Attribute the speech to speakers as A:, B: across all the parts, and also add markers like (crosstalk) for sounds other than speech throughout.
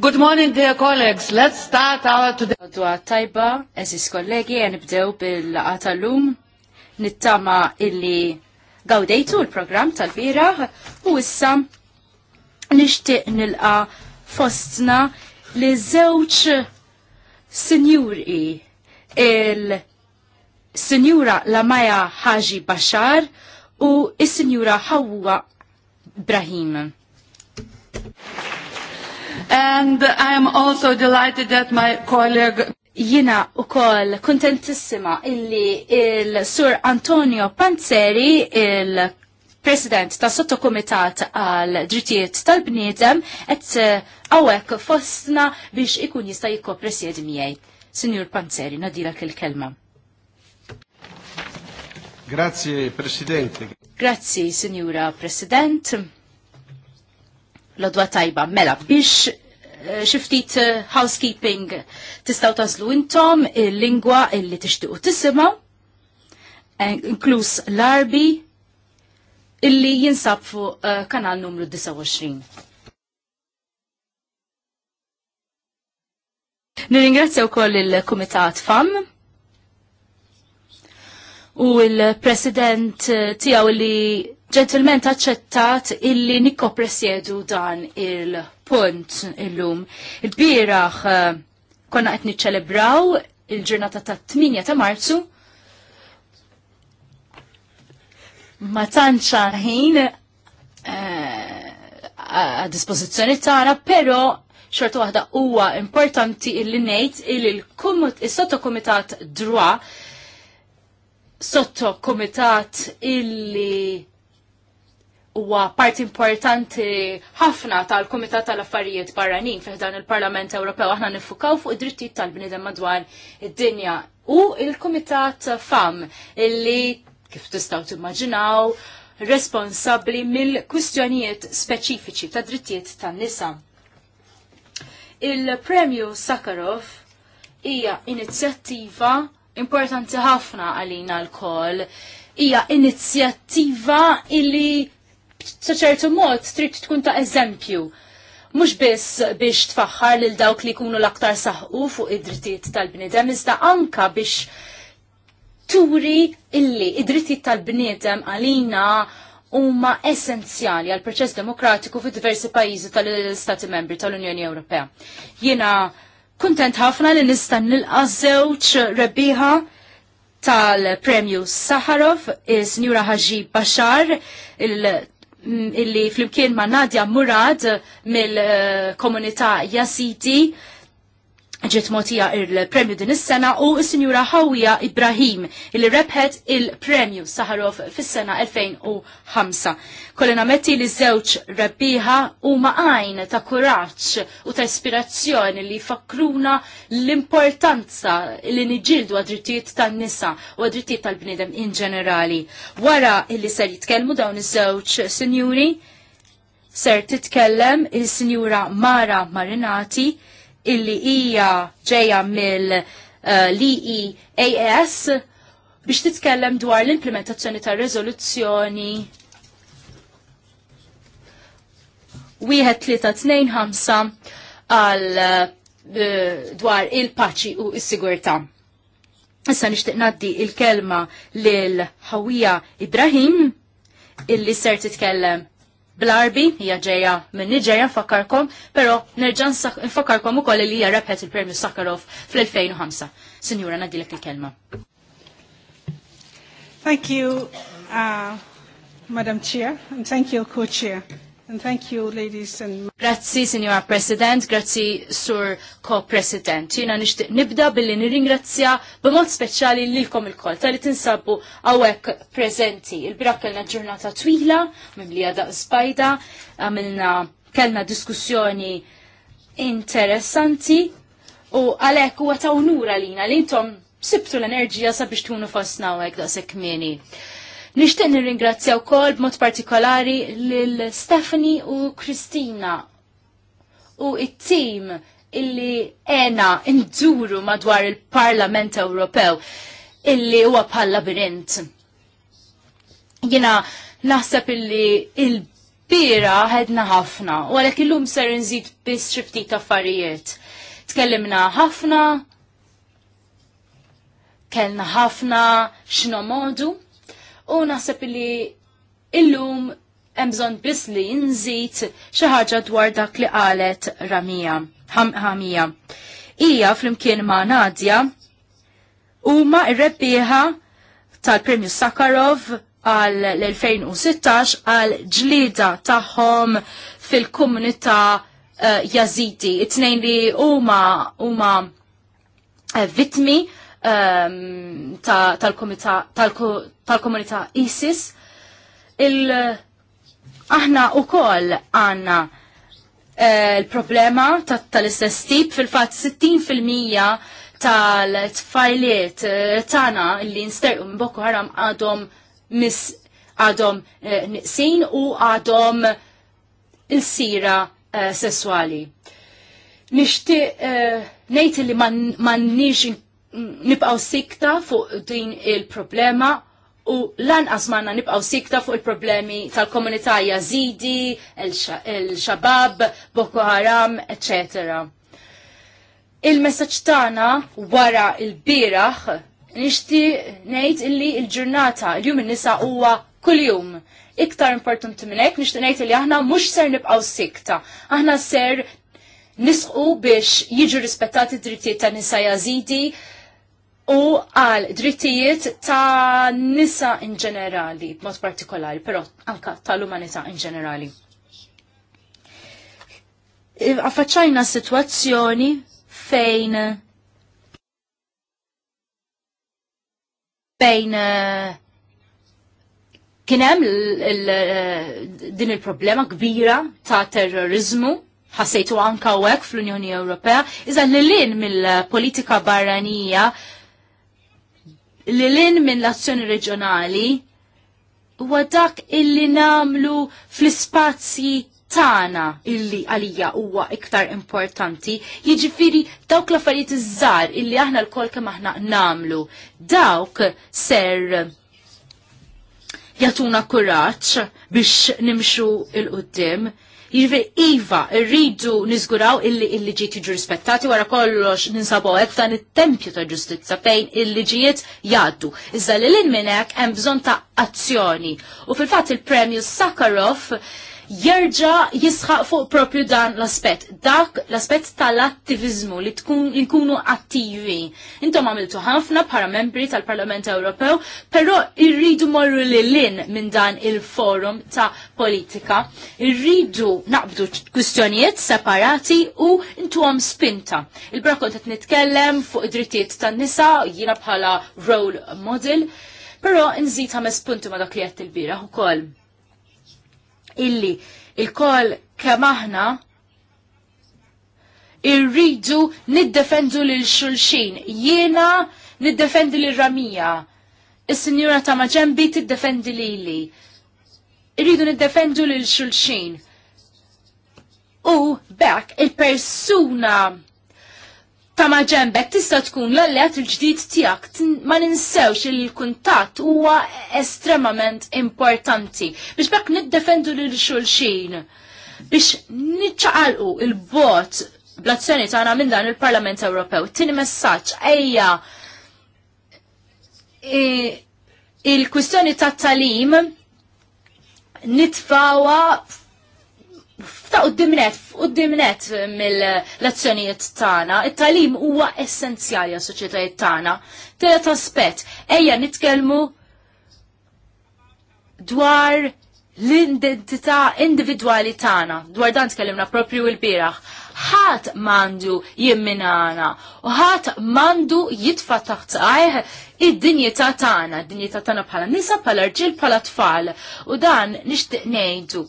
A: Good morning, dear colleagues. Let's start our today. Dwa tajba, eżis kollegi, nibdew bil-laqa Nittama illi gawdejtu l-program tal-bira u issa nishtiq nilqa fostna li zewċ sinjuri il-sinjura Lamaja Haji Bashar u il-sinjura Hawwa Brahim. And I am also delighted that my colleague jina u koll kontentissima illi il-Sur Antonio Panzeri, il-President ta' Sottokomitat għal Drittijiet tal-Bniedem, et uh, għawek fostna biex ikun jista' jikko presjed miegħi. Signor Panzeri, nadilak il-kelma.
B: Grazie, Presidente.
A: Grazie, Signora President. Lodwa tajba, mela, biex Eh, xiftit eh, housekeeping. Tistaw taslu intom il-lingwa illi tixtiqu tisima eh, inkluż l-arbi illi jinsab fuq kanal numru 29. Nirringrazzja wkoll il-Kumitat FAM u il-President tiegħu li ġentilment aċċettat illi nikko presjedu dan il-punt illum. Il-biraħ eh, konna qed niċċelebraw il-ġurnata ta' 8 ta' Marzu ma tantxa ħin eh, a dispożizzjoni tagħna, però xorta waħda huwa importanti illi ngħid illi l-sottokumitat Drwa sottokumitat illi huwa parti importanti ħafna tal-Kumitat tal-Affarijiet Barranin fih dan il-Parlament Ewropew aħna niffukaw fuq id-drittijiet tal-bniedem madwar id-dinja u il-Kumitat FAM illi kif tistgħu timmaġinaw responsabbli mill-kwistjonijiet speċifiċi ta' drittijiet tan-nisa. Il-Premju Sakharov hija inizjattiva importanti ħafna għalina l-koll hija inizjattiva illi ċertu mod trid tkun ta' eżempju. Mhux biss biex tfaħħar lil dawk li jkunu l-aktar saħqu fuq id-drittijiet tal-bniedem, iżda anka biex turi illi id-drittijiet tal-bniedem għalina huma essenzjali għal proċess demokratiku fi diversi pajjiżi tal istati membri tal-Unjoni Ewropea. Jiena kuntent ħafna li nista' nilqa' żewġ rebbieħa tal-Premju Saharov, is-Njura Ħaġi Bashar, Mm, illi flimkien ma' Nadja Murad mill-komunità eh, Jasiti ġiet motija il-premju din is-sena u s-sinjura Hawija Ibrahim il rebħet il-premju Saharov fis-sena 2005. Kollina metti li żewġ rebbieħa huma għajn ta' kuraġġ u ta' ispirazzjoni li fakruna l-importanza li niġildu għad-drittijiet tan-nisa u għad-drittijiet tal-bniedem in ġenerali. Wara illi ser jitkellmu dawn iż-żewġ sinjuri ser titkellem il-sinjura Mara Marinati illi hija ġeja mill eh, e e AS biex titkellem dwar l-implementazzjoni ta' rezoluzzjoni 1325 għal eh, dwar il-paċi u s-sigurta. Issa nixtieq naddi il-kelma lil Ħawija Ibrahim illi ser titkellem bl-arbi, hija ġeja minn Niġeja nfakkarkom, pero nerġan nfakkarkom ukoll li hija rebħet il-Premju Sakharov fl-2005. Sinjura nadilek il-kelma.
C: Thank you, uh, Madam Chair, and thank you, Co-Chair. And thank you, ladies and... Grazzi, Signora
A: President, grazzi, Sur Co-President. Jina nishtiq nibda billi nirringrazzja b'mod speċjali lilkom il-kol tal-li tinsabu għawek prezenti. Il-birak kellna ġurnata twila, mimlija għada spajda, għamilna kellna diskussjoni interessanti u għalek u għatawnura lina li intom sibtu l-enerġija sabiex tunu fosna għawek da' sekmini. Nixtieq nirringrazzja wkoll b'mod partikolari lil Stephanie u Kristina u it-tim illi ena nduru madwar il-Parlament Ewropew illi huwa bħal labirint. Jina naħseb illi il-bira ħedna ħafna u għalhekk illum ser nżid biss xifti ta' affarijiet. Tkellimna ħafna, kellna ħafna x'nomodu u naħseb li illum hemm bżonn biss li nżid xi ħaġa dwar dak li qalet Ramija Ħamija. Hija flimkien ma' Nadja huma r-rebbieħa tal-Premju Sakharov għal l-2016 għal ġlida tagħhom fil-komunità uh, eh, jaziti. It-tnejn li huma huma uh, eh, vitmi um, tal-komunità ta ta ISIS. Il, aħna u koll għanna eh, il-problema e, tal-istess tip fil-fat 60% tal-tfajliet eh, tana li nsterqu minn Boko Haram għadhom mis għadhom e, niqsin u għadhom il-sira e, sessuali. Nishti nejt li man, man nix nibqaw sikta fuq din il-problema u lanqas asmanna nibqaw sikta fuq il-problemi tal-komunità jazidi, il-xabab, Boko Haram, etc. Il-messagġ tagħna wara il-biraħ nishti ngħid illi il-ġurnata il-jum in-nisa huwa kuljum iktar importanti minn hekk nixtieq ngħid li aħna mhux ser nibqgħu sikta. Aħna ser nisqu biex jiġu rispettati drittijiet ta' nisa Jazidi u għal drittijiet ta' nisa in ġenerali, b'mod partikolari, però anka tal-umanità in ġenerali. Affaċċajna situazzjoni fejn bejn eh, kienem eh, din il-problema kbira ta' terrorizmu ħassejtu anka hekk fl-Unjoni Ewropea, iżda l-lin mill-politika barranija li l-in minn l-azzjoni reġjonali huwa dak illi namlu fl-ispazji tana illi għalija huwa iktar importanti, jiġifiri dawk l-affarijiet iż-żar illi aħna l-kol kemm aħna namlu, dawk ser jatuna kuraċ biex nimxu il-qoddim Jirri iva rridu nizguraw illi il-liġijiet jiġu rispettati wara kollox ninsabu hekk dan it-tempju ta' ġustizza fejn il-liġijiet jaddu. Iżda li l-inminek hemm bżonn ta' azzjoni. U fil-fatt il-Premju Sakharov jerġa jisħaq fuq propju dan l-aspet. Dak l-aspet tal-attivizmu li tkun nkunu attivi. Intom għamiltu ħafna bħala membri tal-Parlament Ewropew, però irridu morru li lin minn dan il-forum ta' politika. Irridu naqbdu kustjonijiet separati u intu għam spinta. Il-brakon qed nitkellem fuq id-drittijiet tan-nisa, jiena bħala role model. Pero nżid ħames punti ma dak li qed bira u ukoll illi il-koll kemm aħna irridu niddefendu lil xulxin. Jiena niddefendi lil Ramija. Is-Sinjura ta' maġembi tiddefendi lili. Irridu niddefendu lil xulxin. U bekk il-persuna ta' maġembek tista' tkun l-alleat il-ġdid tiegħek. Ma ninsewx il-kuntatt huwa estremament importanti biex bekk niddefendu lil xulxin biex niċċaqalqu il-bot blazzjoni tagħna minn dan il-Parlament Ewropew. Tini messaġġ ejja e, il-kwistjoni ta' talim nitfawa ta' uddimnet, uddimnet mill-lezzjonijiet tagħna, it-talim huwa essenzjali għas soċjetajiet tagħna. Telet aspet, ejja nitkellmu dwar l-identità individwali tagħna, dwar dan tkellimna propju l biraħ Ħat mandu jimminana u ħadd mandu jitfa taħt id-dinjità tagħna, id-dinjità tagħna bħala nisa, bħala rġil, bħala tfal. U dan nixtieq ngħidu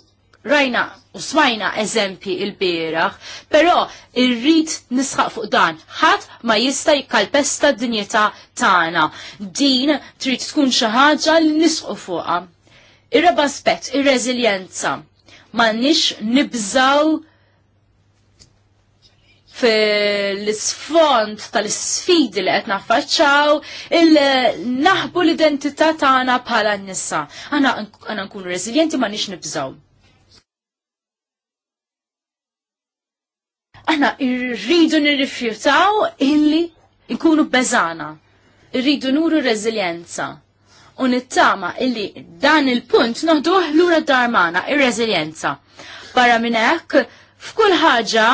A: rajna u smajna eżempi il-biraħ, pero irrid nisħaq fuq dan. ħadd ma jista' jkalpesta d-dinjeta tagħna. Din trid tkun xi ħaġa li nisqu fuqha. Ir-reba aspett, ir-reżiljenza. M'għandniex nibżaw fil-sfond tal-sfidi li qed naffaċċaw il-naħbu l-identità tagħna bħala n-nisa. Għana nkunu reżiljenti ma nix nibżaw. Aħna irridu nirrifjutaw illi nkunu beżana, irridu nuru reżiljenza. U nittama illi dan il-punt noħduh lura darmana, il reżiljenza Barra minn hekk, f'kull ħaġa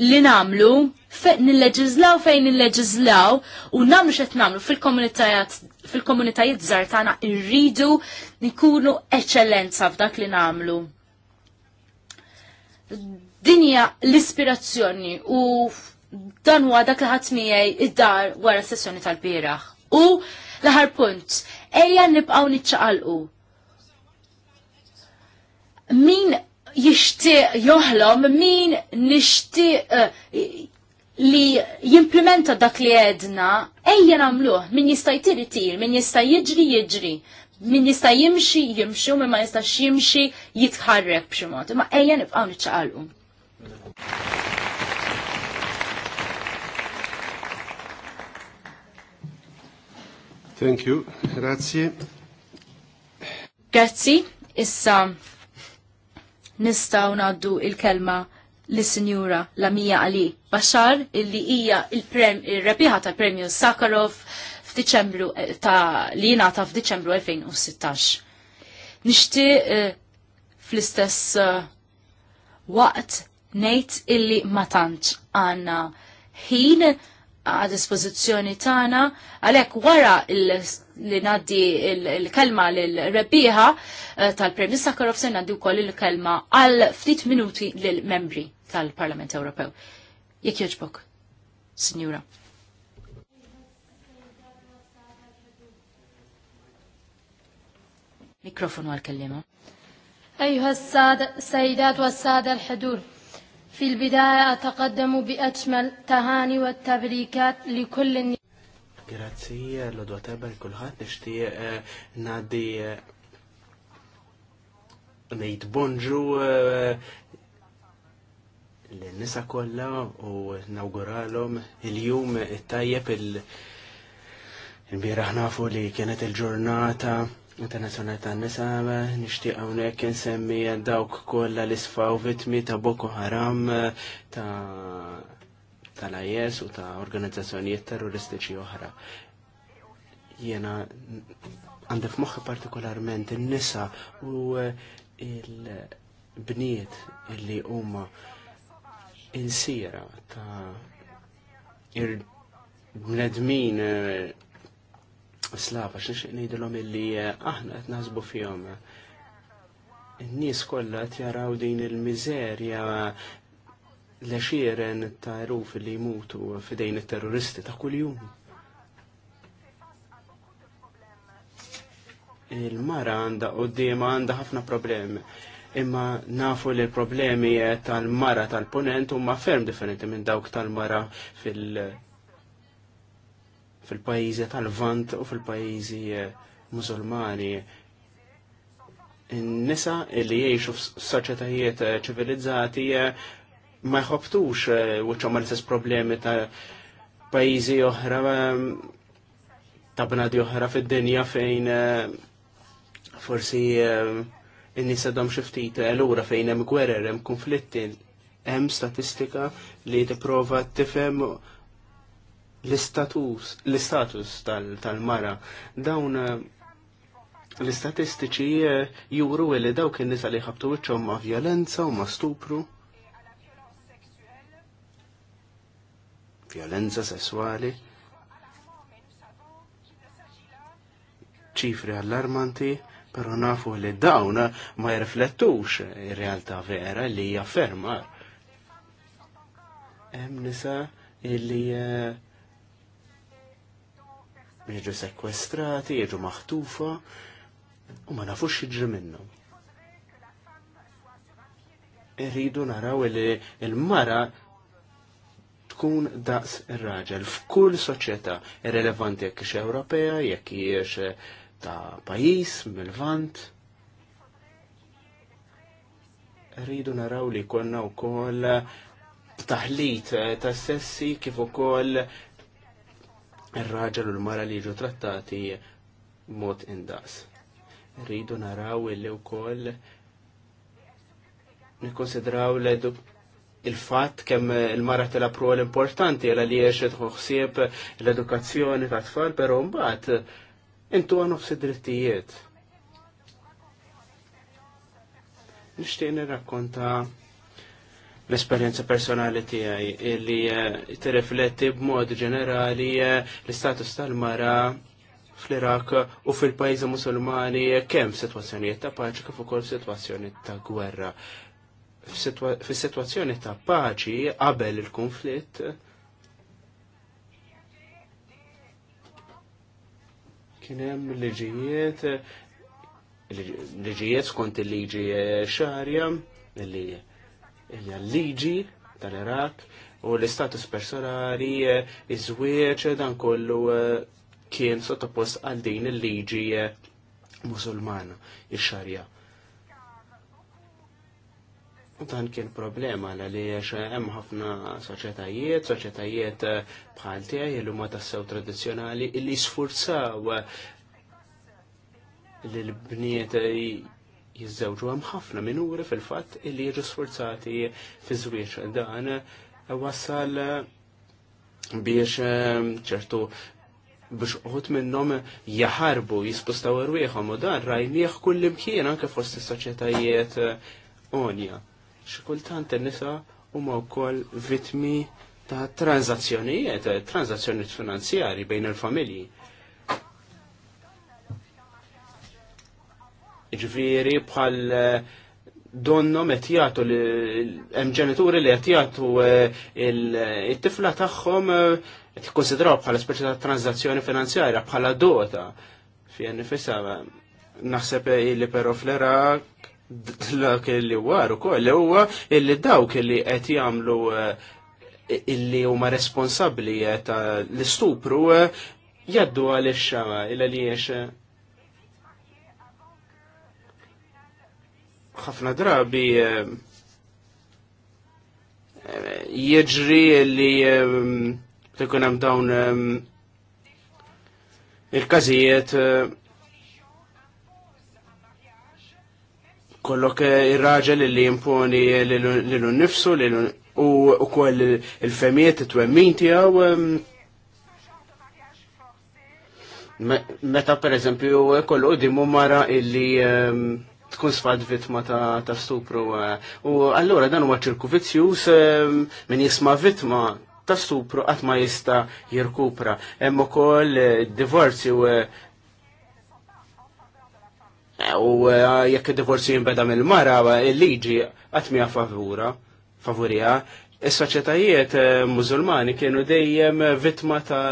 A: li namlu nil-leġizlaw fejn nil-leġizlaw u namlu xet namlu fil-komunitajiet zar tagħna irridu nikunu eċċellenza f'dak li namlu. Dinja l-ispirazzjoni u dan huwa dak li ħadd miegħi id-dar wara s-sessjoni tal-bieraħ. U l aħħar punt, ejja nibqgħu niċċaqalqu. Min jixtieq joħlom, min nixtieq eh, li jimplementa dak li għedna, ejja namluħ, min jista' jtir itir, min jista' jiġri jiġri, min jista' jimxi jimxi, u min ma jistax jimxi jitħarrek b'xi mod, ma ejja nibqgħu niċċaqalqu.
B: Thank you, grazie.
A: Grazzi, issa nistaw naddu il-kelma l-Sinjura Lamija Ali Bashar illi hija il-rebiħa il rebiħa ta' tal premju Sakharov f'Diċembru eh, ta' li jingħata f'Diċembru 2016. Nixti eh, fl-istess eh, waqt Nejt illi ma tantx għandna ħin għad dispożizzjoni tagħna għalhekk wara li ngħaddi l-kelma lill-rebbieħa eh, tal-Premju Sakharov se ngħaddi wkoll il-kelma għal ftit minuti lill-membri tal-Parlament Ewropew. Jekk jogħġbok, Sinjura. Mikrofonu għal-kellima. أيها għas sada l ħedur في البداية أتقدم بأجمل تهاني والتبريكات لكل
B: Grazzi l-odwa tajba l-kulħat, nishtiq eh, naddi eh, nejt bonġu eh, le nisa kolla u nauguralom il-jum il-tajjeb il-biraħ nafu li kienet il-ġurnata Internazzjonali ta' nisa nixtieq hawnhekk insemmi dawk kollha li sfaw vitmi ta' Boko Haram ta' tal-IS u ta' organizzazzjonijiet terroristiċi oħra. Jena għandi f'moħħi partikolarment in-nisa u il-bniet illi huma il-sira ta' il-bnedmin slava, xinxiq nidilom illi eh, aħna qed naħsbu fihom. In-nies kollha qed jaraw din il-miżerja l-xieren ta' ruf li jmutu f'idejn it-terroristi ta' kuljum. Il-mara għandha qudiema għandha ħafna problemi imma nafu li l-problemi eh, tal-mara tal-ponent huma ferm differenti minn dawk tal-mara fil- fil-pajizi tal-Vant u fil-pajizi eh, musulmani. Nisa li jiexu f-soċetajiet eh, ċivilizzati eh, ma jħobtux mal sess problemi ta' pajizi oħra ta' bnadi oħra fid-dinja fejn forsi n-nisa dom xiftit l-ura fejn hemm gwerer, hemm konflitti, hemm statistika li tipprova tifhem l-istatus l istatus tal-mara dawn eh, l-istatistiċi eh, juru li dawk in-nisa li ħabtu wiċċhom ma' violenza u ma' stupru. Violenza sessuali. ċifri allarmanti, pero nafu li dawn ma jirriflettux ir-realtà vera li hija ferma. Hemm nisa illi uh, Iġu sekwestrati, jiġu maħtufa u ma nafux jiġri minnhom. Irridu naraw li l-mara tkun daqs ir-raġel f'kull soċjetà irrelevanti jekk hix Ewropea, jekk hiex ta' pajjiż mil vant Rridu naraw li konna wkoll taħlit ta' sessi kif ukoll ir-raġel u l-mara li jiġu trattati mod indas. Rridu naraw illi wkoll nikkonsidraw il-fatt kemm il-mara pro l importanti għal li jiexed ħsieb l-edukazzjoni ta' tfal, però mbagħad intu nofs id-drittijiet. Nixtieq nirrakkonta l-esperienza personali tiegħi li eh, tirrifletti b'mod ġenerali eh, l-istatus tal-mara fl-Iraq u fil-pajjiżi Musulmani eh, kemm sitwazzjonijiet ta' paċi kif ukoll sitwazzjoni ta' gwerra. Fis-sitwazzjoni ta' paċi qabel il-konflitt kien hemm liġijiet liġijiet skont il-liġi xarja li hija liġi tal-Iraq u l-istatus personali, eh, iż-żwieġ eh, dan kollu eh, kien sottopost għal din il-liġi musulmana, il xarja dan kien problema għaliex hemm ħafna soċjetajiet, soċjetajiet bħal tiegħi li huma tassew tradizzjonali li sfurzaw l-bniet jizzewġu għam ħafna minuri fil-fat illi jiġu sforzati fi żwieġ dan wasal biex ehm, ċertu biex uħut minnom jaharbu, jispostaw rwieħom u dan rajnieħ kull imkien anke fost is-soċjetajiet eh, onja. Xikultant nisa huma wkoll vitmi ta' tranzazzjonijiet, eh, tranzazzjonijiet finanzjari bejn il-familji ġviri bħal eh, donnom qed jagħtu hemm ġenituri li qed jagħtu eh, it-tifla tagħhom eh, qed jikkonsidraw bħala speċi ta' tranzazzjoni finanzjarja bħala dota. Fien nifissa naħseb li però fl-Irak dak li war ukoll huwa illi dawk li qed jagħmlu illi huma responsabbli ta' l-istupru jaddu għalix xama illa li jiex ħafna drabi eh, jieġri li tkun eh, hemm dawn eh, il-każijiet kollok ir-raġel li jimponi lilu nnifsu u wkoll il-femijiet it-twemmin tiegħu meta pereżempju kollu dimu mara illi tkun sfad vittma ta' stupru. Eh. U allura dan huwa ċirku vizzjuż ehm, min jisma' vittma ta' stupru qatt ma jista' jirkupra. Hemm ukoll eh, divorzju eh, u jekk id-divorzju jinbeda mill-mara, il-liġi qatt mija favura, favurija, is-soċjetajiet mużulmani kienu dejjem vittma ta'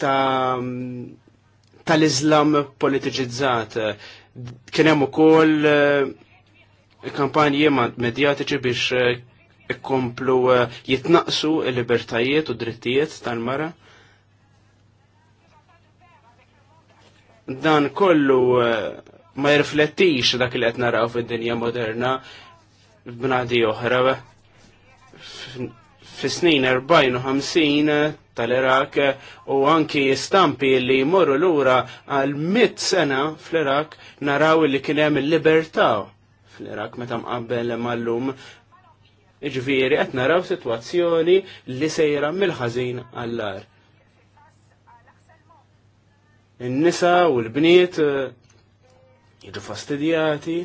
B: ta' tal-Islam politiċizzat. Kien hemm ukoll eh, kampanji medjatiċi biex eh, ikkomplu eh, jitnaqsu l-libertajiet u drittijiet tal-mara. Dan kollu ma jirflettix dak li qed naraw fid-dinja moderna b'nadi oħra. Fis-snin 40 u 50 tal-Irak u anki stampi li jmorru lura għal mit sena fl-Irak naraw li kien hemm il-libertà fl-Irak meta mqabbel mal-lum Iġviri, qed naraw sitwazzjoni li sejra mill-ħażin għall il In-nisa u l-bniet eh, jiġu fastidjati.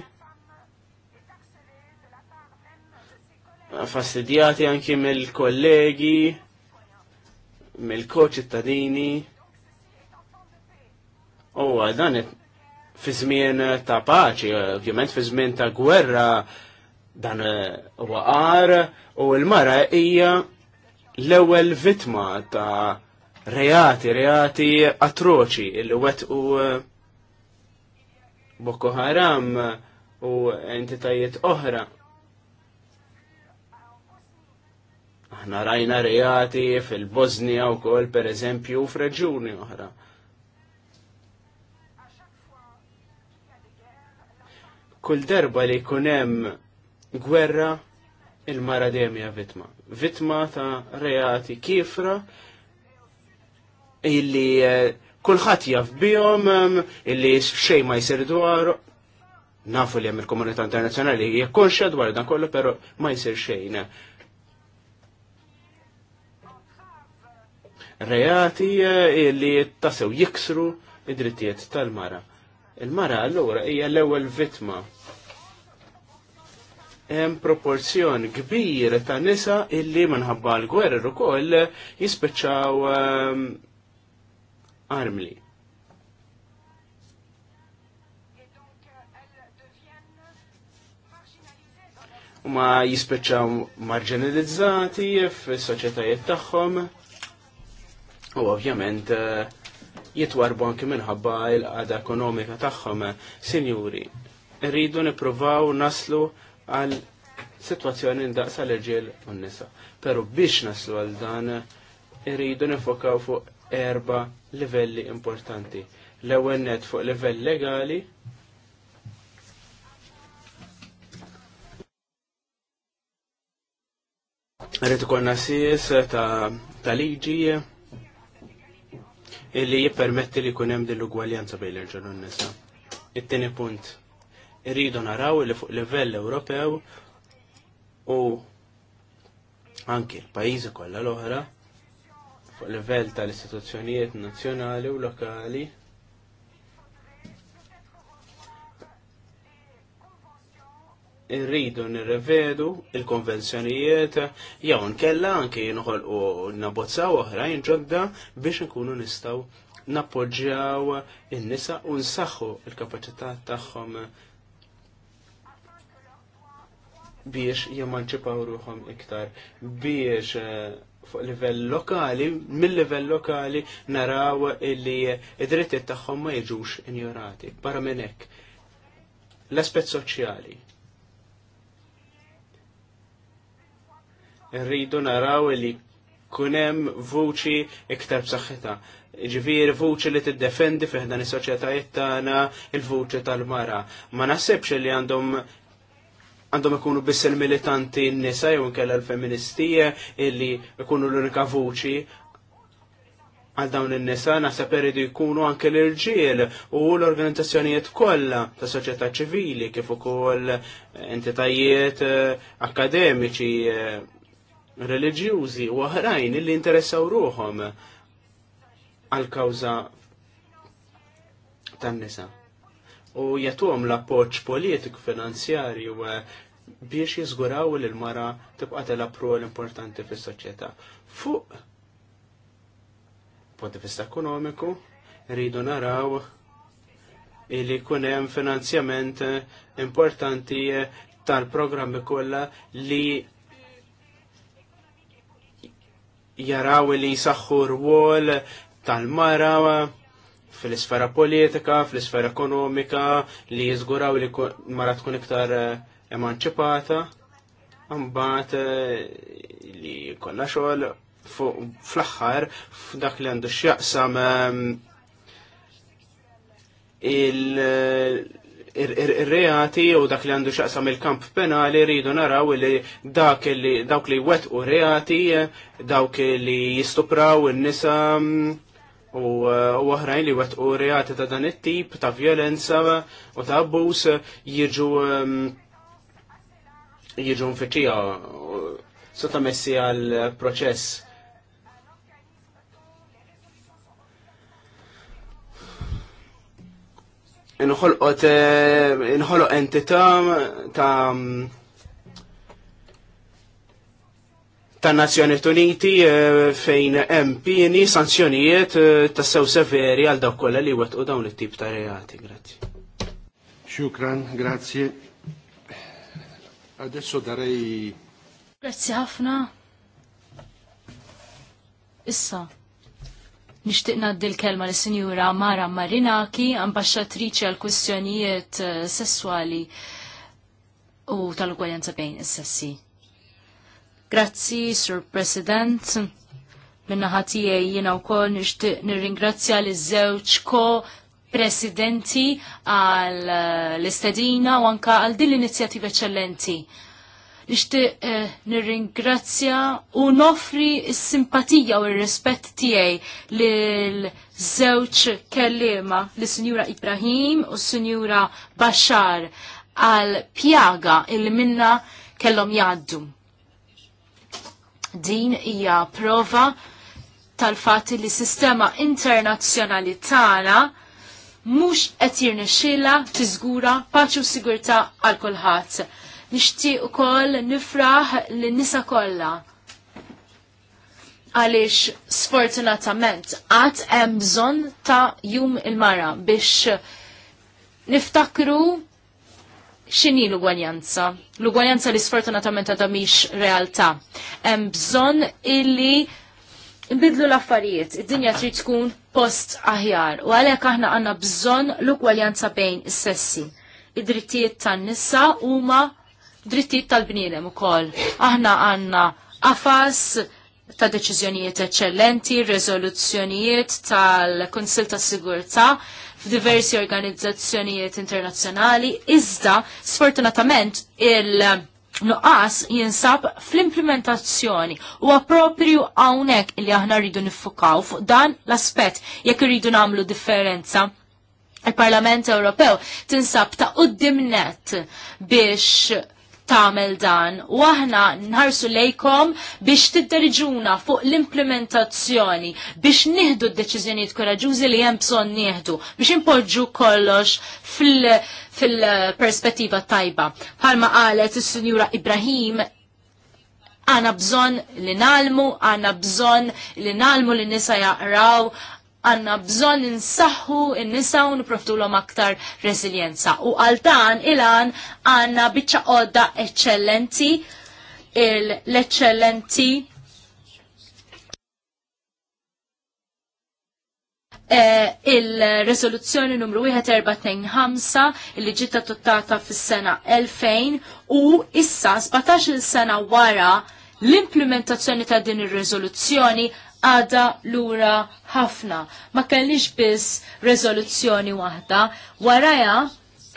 B: fastidjati anki mill-kollegi, mill-koċittadini u dan fi żmien ta' paċi, ovvjament fi żmien ta' gwerra dan eh, waqar u l-mara hija l-ewwel vittma ta' reati, reati atroċi il wet u eh, Boko Haram u entitajiet oħra Aħna rajna rejati fil-Bosnia u kol per eżempju f'reġuni oħra. Kull darba li kunem gwerra il-mara demja vitma. Vitma ta' reati kifra illi eh, kullħat jaf illi xej ma jsir dwaru. Nafu li hemm il-komunità internazzjonali hija konxa dwar dan kollu, pero ma jsir xejn. reati eh, li tassew jiksru id-drittijiet tal-mara. Il-mara allura hija l-ewwel vittma. Hemm proporzjon kbir ta' nisa illi minħabba l gwerru ukoll jispiċċaw ehm, armli. U ma jispiċċaw marġinalizzati fis-soċjetajiet tagħhom u ovvjament eh, jitwarbu anki minħabba il-qada ekonomika tagħhom. Eh, sinjuri, rridu nippruvaw naslu għal situazzjoni ndaqsa l-irġiel u nisa Pero biex naslu għal dan, irridu nifokaw fuq erba livelli importanti. L-ewwel net fuq livell legali, Rrid konna ta', ta liġi, illi jippermetti li jkun hemm din l-ugwaljanza bejn l-irġel u nisa It-tieni punt. Irridu naraw li fuq livell Ewropew u anki l-pajjiżi kollha l-oħra fuq livell tal-istituzzjonijiet nazzjonali u lokali irridu nirrevedu il-konvenzjonijiet jew nkella anke jinħolqu nabozzaw oħrajn ġodda biex nkunu nistgħu nappoġġjaw in-nisa u nsaħħu l-kapaċità tagħhom biex jemanċipaw ruħom iktar, biex eh, fuq livell lokali, mill-livell lokali naraw illi id-drittijiet tagħhom ma jiġux injorati. Barra minn hekk, l-aspett soċjali rridu naraw li kunem vuċi iktar b'saħħitha. Ġifieri vuċi li tiddefendi fih dan is-soċjetajiet tagħna il-vuċi tal-mara. Ma naħsibx li għandhom għandhom ikunu biss il-militanti n-nisa jew inkella l-feministija illi ikunu l-unika vuċi għal dawn in-nisa naħseb iridu jkunu anke l-irġiel u l-organizzazzjonijiet kollha ta' soċjetà ċivili kif ukoll entitajiet eh, akademiċi eh, reliġjużi u oħrajn li interessaw ruhom għal kawża tan-nisa. U jagħtuhom l-appoġġ politiku finanzjarju eh, biex jiżguraw li l-mara tibqa' tela prol importanti fis-soċjetà. Fuq punti vista ekonomiku rridu naraw li jkun hemm finanzjament importanti eh, tal-programmi kollha li jaraw li jisaxħu rwol tal-mara fil-isfera politika, fil-isfera ekonomika, li jizguraw li mara tkun iktar eh, emanċipata, mbagħad eh, li kolla xogħol fl-aħħar f'dak li għandu x'jaqsam eh, il- ir-reati u dak li għandu xaqsam il-kamp penali rridu naraw li dak li dawk li wet u reati dawk li jistupraw in-nisa mm, eh, u oħrajn li wet u reati ta' dan it-tip ta' violenza u ta' abbuż jiġu mm, jiġu mfittija eh, messi għal proċess inħolqot eh, inħolqot entità ta' ta' Nazzjoni Uniti eh, fejn empini sanzjonijiet eh, ta' sew severi għal dawk kollha li wettqu dawn it-tip ta' reati. Grazzi. Xukran, grazie. Adesso darei.
A: Grazzi ħafna. Issa, Nixtieq ngħaddi l-kelma lis-Sinjura Mara Marinaki, ambasċatriċi għal kwistjonijiet eh, sesswali u tal-ugwaljanza bejn is-sessi. Grazzi, Sur President. Minnaħa tiegħi u wkoll nixtieq nirringrazzja liż-żewġ ko presidenti għal eh, l-istedina u anka għal din l-inizjativa eccellenti nixtieq eh, nirringrazzja u nofri s-simpatija u r-rispett tiegħi lil żewġ kellima l Sinjura Ibrahim u Sinjura Bashar għal pjaga il minna kellhom jgħaddu. Din hija prova tal fat li sistema internazzjonali tagħna mhux qed jirnexxilha tiżgura paċi u sigurtà għal kulħadd nixtieq ukoll nifraħ lin-nisa kollha għaliex sfortunatament għat hemm bżonn ta' jum il-mara biex niftakru x'inhi l-ugwaljanza. L-ugwaljanza li sfortunatament għadha miex realtà. Hemm bżonn illi nbidlu l-affarijiet, id-dinja trid tkun post aħjar u għalhekk aħna għandna bżonn l-ugwaljanza bejn is-sessi. Id-drittijiet tan-nisa huma drittijiet tal-bniedem ukoll. Aħna għandna għafas ta' deċiżjonijiet eċċellenti, rezoluzzjonijiet tal konsil ta' Sigurtà f'diversi organizzazzjonijiet internazzjonali, iżda sfortunatament il- nuqqas jinsab fl-implementazzjoni u għapropju għawnek li aħna rridu nifukaw fuq dan l-aspet jekk rridu namlu differenza il-Parlament Ewropew tinsab ta' qoddim net biex Tamel dan u aħna nħarsu lejkom biex tidderiġuna fuq l-implementazzjoni biex nieħdu d-deċiżjonijiet koraġużi li hemm bżonn nieħdu biex impoġġu kollox fil-perspettiva fil tajba. Palma qalet is-Sinjura Ibrahim għana bżon li nalmu, għana bżon li nalmu li nisa jaqraw, għanna bżon insaħħu n nisa u niproftu l aktar resiljenza. U għal dan il-għan għanna bieċa qodda eccellenti, l-eccellenti Eh, il-resoluzzjoni numru 1425 li ġiet tuttata fis-sena 2000 u issa 17 sena wara l-implementazzjoni ta' din ir-riżoluzzjoni għada lura ħafna. Ma kellix biss rezoluzzjoni waħda, waraja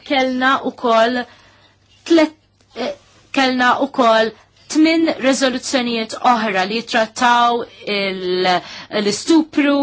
A: kellna u koll eh, kellna u koll tmin rezoluzzjonijiet oħra li trattaw l-istupru,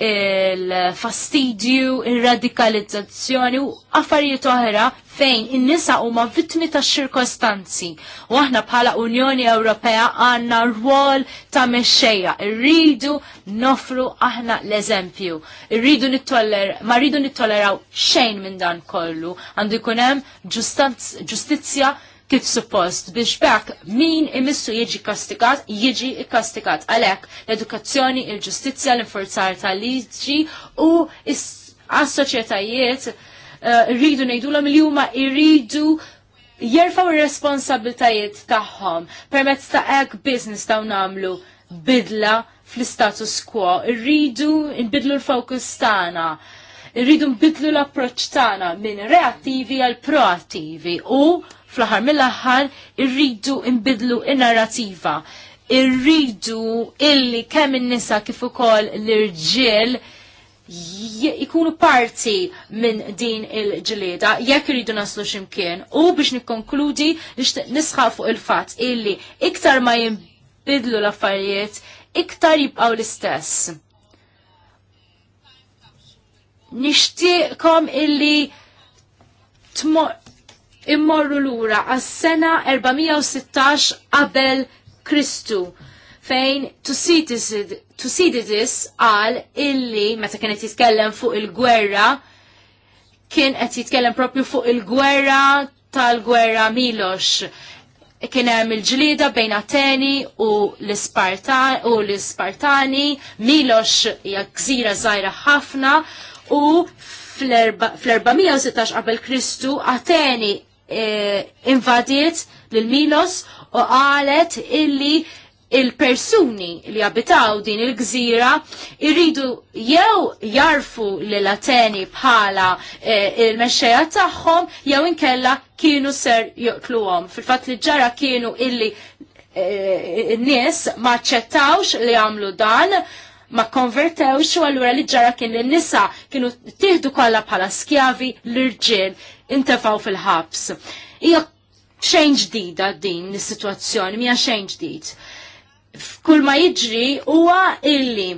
A: il-fastidju, il-radikalizzazzjoni u affarijiet oħra fejn in-nisa huma vittmi ta' xirkostanzi. U aħna bħala Unjoni Ewropea għandna rwol ta' mexxejja. Irridu nofru aħna l-eżempju. Irridu nittoller, ma rridu nittoleraw xejn minn dan kollu. Għandu jkun hemm ġustizzja kif suppost biex bekk min imissu jiġi kastigat, jiġi kastigat. Għalek l-edukazzjoni, il-ġustizja, l-inforzar tal-liġi u as soċietajiet eh, rridu nejdu l li huma irridu jirfaw il responsabiltajiet tagħhom permezz ta' hekk business ta' namlu bidla fl-status quo. Irridu nbidlu l-fokus tagħna irridu nbidlu l-approċ tagħna minn reattivi għal proattivi u fl-aħħar mill-aħħar irridu imbidlu in-narrativa. Irridu illi kemm in-nisa kif ukoll l-irġiel ikunu parti minn din il-ġlieda jekk irridu naslu ximkien u biex nikkonkludi nisħaq fuq il-fatt illi iktar ma jinbidlu l-affarijiet iktar jibqaw l-istess. Nishtiqkom illi immorru lura għas-sena 416 qabel Kristu fejn Tusididis għal illi meta kienet jitkellem fuq il-gwerra kien qed jitkellem propju fuq il-gwerra tal-gwerra Milox. Kien hemm il-ġlieda bejn Ateni u l-Ispartani, Milox hija gżira żgħira ħafna u fl-416 qabel Kristu Ateni Eh, invadiet l-Milos u qalet illi il-persuni li abitaw din il-gżira irridu jew jarfu l-Ateni bħala eh, il-mexxejja tagħhom jew inkella kienu ser joqtluhom. Fil-fatt li ġara kienu illi eh, n-nies ma ċettawx li għamlu dan ma konvertewx u allura li ġara kien li nisa kienu tieħdu kollha bħala skjavi l-irġiel intefaw fil-ħabs. Hija xejn ġdida din is-sitwazzjoni, mija xejn ġdid. Kull ma jiġri huwa illi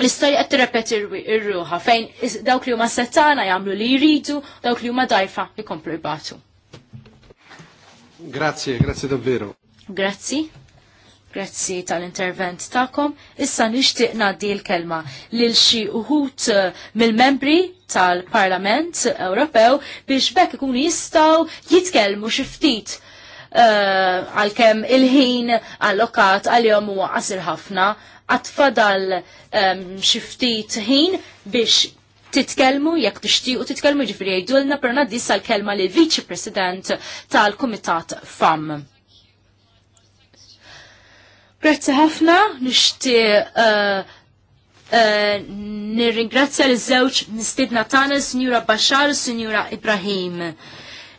A: l-istorja qed tirrepeti r-ruħa fejn dawk li huma settana jagħmlu li jridu, dawk li huma dajfa jkomplu jbatu.
D: Grazie, grazie davvero.
A: Grazie. Grazzi tal-intervent ta'kom. Issa nixtieq naddi l-kelma lil xi uħut eh, mill-membri tal-Parlament Ewropew biex bekk ikunu jistgħu jitkellmu xi ftit eh, għalkemm il-ħin allokat għal-jom huwa qasir ħafna għatfadal ehm, xi ftit ħin biex titkellmu jekk tixtiequ titkellmu ġifri jgħidulna per nadissa l-kelma l viċi President tal-Kumitat FAM. Grazzi ħafna, nishti uh, uh, nirringrazzja l żewġ mistidna tagħna Sinjura Bashar u Sinjura Ibrahim.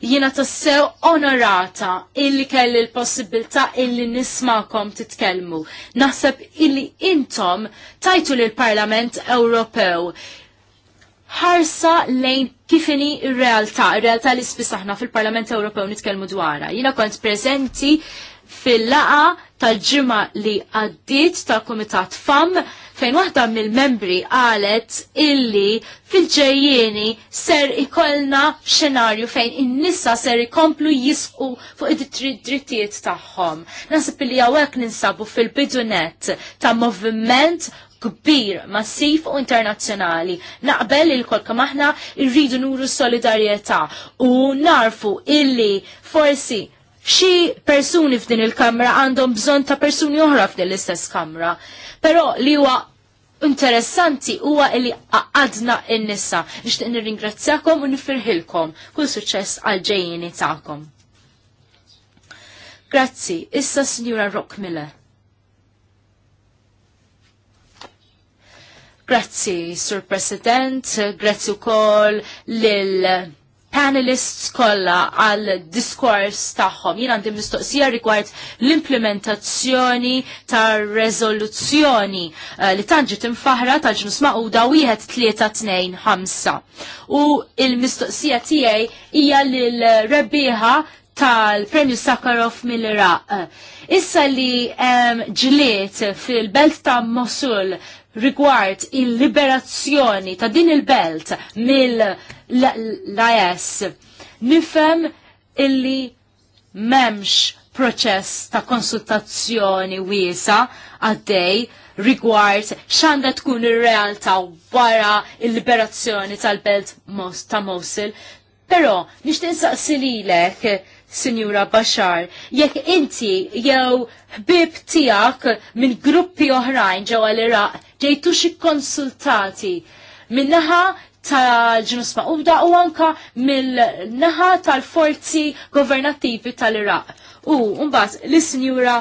A: Jiena tassew onorata illi kelli l-possibilità illi nismakom titkellmu. Naħseb illi intom tajtu lill parlament Ewropew ħarsa lejn kifini r realtà ir-realtà li spisaħna fil-Parlament Ewropew nitkellmu dwarha. Jiena kont preżenti fil-laqa tal-ġimma li għaddit tal-Komitat FAM fejn waħda mill-membri għalet illi fil-ġejjeni ser ikolna xenarju fejn in-nisa ser ikomplu jisqu fuq id-drittijiet tagħhom. Nasib li hawnhekk ninsabu fil-bidunet ta' moviment kbir, massif u internazzjonali. Naqbel il-kol kam aħna irridu nuru solidarjetà u narfu illi forsi xi persuni f'din il-kamra għandhom bżonn ta' persuni oħra f'din l-istess kamra. Però li huwa interessanti huwa li għadna n-nisa. Nixtieq nirringrazzjakom u nifirħilkom. Kull suċċess għal ġejjini tagħkom. Grazzi, issa Sinjura Rockmiller. Grazzi, Sur President, grazzi u koll lil panelists kollha għal diskors tagħhom. Jien għandi mistoqsija rigward l-implementazzjoni tar rezoluzzjoni eh, li tanġi timfaħra tal-ġnus u wieħed tlieta tnejn 5. U il-mistoqsija tiegħi hija lil rebbieħa tal-Premju Sakharov mill-Iraq. Issa li ġliet fil-belt ta' Mosul rigward il-liberazzjoni ta' din il-belt mill- l as Nifhem illi memx proċess ta' konsultazzjoni wiesa għaddej rigward xanda tkun ir-realtà wara il-liberazzjoni tal-belt ta' Mosil. Però nixtieq saqsi lilek Sinjura Bashar, jekk inti jew ħbib tiegħek minn gruppi oħrajn ġewwa l-Iraq ġejtu xi konsultati minnaħa tal ġinus ma'uda u anka mill-naħa tal-forzi governattivi tal-Iraq. U mbagħad l-Sinjura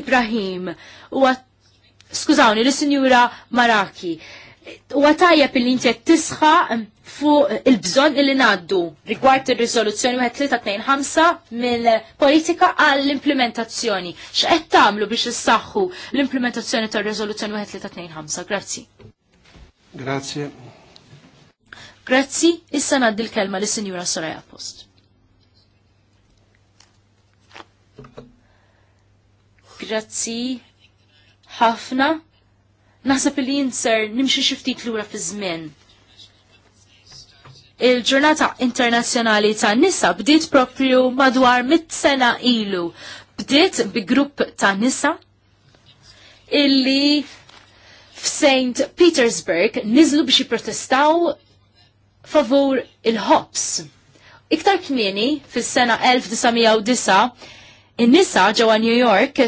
A: Ibrahim u skużawni l-Sinjura Maraki. U għatajja pil inti tisħa fuq il-bżon illi naddu rigward il-rizoluzzjoni 1325 mill-politika għall-implementazzjoni. X'qed tagħmlu biex issaħħu l-implementazzjoni tar-riżoluzzjoni 1325? Grazzi.
B: Grazie.
A: Grazzi, issa naddi l-kelma li sinjura Soraya Post. Grazzi, ħafna. Naħseb li jinser nimxie xiftit lura fi żmien. Il-ġurnata internazzjonali ta' nisa bdiet propju madwar mit-sena ilu. Bdiet bi grupp ta' nisa illi f'St. Petersburg nizlu biex protestaw favur il-ħobs. Iktar kmieni fis-sena 1909 in-nisa ġewwa New York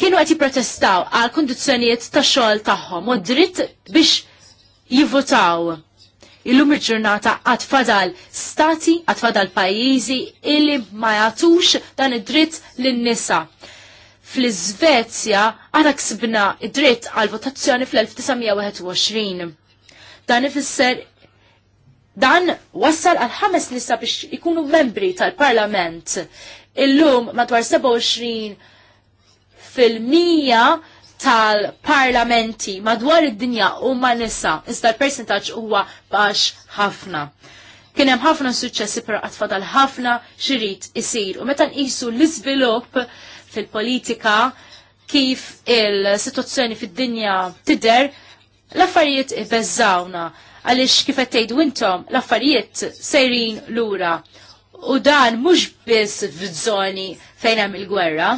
A: kienu qed jipprotestaw għal kundizzjonijiet tax-xogħol tagħhom u dritt biex jivvotaw. Illum il-ġurnata għat fadal stati, għat fadal pajjiżi illi ma jagħtux dan id-dritt lin-nisa. Fl-Iżvezja għana ksibna id-dritt għal votazzjoni fl-1921. Dan ifisser Dan wassal għal ħames nisa biex ikunu membri tal-Parlament. Illum madwar 27 fil-mija tal-parlamenti madwar id-dinja huma nisa, iżda l percentaċ huwa bax ħafna. Kien hemm ħafna suċċessi però għatfadal ħafna xirid isir. U meta nqisu l-iżvilupp fil-politika kif il-sitwazzjoni fid-dinja tidher, l-affarijiet ibeżżawna għaliex kif qed intom l-affarijiet sejrin lura u dan mhux biss f'żoni fejn hemm il-gwerra,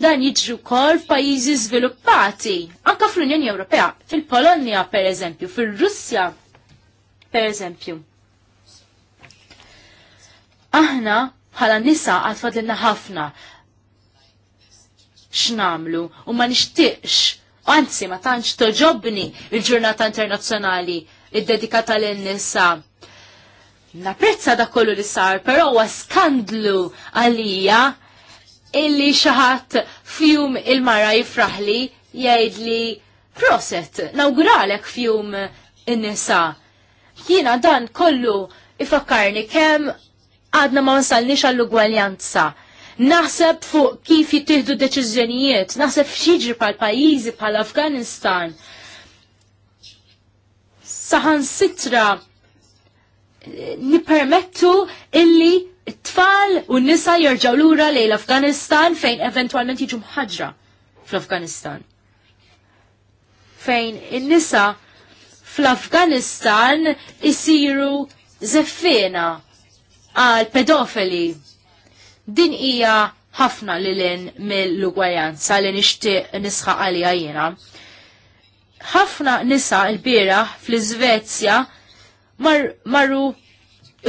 A: dan jidġu kol f'pajjiżi żviluppati, anka fl-Unjoni Ewropea, fil-Polonja pereżempju, fil-Russja pereżempju. Aħna bħala nisa għad ħafna x'namlu u ma nixtieqx Anzi, ma tantx toġobni il-ġurnata internazzjonali id-dedikata l-nisa. Napprezza da kollu li sar, però huwa skandlu għalija illi xaħat fjum il-mara jifraħli jgħidli proset, nawguralek fjum in-nisa. Jiena dan kollu ifakkarni kemm għadna ma wasalniex għall-ugwaljanza. Naħseb fuq kif jittihdu deċiżjonijiet, naħseb f'xiġri pal pajjiżi pal Afganistan, saħan sitra nipermettu illi t-tfal u n-nisa jirġaw lura lejn l-Afganistan fejn eventualment jiġu mħaġra fl-Afganistan. Fejn in-nisa fl-Afganistan isiru zeffina għal pedofili. Din hija ħafna li l-in mill-ugwajanza li nixtieq nisħaq għalija jiena ħafna nisa il bira fl iżvezja mar, marru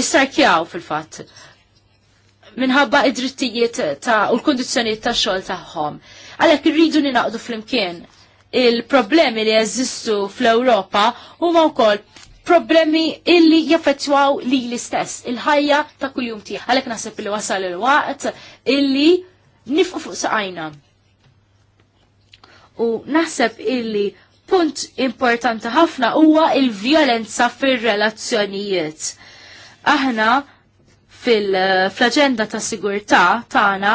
A: istarkjaw fil-fatt minħabba id-drittijiet ta' u l-kondizjoniet ta' xogħol tagħhom. Għalhekk irridu ninaqdu flimkien il-problemi li jeżistu fl-Ewropa huma wkoll problemi illi jaffettwaw li l-istess, il-ħajja ta' kuljum tiegħek. Għalhekk naħseb li wasal il-waqt illi nifqu fuq saqajna. U naħseb illi Punt importanti ħafna huwa il-vjolenza fir-relazzjonijiet. Aħna fil-flagenda ta' sigurtà tagħna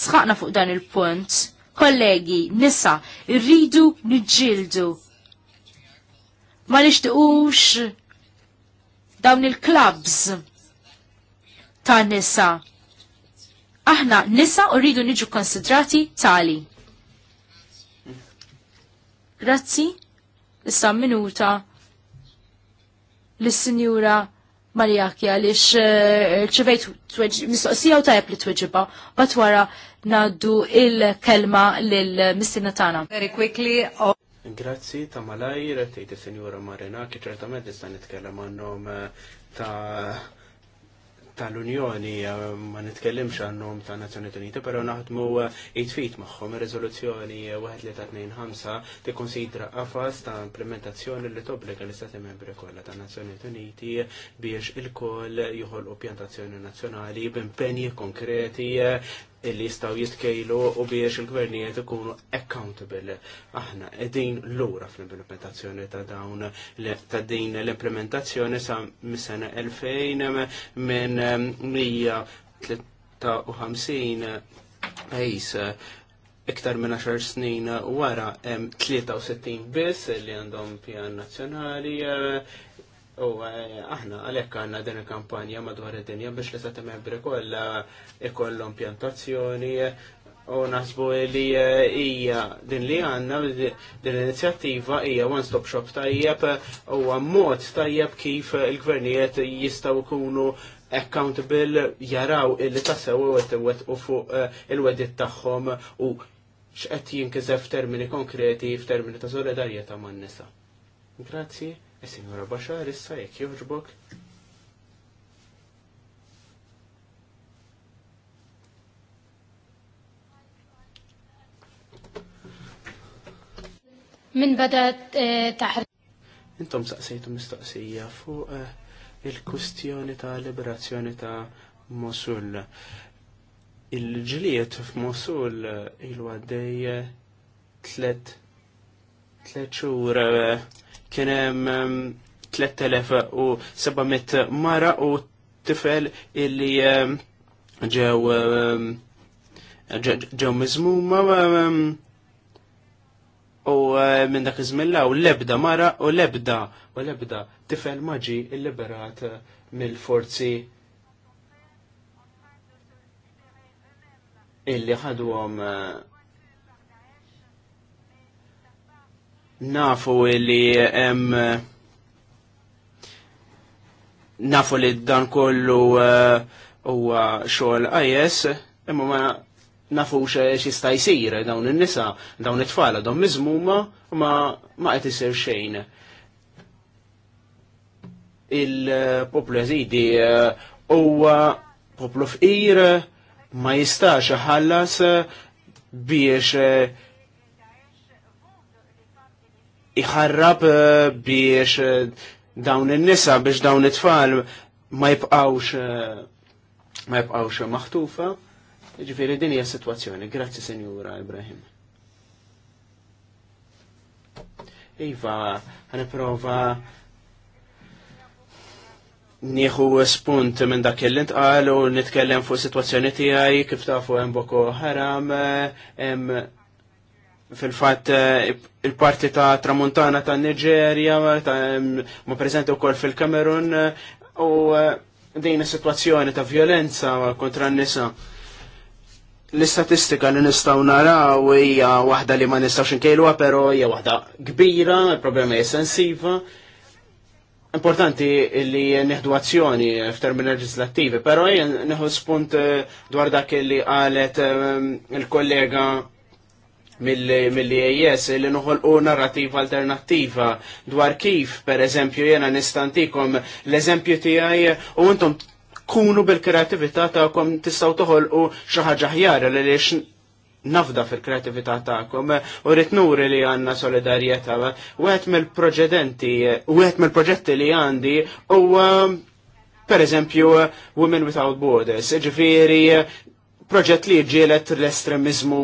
A: sħaqna fuq dan il-punt. Kollegi, nisa, irridu niġġieldu. Ma nixtiqux dawn il-klabs ta' nisa. Aħna nisa u rridu niġu konsidrati tali. Grazzi, issa minuta l-Sinjura Marijaki għalix eh, ċivejt mistoqsija u tajab li tweġiba, bat wara naddu il-kelma l-mistina tana. Very quickly. Oh.
B: Grazzi ta' rettejt il Sinjura Marinaki, ċertament it-kelma nitkellem nom eh, ta' tal-Unjoni eh, ma nitkellimx għannom ta' Nazzjoni Uniti, pero naħdmu jitfit eh, magħhom ir-riżoluzzjoni wieħed li konsidra għafas qafas ta' implementazzjoni li tobbliga l-Istati Membri kollha ta' Nazzjoni Uniti biex il-koll joħolqu pjantazzjoni nazzjonali b'impenji konkreti eh, illi jistaw jitkejlu u biex il-gvernijiet ikunu accountable. Aħna edin l-ura fl-implementazzjoni ta' dawn ta' din l-implementazzjoni sa' mis-sena 2000 minn 153 um, pejs uh, iktar minn 10 snin wara 63 um, biss li għandhom pjan nazzjonali uh, U eh, aħna għalhekk għandna din il-kampanja madwar id-dinja biex li s-satem membri kollha ikollom pjantazzjoni u naħsbu li eh, hija din li għandna din l-inizjattiva hija one stop shop tajjeb u mod tajjeb kif il-gvernijiet jistgħu jkunu accountable jaraw illi tassew wet u fuq eh, il-wedit tagħhom u x'qed jinkiseb termini konkreti f'termini ta' solidarjetà man-nisa. Grazzi. Is-Sinjura Baxar issa jekk jogħġbok?
A: Min bada eh, taħr.
B: Intom saqsejtu mistoqsija fuq eh, il-kustjoni ta' liberazzjoni ta' Mosul. il ġlijiet f'Mosul eh, il-għaddej tlet tlet xhur kien hemm 3700 ehm, mara u tifel illi ehm, ġew ehm, ġew miżmuma u eh, minn dak iżmilla u lebda mara u lebda u lebda tifel maġi liberat eh, mill-forzi illi ħadwhom eh, Nafu li em nafu li dan kollu eh, huwa xogħol IS, imma ma nafu eh, jista' jsir dawn in-nisa, dawn it-tfal għadhom miżmuma ma ma qed isir xejn. Il-poplu jażidi eh, huwa poplu fqir ma jistax ħallas biex iħarrab eh, biex eh, dawn in-nisa biex dawn it-tfal ma jibqawx eh, ma jibqawx maħtufa. Ġifiri, din hija sitwazzjoni. Grazzi Senjura Ibrahim. Iva, ħaniprofa nieħu spunt minn dak li ntqal u nitkellem fuq situazzjoni tiegħi kif tafu hemm Boko Haram, hemm fil-fat eh, il-parti ta' tramontana ta' Nigeria, ma' prezenti u fil-Kamerun, eh, u eh, dejna situazzjoni ta' violenza kontra n-nisa. L-istatistika li nistaw naraw hija waħda li ma nistawx inkejluha, però hija waħda kbira, il-problema hija sensiva. Importanti li neħdu azzjoni f'termini leġislattivi, però jien neħu spunt dwar dak li qalet il-kollega mill-EAS li u narrativa alternattiva dwar kif, per eżempju, jena nistantikom l-eżempju tiegħi u intom kunu bil-kreativita ta'kom tistaw toħolqu xi ħaġa ħjar li nafda fil-kreativita ta'kom u ritnuri li għanna solidarieta. U għet mill-proġedenti, u għet mill-proġetti li għandi u per eżempju Women Without Borders, ġifiri proġett li ġielet l-estremizmu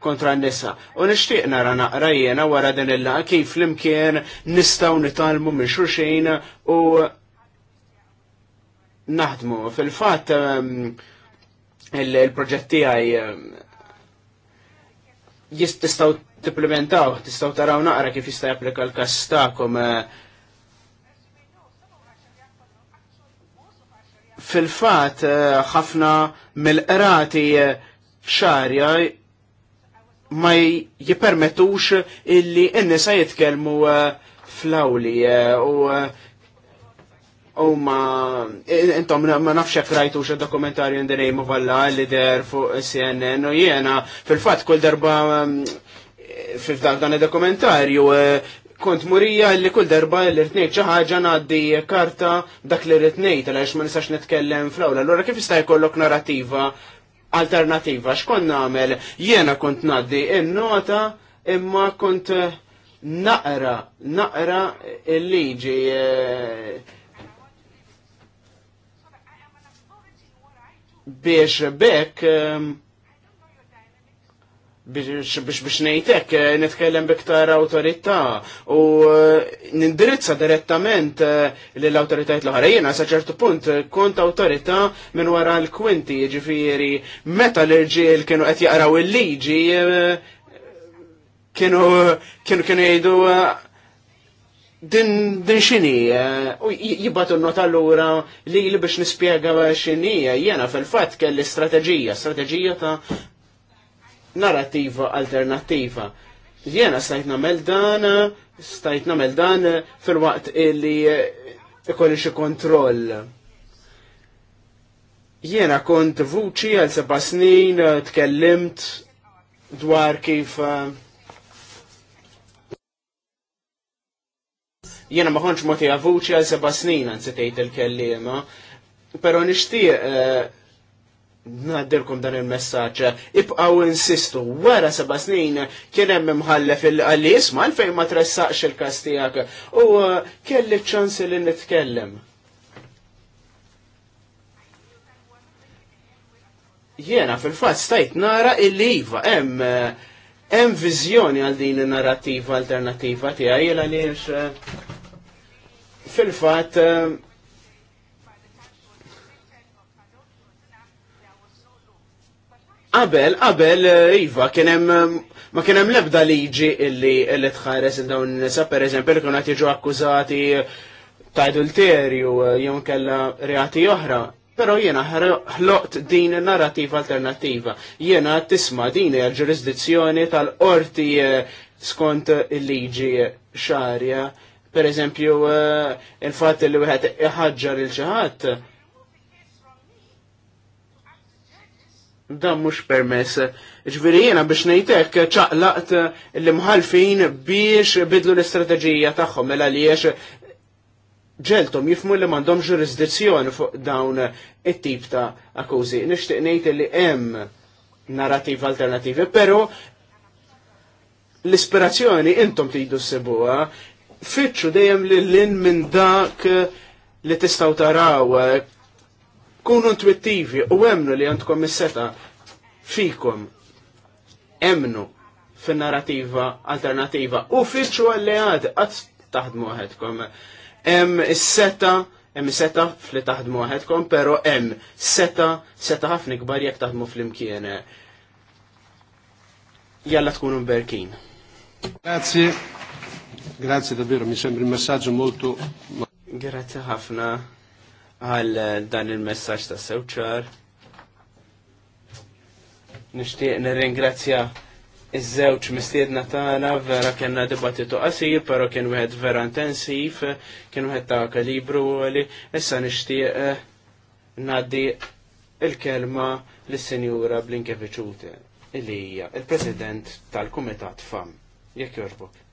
B: kontra n-nisa. U nishtiq nara naqra jena wara din il kif kif flimkien nistaw nitalmu minn xurxin u naħdmu. Fil-fat um, il-proġett tiegħi um, jististaw tipplementaw, tistaw taraw naqra kif jista' japplika l-kastakom uh, fil-fat uh, ħafna mill-qrati uh, xarja ma jipermetux illi n-nisa jitkelmu uh, flawli uh, u uh, u ma intom ma nafxek rajtu xe dokumentarju in the name of Allah li der fuq CNN u jena fil-fat kull darba um, fil-dak dan dokumentarju kont murija li kull darba li rtnejt xi ħaġa karta dak li rtnejt għalax ma nistax nitkellem fl l-għura kif jista' jkollok narrativa alternativa. Xkon namel, jena kont naddi il-nota imma kont eh, naqra, naqra il-liġi. Eh, biex bekk eh, biex biex nejtek, eh, nitkellem biktar autorità u eh, nindirizza direttament eh, l-autoritajt l-ħarajjena sa ċertu punt kont autorità minn wara l-kwinti ġifiri meta l-irġiel kienu qed jaqraw il-liġi kienu kienu kienu jgħidu din xini u jibbatu nota allura li biex nispiega xini jena fil-fatt kelli strateġija, strateġija ta' narrativa alternativa. Jena stajt namel dan, stajt namel dan fil-waqt illi eh, ikolli xie kontroll. Jena kont vuċi għal seba' snin eh, tkellimt dwar kif eh, jena ma konċ moti għavuċi għal seba' snin għan setejt il-kellima, pero nishtiq Naddilkom dan il-messagġ, ibqaw insistu, wara seba snin kien hemm imħallef il-qalli isma' ma tressaqx il-każ tiegħek u uh, kelli ċans li nitkellem. Jiena fil-fatt stajt nara il-liva hemm uh, hemm viżjoni għal din in-narrattiva alternattiva tiegħi jiela għaliex uh, fil-fatt Qabel, qabel, eh, iva, kienem, eh, ma kienem lebda liġi illi li tħares dawn nisa, per eżempju, li kunat jġu akkużati ta' adulterju, eh, jew kella reati oħra. Pero jena ħloqt din narrativa alternativa. Jena tisma din ġurisdizzjoni tal-qorti skont il-liġi xarja. Per eżempju, il-fat li wieħed iħagġar il-ċaħat dan mhux permess. Ġviri jiena biex ngħidlek ċaqlaqt l-imħalfin biex bidlu l-istrateġija tagħhom mela li ġeltom jifmu li m'għandhom ġurisdizzjoni fuq dawn it-tip ta' akkużi. Nixtieq ngħid li hemm narrativ alternativi, però l-ispirazzjoni intom tridu s sebuħa fitxu dejjem li l-in minn dak li tistaw taraw Kunu intuittivi u emnu li għandkom is-seta fikom emnu fin-narrativa alternativa u fiċu alleat għad taħdmu għedkom. Em is-seta hemm seta fli taħdmu għedkom, pero hemm seta, seta ħafna kbar jekk taħdmu fl imkiene Jalla tkunu berkin. Grazie. Grazie davvero, mi sembra il messaggio molto... Grazie ħafna għal eh, dan il-messaġġ ta' sewċar. Nixtieq nirringrazzja iż-żewġ mistiedna tagħna vera kellna dibattitu qasir, però kien wieħed vera intensiv, kien wieħed ta' kalibru li issa nixtieq eh, ngħaddi il-kelma lis-Sinjura Blinkeviċuti li hija il-President tal-Kumitat FAM. Jekk jorbok.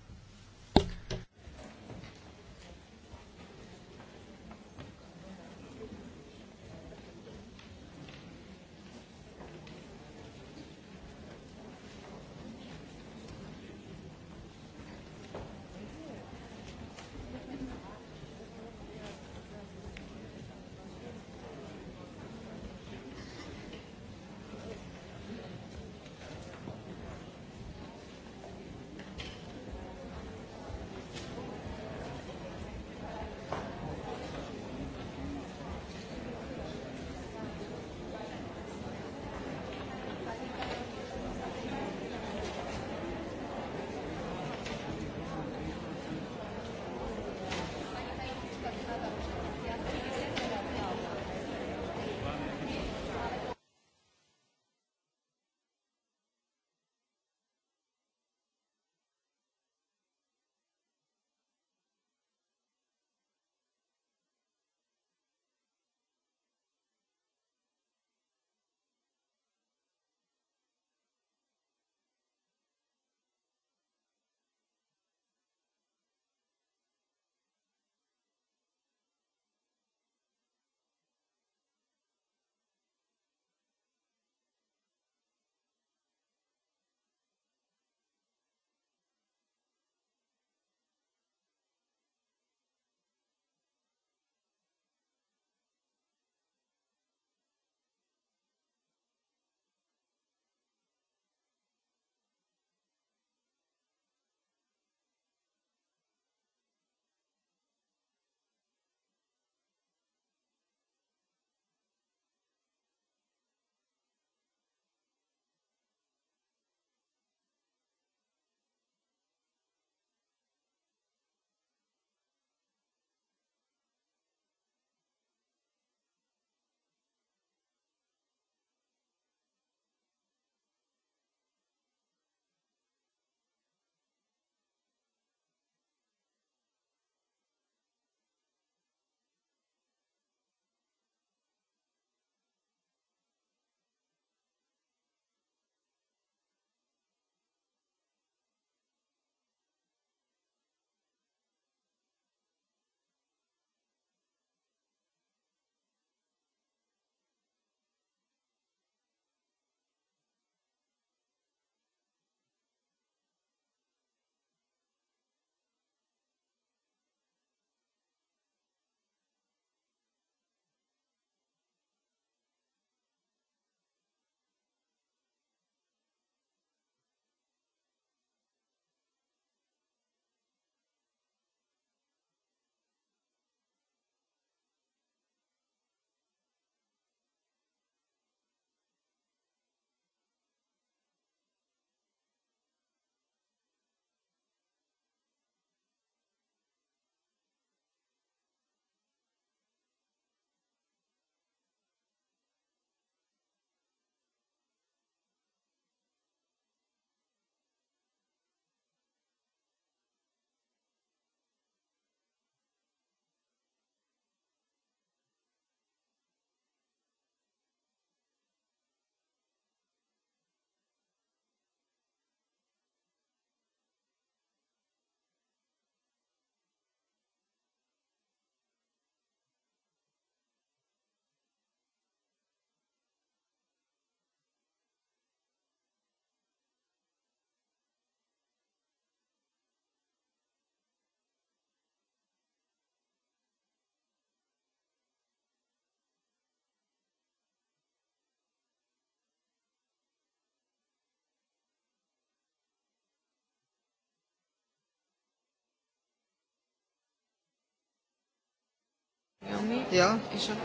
A: Ja. Ich habe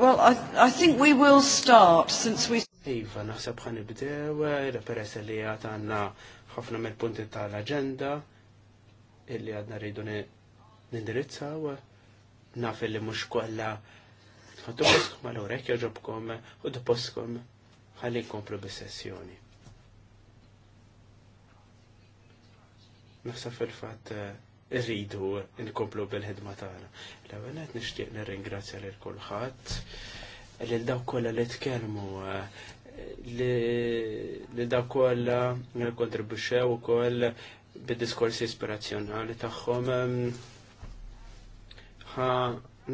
B: Well, I, I think we will start since we... Iva, naħseb għan ibdew, peress li għat għanna ħafna mill punti tal-agenda illi għadna rridu nindirizzaw, naf illi mux kolla ħattu poskom għal-orek joġobkom u d-poskom ħalli komplu bis-sessjoni. Naħseb fil-fat rridu nkomplu bil-ħidma tagħna. L-ewwel qed nixtieq nirringrazzja lil kulħadd lil dawk kollha li tkellmu li dawk kollha li ukoll bid diskors ispirazzjonali tagħhom ħa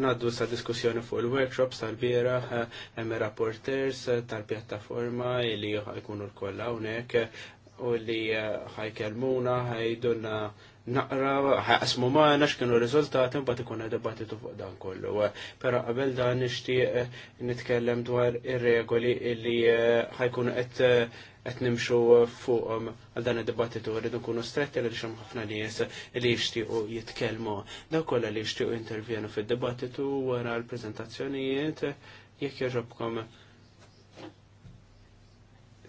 B: naddu sa diskussjoni fuq il-workshops tal-bira hemm rapporters tal-pjattaforma li ħajkunu l-kollha hawnhekk u li ħajkelmuna ħajdunna naqra ħaqsmu maħna x'kienu riżultati mbagħad ikun dibattitu fuq dan kollu. Però qabel dan nixtieq nitkellem dwar ir-regoli li eh, ħajkunu qed eh, qed nimxu fuqhom għal dan id-dibattitu rridu nkunu stretti li xem ħafna nies li jixtiequ jitkellmu. Dak kollha li jixtiequ intervjenu fid-dibattitu wara l-preżentazzjonijiet jekk jogħġobkom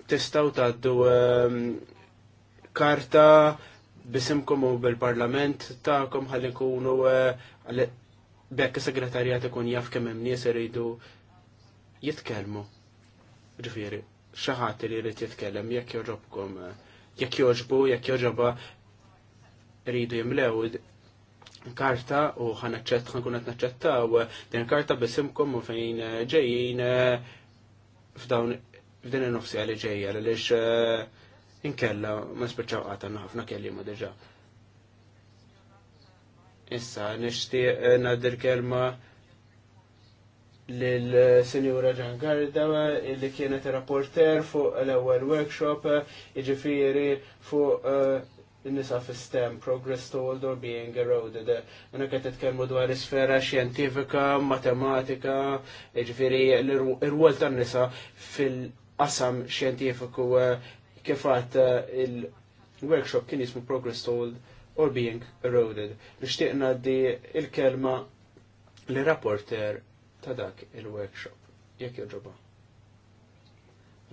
B: tistgħu tgħaddu ehm, karta bisimkom u bil-parlament ta'kom ħalli kunu eh, bekk segretarjat ikun jaf kemm hemm nies iridu jitkellmu. Ġifieri, xi ħadd li jrid jitkellem jekk jogħġobkom eh, jekk jogħġbu, jekk jogħġobha rridu jimlew karta u ħanaċċett ħankun qed naċċettaw eh, din karta bisimkom u fejn ġejjin f'dawn f'din in-nofsi għal ġejja għaliex Inkella, ma spiċċaw għata ħafna kelli ma deġa. Issa, nishtiq eh, nadir kelma l-Senjura Ġan Gardawa, illi kienet rapporter fuq l-ewwel workshop iġifieri fuq eh, nisa fi STEM, Progress Told or Being Eroded. Għana kħet kelmu dwar sfera xjentifika, matematika, iġifiri l-rwol tan nisa fil-qasam xjentifiku eh, kif għat eh, il-workshop kien jismu Progress Told or Being Eroded. Nishtiqna di il-kelma li rapporter ta' dak il-workshop. Jek jirġoba.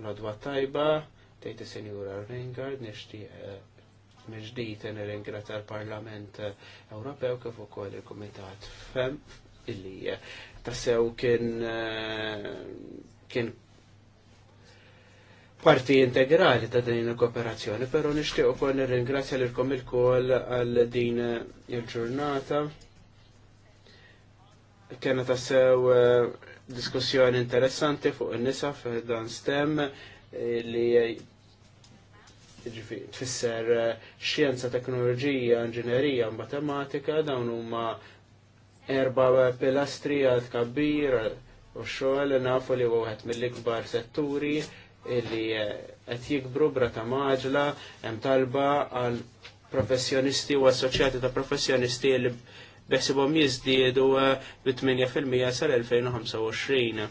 B: Nadwa tajba, tejti senjura Rengard, nishtiq eh, en il ingrata l-Parlament eh, Ewropew kif ukoll il-Komitat FEM illi tassew kien kien parti integrali ta' din il-kooperazzjoni, pero nishtiq ukoll nirringrazzja lilkom il-kol għal din il-ġurnata. Kena ta' sew eh, diskussjoni interessanti fuq il-nisa f'dan stem eh, li eh, tfisser xjenza, teknoloġija, inġinerija, matematika, dawn huma erba pilastri għal kabbir u xogħol nafu li għu għet mill-ikbar setturi illi eh, qed jikbru brata maġla hemm talba għal professjonisti u assoċjati ta' professjonisti li beħsibhom jiżdiedu bi 8% sal-2025.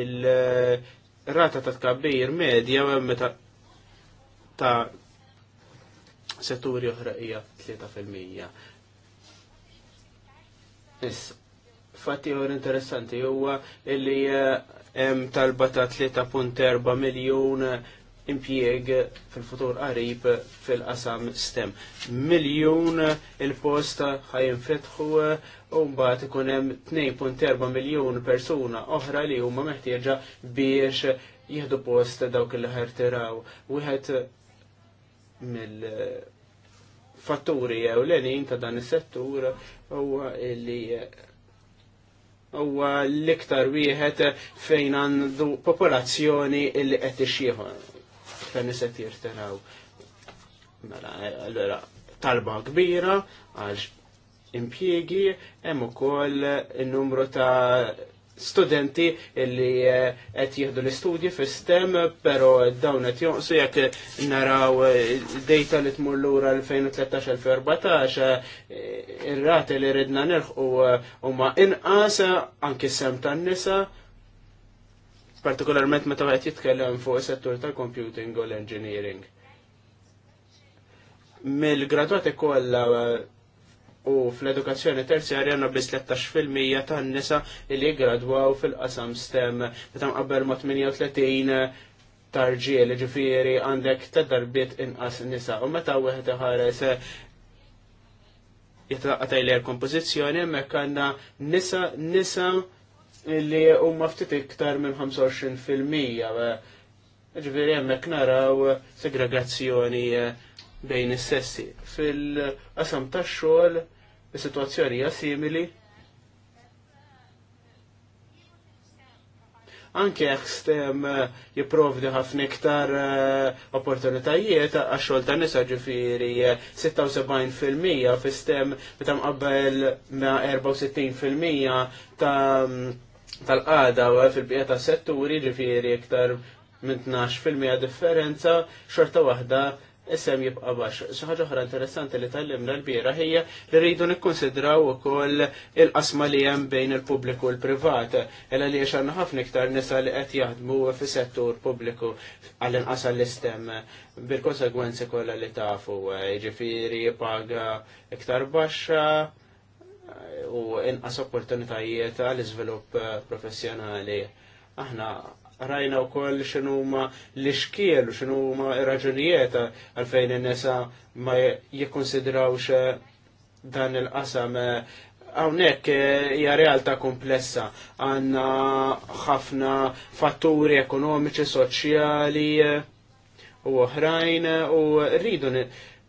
B: Il-rata ta' tkabbir medja u meta ta' setturi oħra hija 3%. Issa, fatti għor interessanti huwa illi eh, hemm talba ta' 3.4 miljun impjieg fil-futur qarib fil-qasam STEM. Miljun il-post ħajinfetħu u mbagħad ikun hemm 2.4 miljun persuna oħra li huma meħtieġa biex jieħdu post dawk ħar ħartiraw. Wieħed mill-fatturi ewlenin ta' dan is-settur huwa li huwa l-iktar wieħed fejn għandu popolazzjoni li qed ixjieħu fejn se tirtenaw. Mela, allura talba kbira għal impjiegi hemm ukoll in-numru ta' studenti li eh, qed jieħdu l-istudji fi STEM, però dawn qed jonqsu jekk naraw eh, data li tmur lura 2013-2014 eh, ir-rati li ridna nilħu huma inqas anki sem tan-nisa partikolarment meta qed jitkellem fuq is-settur tal-computing u l-engineering. Mill-gradwati kollha u fl-edukazzjoni terzjarja għanna bis 13% ta' nisa li gradwaw fil-qasam STEM, meta mqabbel ma' 38 tarġiel ġifiri għandek ta' darbiet inqas nisa. U meta wieħed iħares jitlaqqataj li kompożizzjoni hemmhekk għandna nisa nisa li huma ftit iktar minn 25%. Ġifiri hemmhekk naraw segregazzjoni bejn is-sessi. Fil-qasam tax-xogħol Is-sitwazzjoni hija simili. Anke jekk stem eh, jipprovdi ħafna iktar eh, opportunitajiet għax xogħol ta' nisa ġifieri 76% fi stem meta mqabbel ma' 64% ta' mm, tal-qada fil-bqija ta' setturi ġifieri iktar minn 12% differenza xorta waħda isem jibqa' bax. Xi ħra oħra interessanti li tallimna l-bira hija li rridu nikkonsidraw ukoll il-qasma li hemm bejn il-pubbliku u l-privat, illa li għandna ħafna iktar nisa li qed jaħdmu fis-settur pubbliku għall inqas l-istem bil-konsegwenzi kollha li tafu, jiġifieri paga iktar baxxa u inqas opportunitajiet għall-iżvilupp professjonali. Aħna rajna u koll xinuma l-iskiel, xinuma raġunijiet għalfejn n-nisa ma jikonsidrawx eh, dan il-qasam. Għawnek eh, eh, hija realtà komplessa, għanna ħafna fatturi ekonomiċi, soċjali u oħrajn u rridu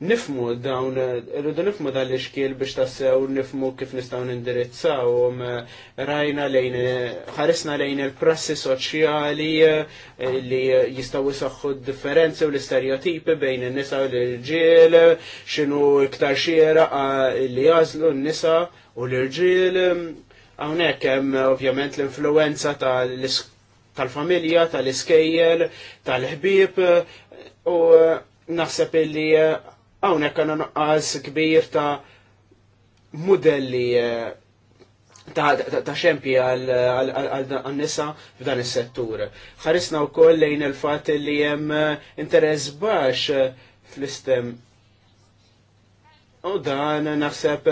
B: nifmu dawn, rridu nifmu dan l-iskil biex tassew nifmu kif nistaw nindirizzaw, eh, rajna lejn, ħarisna lejn il-prassi soċjali eh, li jistaw jisaxħu differenzi u l-istereotipi bejn il-nisa u l-irġiel, xinu iktar xiera ah, li jazlu n-nisa u l-irġiel, għawnek hemm ovvjament l-influenza tal-familja, tal-iskejjel, tal-ħbib, u eh, naħseb illi Hawnhekk għandna nuqqas kbir ta' modelli eh, ta' xempi għal-nisa f'dan is-settur. Ħarisna wkoll lejn il fat li hemm eh, interess bax eh, fl-istem. U dan naħseb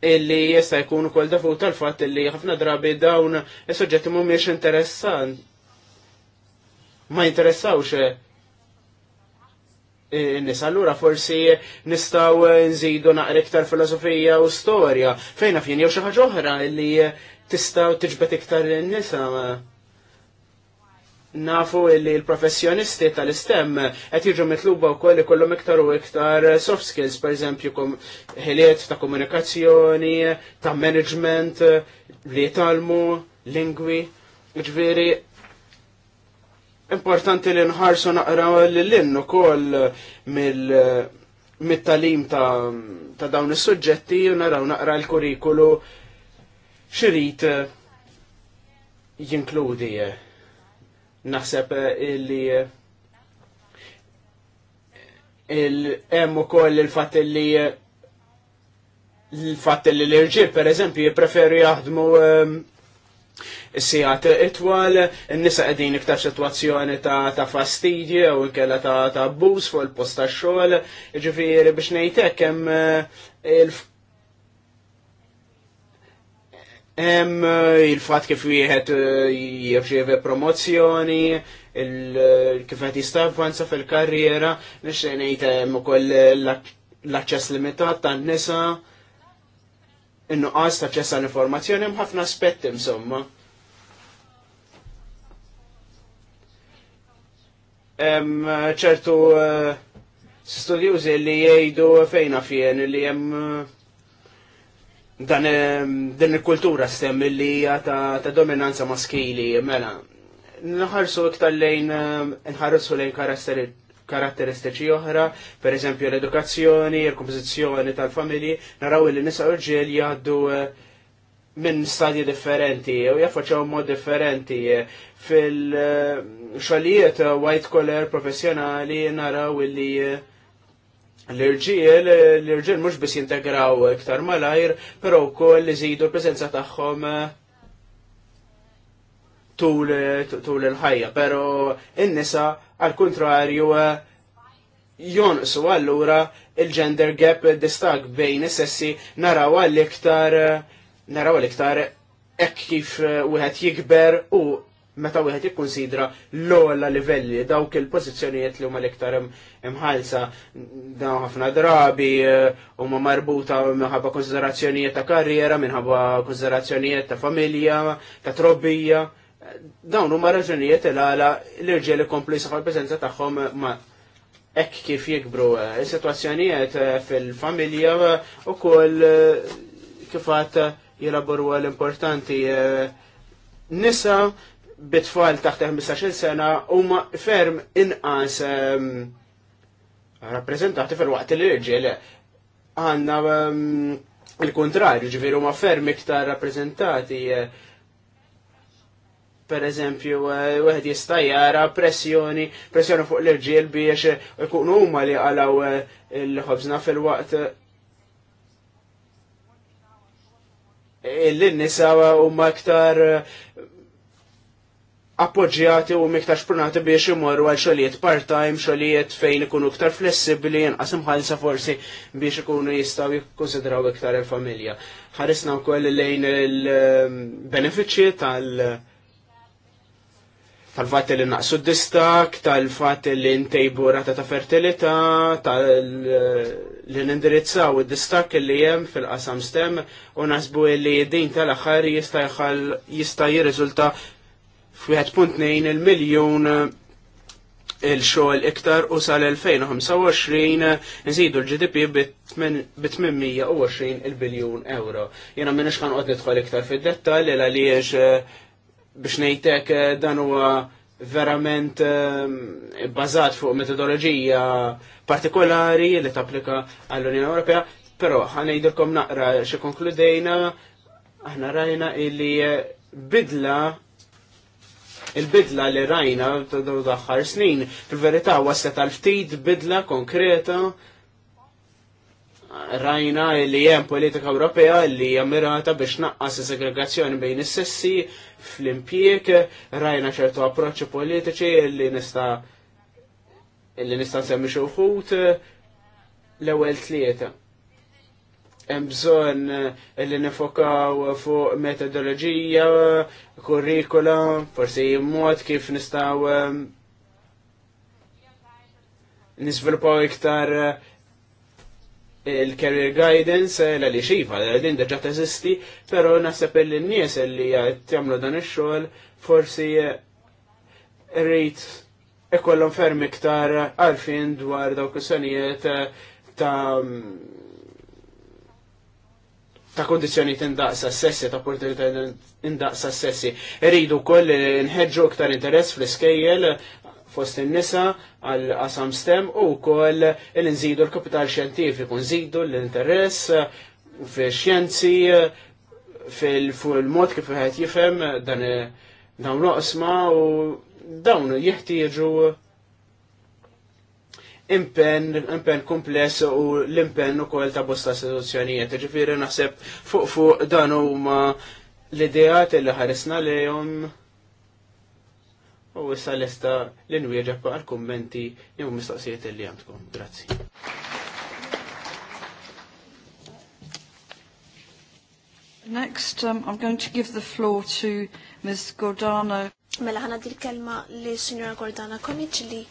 B: illi jista' jkun ukoll dafu tal-fatt illi ħafna drabi dawn is-soġġetti mhumiex interessant. Ma jinteressawx Eh, nisa, allura forsi nistaw eh, nżidu naqra iktar filosofija u storja. Fejna jien jew xi ħaġa oħra li eh, tistaw tiġbed iktar nisa. Nafu li l-professjonisti tal-istem qed jiġu mitluba wkoll ikollhom iktar u iktar soft skills, pereżempju kom ħiliet ta' komunikazzjoni, ta' management, li talmu, lingwi. Ġviri, Importanti li nħarsu naqraw l-lin u koll mill-talim ta' dawn is-suġġetti u naraw naqra l-kurikulu xirit eh, jinkludi. Naħseb eh, illi eh, il-em u koll il-fat illi il-fat li l-irġib, per eżempju, jipreferu jaħdmu is-sigħat itwal, n-nisa qegħdin iktar sitwazzjoni ta', fastidje u nkella ta', ta abbuż fuq il-post tax-xogħol, jiġifieri biex ngħid hekk hemm eh, il Hemm eh, il-fatt kif wieħed eh, jirċievi promozzjoni, kif qed jista' avvanza fil-karriera, nixtieq ngħid hemm ukoll l-aċċess limitat tan-nisa, in-nuqqas ta' ċessa l-informazzjoni hemm ħafna aspetti insomma. Eh, ċertu eh, studjużi li jgħidu fejna fien li hemm eh, dan din il-kultura stem li hija ta' dominanza maskili mela. Nħarsu iktar lejn nħarsu lejn karatteristiċi oħra, per eżempju l-edukazzjoni, il-kompożizzjoni tal-familji, naraw li nisa uġġel ġiel jgħaddu minn stadji differenti u jaffaċaw mod differenti eh, fil-xalijiet eh, white collar professjonali naraw illi eh, l-irġiel, l-irġiel mux bis jintegraw iktar malajr, pero u koll li zidu prezenza taħħom tul il-ħajja, pero in-nisa għal-kontrarju jonqsu għallura il-gender gap distag bejn is-sessi naraw għall-iktar uh, naraw l-iktar ek kif eh, wieħed jikber u meta wieħed jikkunsidra l-ogħla livelli dawk il-pożizzjonijiet li huma l-iktar imħalsa dawn ħafna drabi eh, huma marbuta minħabba konsiderazzjonijiet ta' karriera, minħabba konsiderazzjonijiet ta' familja, ta' trobbija. Dawn huma raġunijiet il-għala l-irġiel ikomplu jisaħħu l-preżenza tagħhom ma' ekk kif jikbru eh, is-sitwazzjonijiet fil-familja u kol kifat jilaboru l-importanti e, nisa bitfall taħt 15 sena huma ferm inqas e, rappresentati fil-waqt li rġiel għanna e, il-kontrarju ġifieri huma ferm iktar rappresentati per eżempju, wieħed jista' jara pressjoni, pressjoni fuq l-irġiel biex ikunu huma li qalaw il-ħobżna fil-waqt l-nisa u maktar eh, appoġġjati u miktar xprunati biex imorru għal xogħlijiet part-time, xogħlijiet fejn ikunu ktar flessibbli, inqas ħalsa forsi biex ikunu jistgħu jikkonsidraw iktar il-familja. Ħarisna wkoll lejn il-benefiċċji eh, tal- tal-fat li naqsu d-distak, tal-fat li ntejbu rata ta' fertilità, tal-li nindirizzaw id-distak li jem fil-qasam stem u nasbu li din tal-axar jista' jirriżulta nejn il-miljon il-xogħol iktar u sal-2025 nżidu l-GDP bit-820 il-biljun euro. Jena minnix kan qod nidħol iktar fid detta li għaliex biex nejtek eh, dan huwa verament ehm, bazat fuq metodoloġija partikolari li tapplika għall-Unjoni Ewropea, però ħanejdilkom naqra xi konkludejna aħna rajna illi eh, bidla il-bidla li rajna daħħar snin, fil-verità waslet għal ftit bidla konkreta rajna li hemm politika Ewropea li jammirata biex naqqas segregazzjoni bejn is-sessi fl-impjieg, rajna ċertu approċċi politiċi li nista' illi nista' nsemmi xi wħud eh, l-ewwel tlieta. Hemm bżonn eh, illi nifokaw fuq metodoloġija, kurrikula, forsi mod kif nistgħu eh, nisviluppaw iktar il-career guidance eh, l li xifa, din deġa teżisti, pero nasab il-nies li jgħamlu dan il-xol forsi eh, rrit ikollhom ferm iktar għalfin dwar daw is eh, ta' mm, ta' kondizjoni tindaqsa s-sessi, ta' opportunità indaqsa s-sessi. Rridu koll nħedġu ktar interess fl-iskejjel fost in-nisa għal qasam stem u wkoll li nżidu l-kapital xjentifiku, nżidu l-interess fi xjenzi fil-mod kif wieħed jifhem dan dawn l u dawn jeħtieġu impen, impen kumpless u l-impen u kol ta' bosta istituzzjonijiet. Ġifiri naħseb fuq fuq dan u ma l-idejat li ħarisna li jom u issa lesta l-inwieġab għal kommenti jew mistoqsijiet li għandkom. Grazzi.
D: Next, um, I'm going to give the floor to Ms. Gordano.
C: Mela ħana dil kelma li Signora Gordana Komic li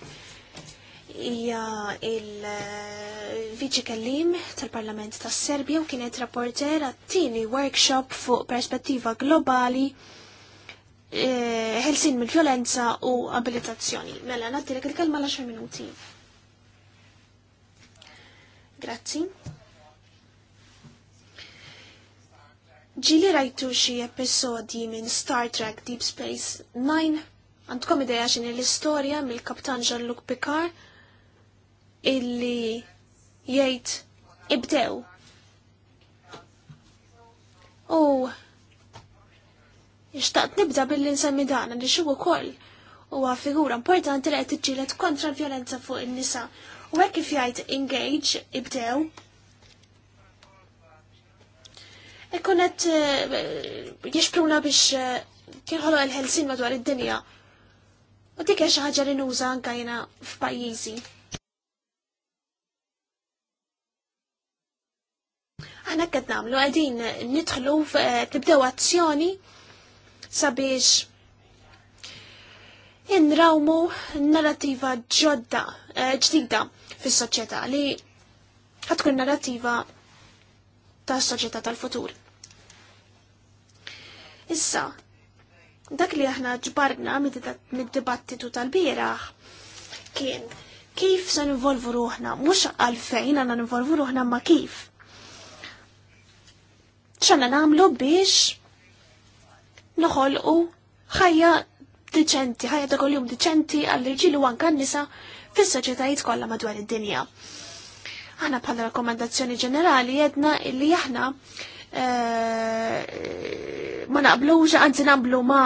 C: hija il-viċi kellim tal-Parlament tas-Serbja u kienet rapporter għat-tieni workshop fuq perspettiva globali Eh, ħelsin mill violenza u abilitazzjoni. Mela, nattilek il-kelma la 10 minuti. Grazzi. Ġili rajtu xie episodi minn Star Trek Deep Space Nine. Għandkom ideja xin l-istoria mill-kaptan Jean-Luc Picard illi jgħid ibdew. U Ixtaqt nibda billi nsemmi dana li xi wkoll huwa figura importanti li qed tiġġieled kontra l-vjolenza fuq in-nisa. U hekk kif jgħid engage ibdew. Ikun qed eh, jixpruna biex eh, kienħolu l-ħelsin madwar id-dinja. U dik hija xi ħaġa li nuża anke jiena f'pajjiżi. Aħna qed nagħmlu qegħdin nidħlu nibdew eh, azzjoni sabiex inrawmu narrativa ġodda, eh, ġdida fis soċjetà li ħatkun narrativa ta' soċjetà tal-futur. Issa, dak li aħna ġbarna mid-dibattitu tal-bieraħ kien kif se nivolvu ruħna, mux għalfejn għanna nivolvu ruħna ma kif. ċanna namlu biex noħolqu ħajja diċenti, ħajja ta' kuljum diċenti għall-irġilu n nisa fis-soċjetajiet kollha madwar id-dinja. Aħna bħala rakkomandazzjoni ġenerali jedna illi aħna eh, ma naqblux, għanzi naqblu ma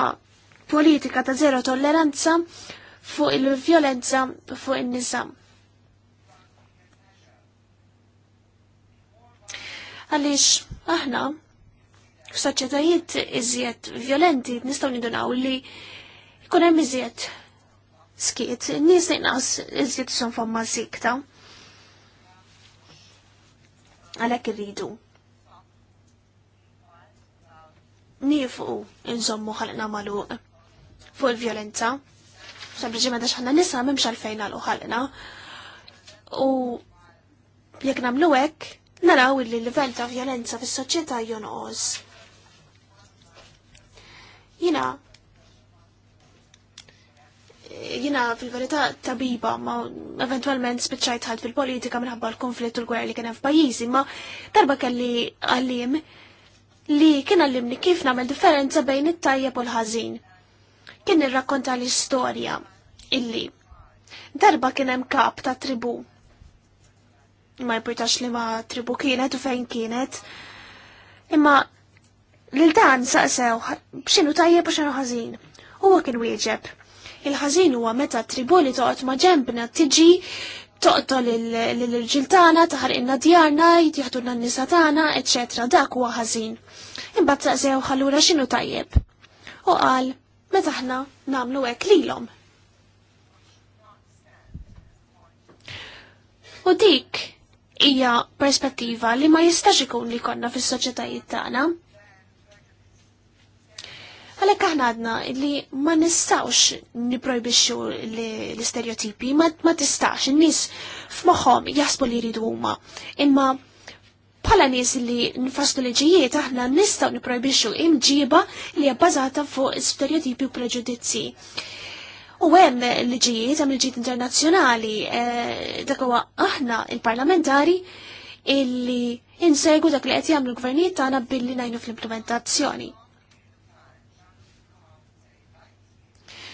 C: politika ta' zero tolleranza fuq il-vjolenza fuq in-nisa. Għaliex aħna f'soċjetajiet iżjed violenti nistgħu nidunaw li jkun hemm iżjed skiet, nies naqas iżjed son fomma sikta. Għalhekk irridu. Nifu insommu ħalqna magħluq fuq il-vjolenza. Sempliċiment ma daċħanna nisa memx għalfejn għalu għalina. U jekk nagħmlu hekk, naraw li l-livell ta' violenza fis-soċjetà jonqos. Jina jina fil-verità tabiba, ma eventualment spiċċajt ħadd fil-politika minħabba l-konflitt u l-gwerra li kien hemm f'pajjiżi, ma darba kelli għallim li kien għallimni kif nagħmel differenza bejn it-tajjeb u l-ħażin. Kien irrakkonta l-istorja illi darba kien hemm kap ta' tribu. Ma jpurtax li ma tribu kienet u fejn kienet. Imma Lil dan saqsew b'xinu tajjeb u xinu ħażin. Huwa kien wieġeb. Il-ħażin huwa meta triboli toqgħod ma' ġembna tiġi toqtol l-irġil tagħna, djarna, jitjaħdulna n-nisa tagħna, eċċetra, dak huwa ħażin. Imbagħad saqsew ħallura x'inhu tajjeb. U qal, meta aħna nagħmlu hekk lilhom. U dik hija perspettiva li ma jistax ikun li konna fis-soċjetajiet tagħna. Għalek aħna għadna li ma nistawx niprojbixu l-stereotipi, ma tistax, n-nis f'moħħom jasbu li jridu huma. Imma bħala nies li nfasslu liġijiet aħna nistgħu niprojbixu imġiba li hija fuq stereotipi u preġudizzi. U hemm liġijiet, hemm liġijiet internazzjonali, eh, dak huwa aħna il-parlamentari illi insegu dak li qed jagħmlu l-gvernijiet tagħna billi ngħinu fl-implementazzjoni.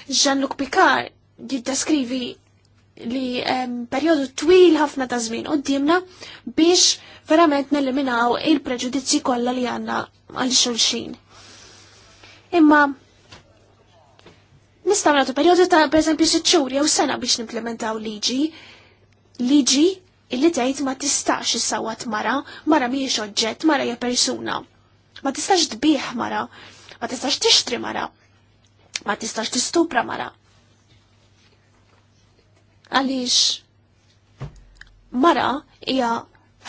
C: Jean-Luc Picard jiddeskrivi li um, periodu twil ħafna ta' żmien qoddimna biex verament neliminaw il-preġudizzi kollha li għandna għal xulxin. Imma nistgħu nagħtu perjodu ta' pereżempju sitt xhur jew sena biex nimplementaw liġi. Liġi illi tgħid ma tistax issawat mara, mara mhijiex oġġett, mara hija persuna. Ma tistax tbih mara, ma tistax tixtri mara ma tistax tistupra mara. Għaliex mara hija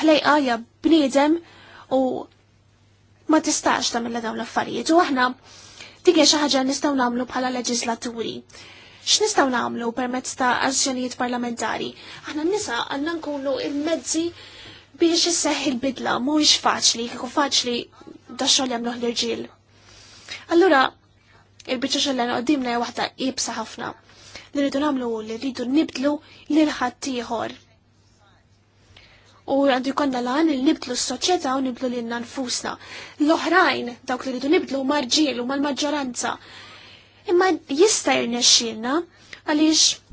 C: ħlejqa hija bniedem u ma tistax tagħmilha dawn l-affarijiet u aħna dik xi ħaġa nistgħu nagħmlu bħala leġislaturi. X'nistgħu nagħmlu permezz ta' azzjonijiet parlamentari? Aħna nisa għandna nkunu il-mezzi biex isseħħ il-bidla mhuwiex faċli, kieku faċli da xogħol jagħmluh l-irġiel. Allura, il-bicċa xellena dimna waħda jibsa ħafna. Li rridu namlu li rridu nibdlu l-ħattijħor. U għandu jkonna lan li nibdlu s-soċieta u nibdlu l-inna nfusna. L-oħrajn, dawk li rridu nibdlu marġielu mal-maġġoranza. Imma jista jirnexxilna għaliex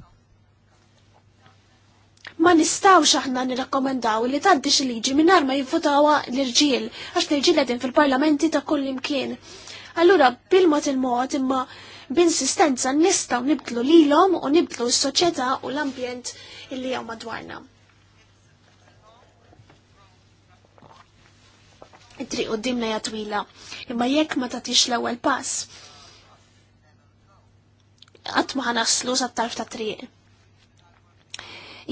C: ma nistawx aħna nirrakkomendaw li taddix liġi minnar ma jivvotawha l-irġiel, għax l-irġiel għedin fil-parlamenti ta' kull imkien. Allura bil-mod il-mod imma b'insistenza nistgħu nibdlu lilhom u nibdlu s-soċjetà u l-ambjent illi għaw madwarna. It-triq qudiemna hija twila, imma jekk ma tagħtix l-ewwel pass. Qatt ma ħanaslu sat-tarf ta' triq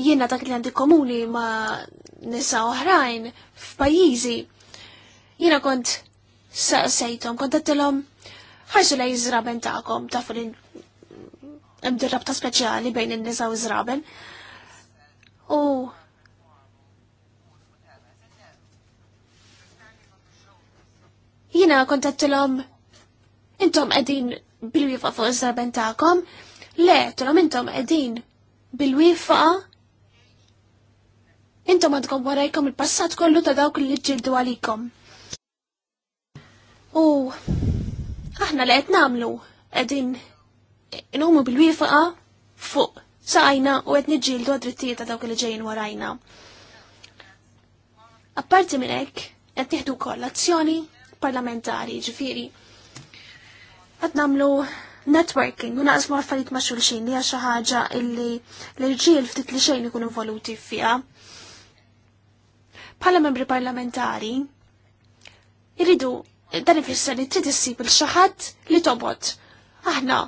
C: jiena dak li għandi komuni ma nisa oħrajn f'pajjiżi. Jiena kont saqsejtom, kontattilom, ħajsu lej zraben ta'kom, ta' fulin imdirrab ta' speċjali bejn il nisa u zraben. U jina kontattilom intom edin bil-wifa fuq iż ta'kom, le, tilom intom edin bil-wifa intom għadkom warajkom il-passat kollu ta' dawk li ġildu għalikom. U aħna li qed nagħmlu qegħdin inumu bil wifqa fuq sajna u qed nġildu għadrittijiet għadaw ta' ġejn li warajna. Apparti minn hekk qed nieħdu wkoll azzjoni parlamentari ġifieri qed nagħmlu networking u naqsmu għaffariet ma' xulxin li għaxa ħaġa illi l-irġiel ftit li xejn ikun involuti fija. Bħala membri parlamentari, irridu dan ifisser li trid issib il xaħat li tobod. Aħna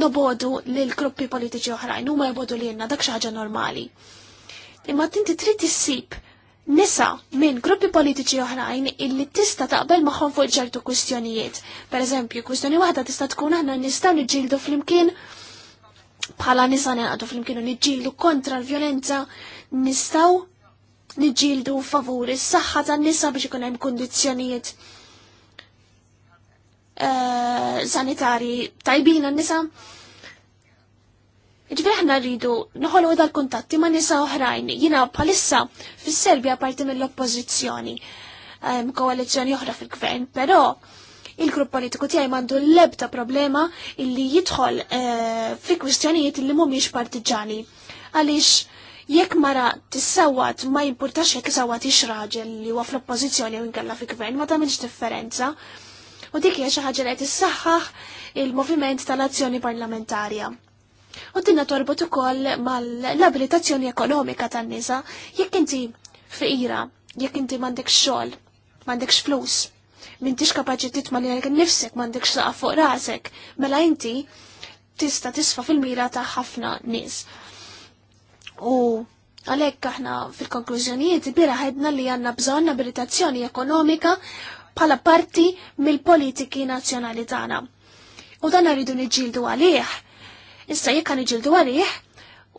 C: nobodu l gruppi politiċi oħrajn huma li jenna dak xi ħaġa normali. Imma tinti trid issib nisa minn gruppi politiċi oħrajn illi tista taqbel magħhom fuq ċertu kwistjonijiet. Pereżempju, kwistjoni waħda tista' tkun aħna nistgħu niġġieldu flimkien bħala nisa naqdu flimkien u niġġieldu kontra l-vjolenza nistgħu niġġieldu favuri s saħħa tan-nisa biex ikun hemm kundizzjonijiet Eh, sanitari tajbin għan-nisa. Ġveri ħna rridu noħolgħu dal kontatti ma' nisa oħrajn. Jina bħalissa fis serbia parti mill-oppożizzjoni koalizzjoni oħra fil-gvern, però il-grupp politiku tiegħi mandu l-ebda problema illi jidħol eh, fi kwistjonijiet li mhumiex partiġani. Għaliex jekk mara tissawat ma jimpurtax jekk sawat ix raġel li huwa fl-oppożizzjoni u nkella fil-gvern ma tagħmilx differenza U dik hija xi ħaġa li qed issaħħaħ il-moviment tal-azzjoni parlamentarja. U dinna torbot ukoll mal-abilitazzjoni ekonomika tan-nisa jekk inti fqira, jekk inti m'għandek xogħol, m'għandekx flus, m'intix kapaċi titma' li nifsek m'għandekx saqa fuq rasek, mela inti tista' tisfa fil-mira ta' ħafna nies. U għalhekk aħna fil-konklużjonijiet bira ħedna li għandna bżonn abilitazzjoni ekonomika bħala parti mill-politiki nazzjonali tagħna. U dan rridu niġġieldu għalih. Issa jekk niġġieldu għalih,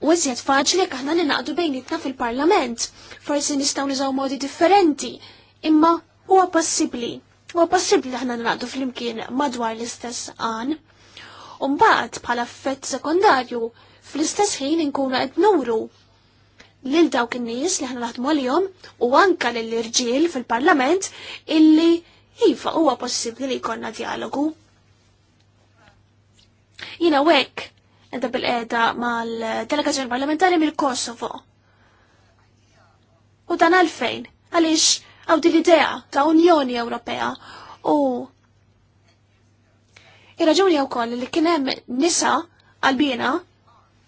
C: u iżjed faċli jekk aħna ninaqdu bejnietna fil-Parlament. Forsi nistgħu niżgħu modi differenti, imma huwa possibbli. Huwa possibbli aħna ninaqdu flimkien madwar l-istess għan. mbagħad, bħala effett sekondarju fl-istess ħin inkunu qed nuru lil dawk in-nies li ħna naħdmu għalihom u anka lil irġiel fil-Parlament illi iva huwa possibbli li jkollna dialogu. Jiena wek edha bil-qeda mal-delegazzjoni parlamentari mill-Kosovo. U dan għalfejn, għaliex għaw din l-idea ta' Unjoni Ewropea u Ir-raġuni wkoll li kien hemm nisa għalbina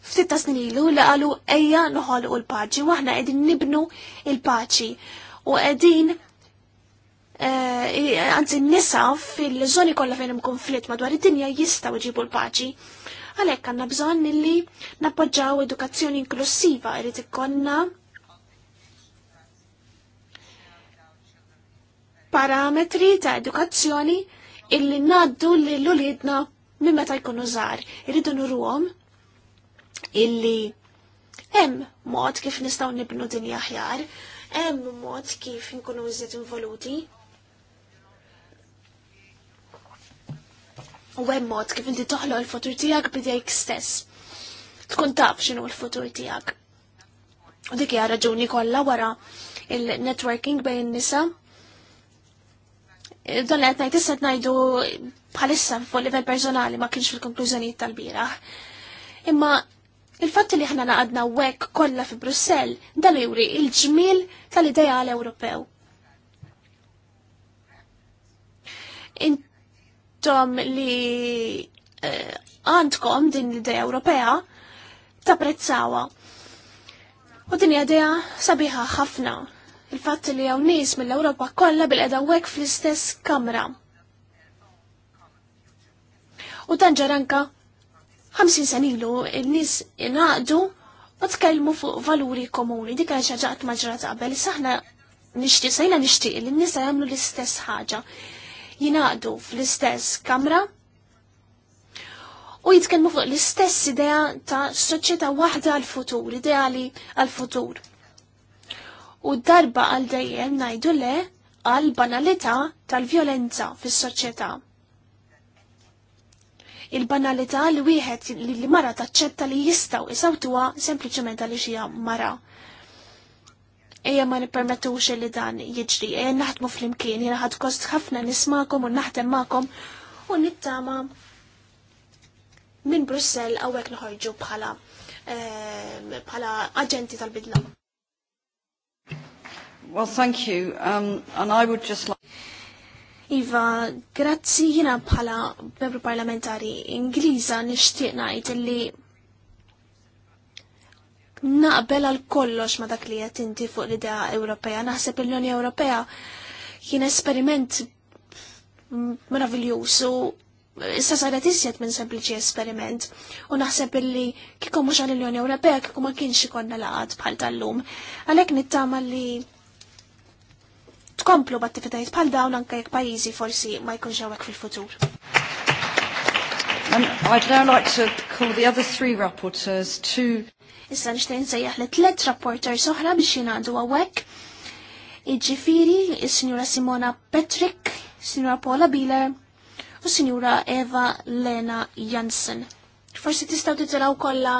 C: ftit ta' snin ilu li qalu nħol noħolqu l-paċi u aħna qegħdin nibnu l-paċi u qegħdin eh, anzi n-nisa fil-żoni kollha fejn hemm konflitt madwar id-dinja jistaw jġibu l-paċi. Għalhekk għandna bżonn li nappoġġaw edukazzjoni inklusiva irid ikollna parametri ta' edukazzjoni illi naddu li l-ulidna minn meta jkunu żgħar. Irridu nurruhom illi hemm mod kif nistgħu nibnu dinja aħjar, hemm mod kif nkunu iżjed involuti. U hemm mod kif inti toħlo l futur tiegħek bidejk stess. Tkun taf x'inhu l-futur tiegħek. U dik hija raġuni kollha wara il-networking bejn nisa dan qed ngħid issa ngħidu bħalissa fuq livell personali ma kienx fil-konklużjonijiet tal bieraħ Imma Il-fatt li ħna naqadna wek kollha fi Brussell dan juri il-ġmil tal-ideal Ewropew. Intom li eh, għandkom din l-idea Ewropea prezzawa. U din idea sabiħa ħafna. Il-fatt li hawn nies mill-Ewropa kollha bil-qeda wek fl-istess kamra. U dan 50 sanilu ilu n-nis naqdu u tkellmu fuq valuri komuni, dik għal xaġaqt maġrat qabel, saħna nishtiq, sajna nishtiq li n-nisa għamlu l-istess ħaġa. Jinaqdu fl-istess kamra u jitkellmu fuq l-istess idea ta' soċjetà waħda għal-futur, ideali għal-futur. U darba għal dejjem najdu le għal banalità tal-vjolenza fis-soċjetà il-banalità li wieħed li mara taċċetta li jistaw isawtuha sempliċement għal xija mara. Ejja ma nippermettux li dan jiġri, ejja naħdmu fl-imkien, jena ħad kost ħafna nismakom u naħdem makom u nittama minn Brussel għawek nħorġu bħala ehm, bħala aġenti tal-bidla.
D: Well, thank you. Um, and I would just like...
C: Iva, grazzi jina bħala membru parlamentari Ingliża nixtieq najt li naqbel għal kollox ma dak li qed inti fuq l-idea Ewropea. Naħseb l-Unjoni Ewropea kien esperiment meravigljuż u issa saret isjed minn sempliċi esperiment. U naħseb illi kieku mhux għall-Unjoni Ewropea kieku ma kienx ikonna laqad bħal tal-lum. Għalhekk nittama li tkomplu b'attivitajiet bħal dawn anke jekk pajjiżi forsi ma jkunx hawnhekk fil-futur.
D: I'd now like to call the other three rapporteurs to...
C: Issa nixtejn sejjaħ li tlet rapporteurs oħra biex jingħandu hawnhekk. Iġifieri is-Sinjura Simona Patrick, Sinjura Paula Bieler u Sinjura Eva Lena Jansen. Forsi tistgħu titilaw kollha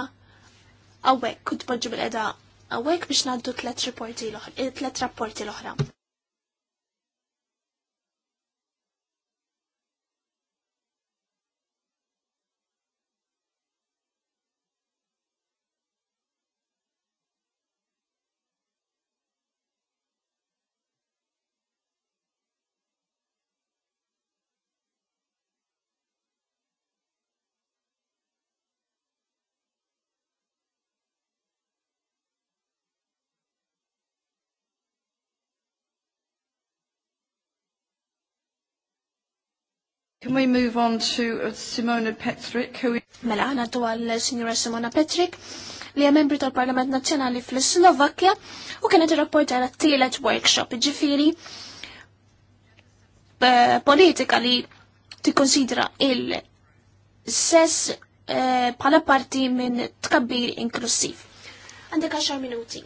C: hawnhekk u tpoġġu bil-qeda hawnhekk biex ngħaddu tlet eh, rapporti l-oħra.
D: Can we move on to uh, Simona Petrick? Who is...
C: Mela għana tu għal signora Simona Petrick li hija membri tal-Parlament Nazjonali fl-Slovakkja u kienet irrapporta għal tielet workshop ġifiri eh, politika li t-konsidra il-sess eh, bħala parti minn tkabbir inklusiv. Għandek 10 minuti.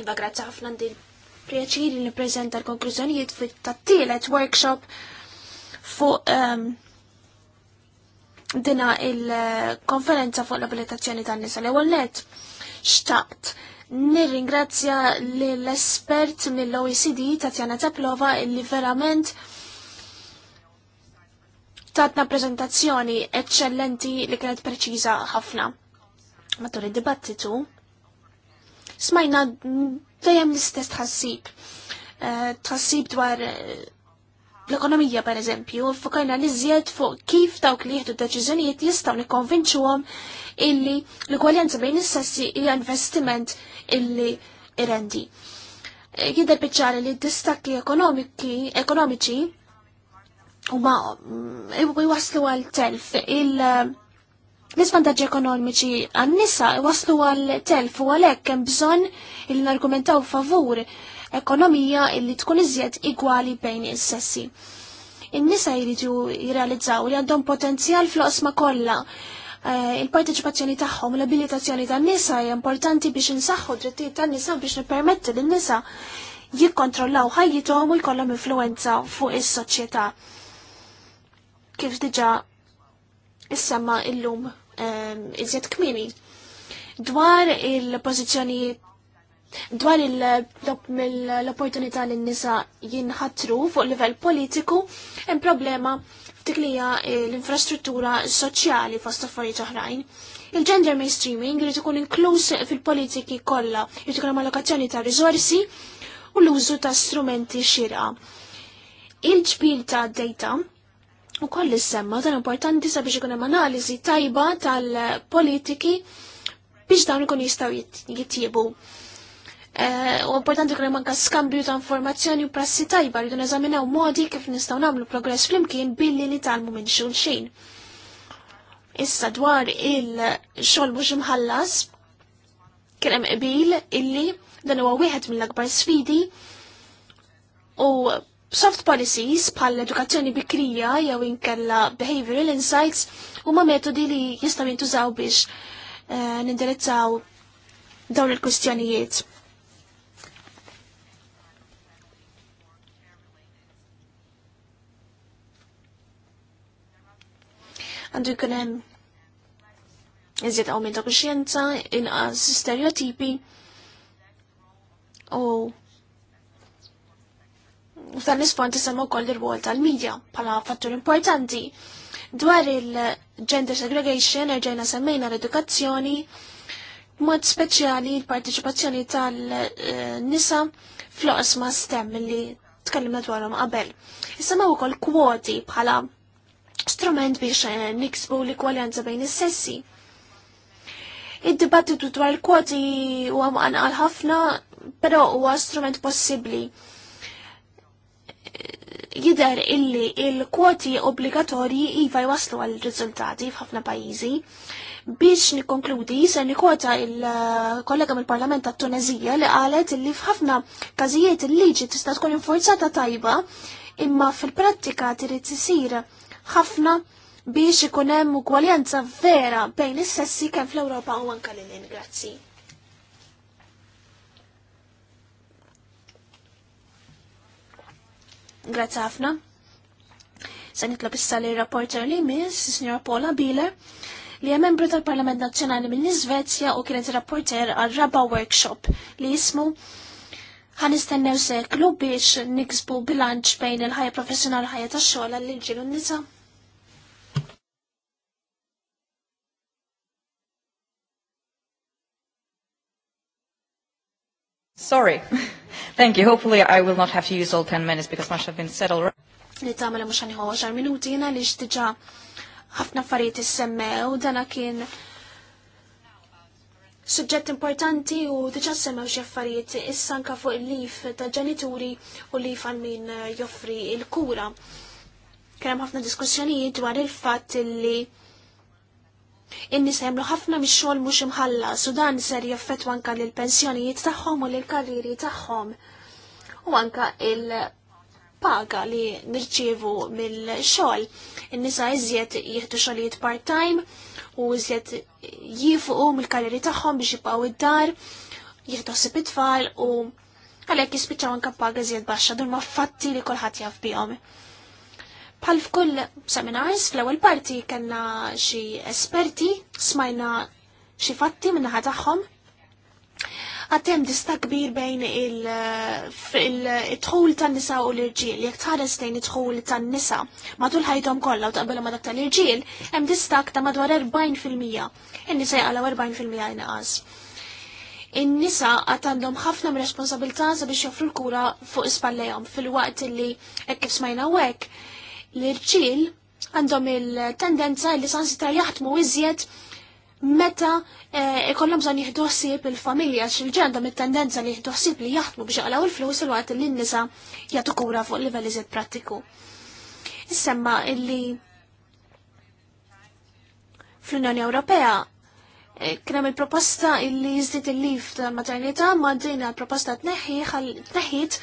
C: Iva grazzi ħafna għandi pjaċiri li prezenta l-konklużjonijiet fit tattilet workshop fuq um, dina il-konferenza fuq l-abilitazzjoni tan nisa l-ewwel xtaqt nirringrazzja l-espert mill-OECD Tatjana Teplova illi verament tatna prezentazzjoni eccellenti li kienet preċiża ħafna. Matul id-dibattitu smajna dejjem l-istess tħassib. Eh, tħassib dwar l-ekonomija per eżempju, fukajna li zjed fuq kif dawk li jieħdu deċiżjonijiet jistgħu nikkonvinċuhom illi l-gwaljanza bejn is-sessi hija investiment illi irendi. Jidher biċċari li d-distakki ekonomiċi huma mm, jwaslu għal telf il- L-isvantaġġi ekonomiċi għan-nisa waslu għal telf u għalhekk hemm bżonn il-argumentaw favur ekonomija illi tkun iżjed igwali bejn is-sessi. In-nisa jridu jirrealizzaw li għandhom potenzjal fl-osma kollha. Eh, il-parteċipazzjoni tagħhom, l-abilitazzjoni tan-nisa hija importanti biex insaħħu drittijiet tan-nisa biex nippermetti lin-nisa jikkontrollaw ħajjithom u jkollhom influenza fuq is-soċjetà. Kif diġà issemma illum eh, iżjed kmini dwar il-pożizzjonijiet Dwar l-opportunità l nisa jinħatru fuq livell politiku, hemm problema ftik li hija eh, l-infrastruttura soċjali fost affarijiet oħrajn. Il-gender mainstreaming jrid ikun inkluż fil-politiki kollha, jrid ikun allokazzjoni ta' riżorsi u l-użu ta' strumenti xirqa. il ġbil ta' data u koll semma dan importanti sabiex ikun hemm analiżi tajba tal-politiki biex dawn ikun jistgħu jittiebu. Eh, u importanti kunem anka skambju ta' informazzjoni u prassi tajba rridu neżaminaw modi kif nistgħu nagħmlu progress flimkien billi nitalmu minn xulxin. Issa dwar il-xogħol mhux imħallas kien hemm qbil illi dan huwa wieħed mill-akbar sfidi u soft policies bħal edukazzjoni bikrija jew inkella behavioral insights huma metodi li jistgħu jintużaw biex eh, nindirizzaw dawn il-kwistjonijiet. għandu jkun hemm iżjed għawmin ta' kuxjenza, inqas stereotipi u u tal-isfond tisema wkoll ir-rwol tal-medja bħala fattur importanti. Dwar il-gender segregation erġajna semmejna l-edukazzjoni, mod speċjali l-partiċipazzjoni tal-nisa fl ma stem li tkellimna dwarhom qabel. Isema wkoll kwoti bħala strument biex eh, niksbu l-ikwaljanza bejn is-sessi. Id-dibattitu dwar il-kwoti huwa mqanqal ħafna, però huwa strument possibbli jider illi il-kwoti obbligatorji iva jwaslu għal riżultati f'ħafna pajjiżi. Biex nikonkludi, se nikota il-kollega mill-Parlament tat tunezija li qalet illi f'ħafna każijiet il-liġi tista' tkun infurzata tajba imma fil-prattika trid isir ħafna biex ikun hemm ugwaljanza vera bejn is-sessi kemm fl-Ewropa u anke lilin. grazzi. Grazzi ħafna. Se nitlob issa li rapporter li miss, signora Paula Bieler, li hemm membru tal-Parlament Nazzjonali minn Iżvezja u kienet rapporter għal raba workshop li jismu ħanistennew seklu biex niksbu bilanċ bejn il-ħajja professjonali ħajja ta' xogħol għall-irġiel u n-nisa.
D: Sorry. (laughs) Thank you. Hopefully I will not have to use all 10 minutes because much have been said already.
C: Li tamela mux ħaniħu 10 minuti jena li ġdiġa ħafna affarijiet issemmew dana kien suġġett importanti u diġa semmew xi affarijiet issa fuq il-lif ta' ġenituri u lif għal min joffri il-kura. Kien ħafna diskussjonijiet dwar il-fatt li Inni semlu ħafna mix-xogħol mhux imħallas su dan ser jaffettwa anka lill pensjonijiet tagħhom u lill karriri tagħhom. U anka il- paga li nirċievu mill-xogħol. In-nisa iżjed jieħdu xogħlijiet part-time u iżjed jifuqu mill-karrieri tagħhom biex jibqgħu id-dar, jieħdu ħsib it-tfal u għalhekk jispiċċaw anke paga iżjed baxxa dur ma' fatti li kulħadd jaf bihom. Bħal f'kull seminars fl-ewwel parti kellna xi esperti smajna xi fatti minnaħa tagħhom għatem dista kbir bejn il-tħul tan nisa u l-irġiel, jek tħares lejn it-tħul tan nisa matul ħajtom kollha u taqbelu ma dak tal-irġiel, hemm distak ta' madwar 40%. il nisa jgħala 40% inqas. In-nisa għad għandhom ħafna responsabilità sabiex joffru l-kura fuq ispallejhom fil-waqt li ekkif smajna hekk l-irġiel għandhom il-tendenza li ta' jaħdmu iżjed meta eh, ikollhom bżon jieħdu ħsieb il-familja x'il-ġenda il tendenza li jieħdu ħsieb li jaħdmu biex għalaw il-flus il waqt li n-nisa jagħtu kura fuq livell iżjed prattiku. Issemma illi fl-Unjoni Ewropea eh, kien hemm il-proposta illi jiżdied il-lif tal-maternità ma dejna l-proposta tneħħiet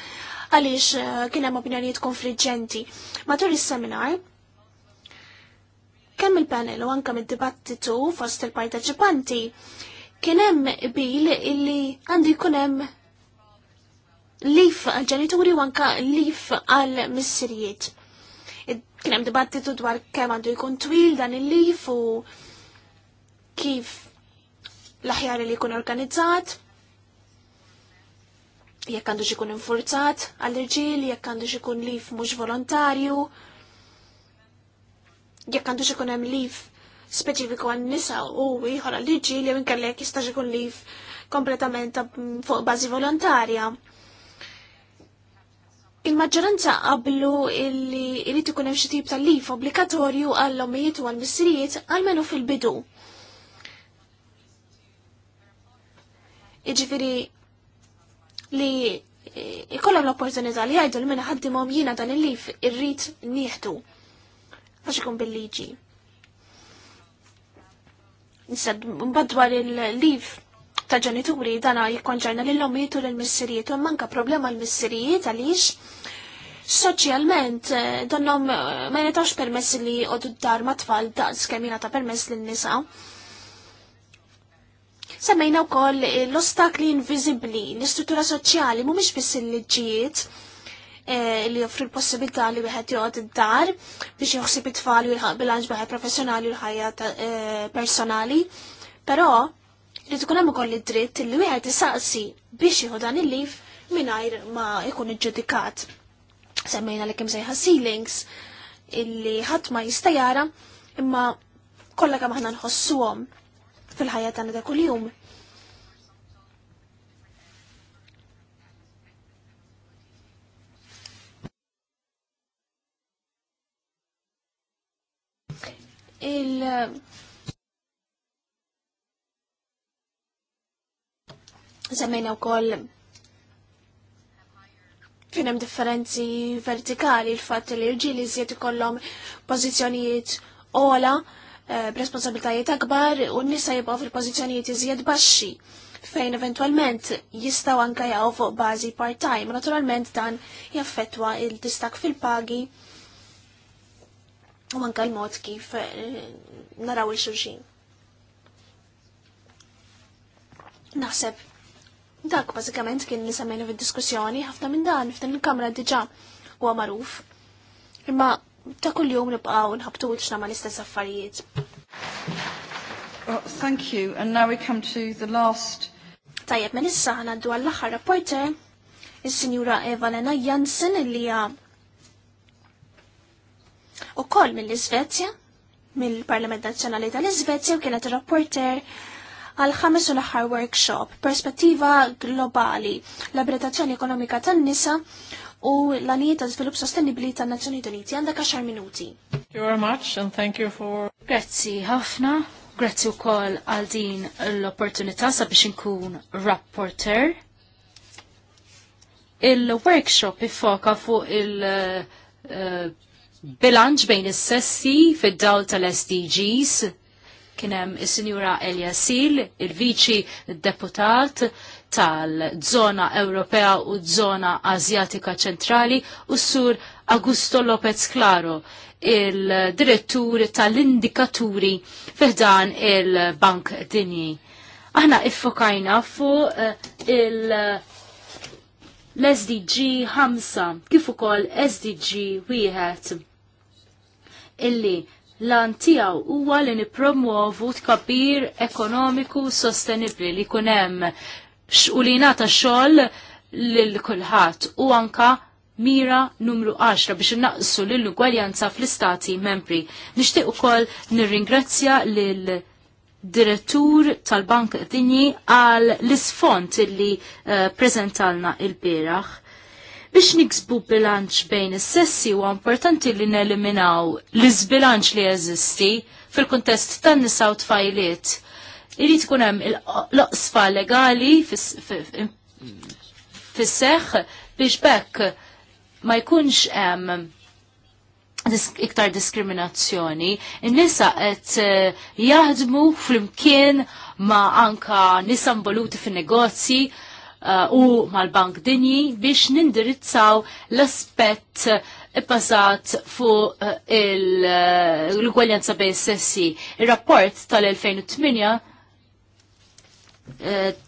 C: għaliex eh, kien hemm opinjonijiet konfliġġenti. Matul is-seminar, kemm il-panel u anke mid-dibattitu fost il-parteċipanti kien hemm bil illi għandu jkun hemm lif għal ġenituri u anke lif għal missirijiet. Kien hemm dibattitu dwar kemm għandu jkun twil dan il-lif u kif l-aħjar li jkun organizzat, jekk għandu xikun infurzat għall-irġiel, jekk għandu xikun lif mhux volontarju, jekk għandux ikun hemm liv speċifiku għan nisa u ieħor liġi li minkellek jistax ikun liv kompletament fuq bażi volontarja. Il-maġġoranza qablu illi irid ikun hemm xi tip ta' lif obbligatorju għall-ommijiet u għall għal għalmenu fil-bidu. Iġifiri li ikollhom l-opportunità li jgħidu l mena ħaddimhom jiena dan il-lif irrid nieħdu. Il għax ikun bil-liġi. Nisad, dwar il-liv ta' ġenituri dana jikkonġerna l-lomiet u l-missirijiet u manka problema l-missirijiet għaliex soċjalment eh, donnom eh, ma jnetax permess li għoddu d-dar ma tfal da' skemina ta' permess l-nisa. Semmejna u koll l-ostakli invizibli, l-istruttura soċjali, mumiex biss il-liġijiet, Eh, li joffri l-possibilità li wieħed joqgħod id-dar biex joħsib it-tfal u jilħaq bilanċ bħal professjonali u l-ħajja eh, personali. Però li ikun hemm ukoll id-dritt li wieħed isaqsi biex jieħu dan il-lif mingħajr ma jkun iġġudikat. Semmejna li kemm sejħa ceilings illi ħadd ma jista' jara imma kollha kemm aħna nħossuhom fil-ħajja tagħna ta' kuljum il- Semmejna wkoll koll kienem differenzi vertikali l-fatt li l-ġili żied ikollhom pożizzjonijiet ola eh, b'responsabiltajiet akbar u n-nisa jibgħu fil-pożizzjonijiet iżjed baxxi fejn eventualment jistaw anka jgħu fuq bażi part-time. Naturalment dan jaffettwa il-distak fil-pagi u manka l-mod kif eh, naraw il-xulxin. Naħseb, dak bażikament kien li fil fid-diskussjoni ħafna minn dan f'din il-kamra diġà huwa magħruf. Imma ta' jom nibqaw nħabtu x'na ma' l-istess affarijiet. Well, thank you, and now we come to the last. Tajjeb, minn issa ħanaddu għall-aħħar rapporter, is-Sinjura Eva Lena Jansen li u koll mill-Svezja, mill-Parlament Nazzjonali tal-Svezja u kienet rapporter għal ħames u l-aħħar workshop, perspettiva globali, l-abilitazzjoni ekonomika tan-nisa u l-għanijiet ta' svilupp sostenibli tan nazzjoni Uniti. Għandek 10 minuti.
A: Thank you very much and thank you for... Grazzi ħafna, grazzi wkoll għal din l-opportunità sabiex inkun rapporter. Il-workshop ifoka fuq il- uh, bilanċ bejn is-sessi fid-dawl tal-SDGs kienem is-Sinjura Elja Sil, il-Viċi Deputat tal-Zona Ewropea u Zona Azjatika Ċentrali u sur Augusto Lopez Claro, il-direttur tal-indikaturi fiħdan il-Bank Dinji. Aħna iffokajna fu eh, il- l-SDG 5 kif ukoll SDG wieħed illi lan tijaw huwa li nipromuovu tkabbir ekonomiku sostenibli li kunem u li nata xol l-kulħat u anka mira numru 10 biex naqsu l-ugwaljanza fl-istati membri. Nishtiq ukoll nirringrazzja lil direttur tal-Bank Dinji għal l-isfont li uh, prezentalna il-biraħ Biex niksbu bilanċ bejn is-sessi huwa importanti li neliminaw l-iżbilanċ li jeżisti fil-kuntest tan-nisa u tfajliet. Irid tkun hemm l-oqsfa legali fis-seħħ biex bekk ma jkunx hemm iktar diskriminazzjoni. In-nisa qed eh, jaħdmu flimkien ma anka nisa involuti fin-negozji Uh, u mal-Bank Dinji biex nindirizzaw l-aspett bbażat eh, fuq eh, eh, l-gwaljanza bej sessi. Il-rapport tal-2008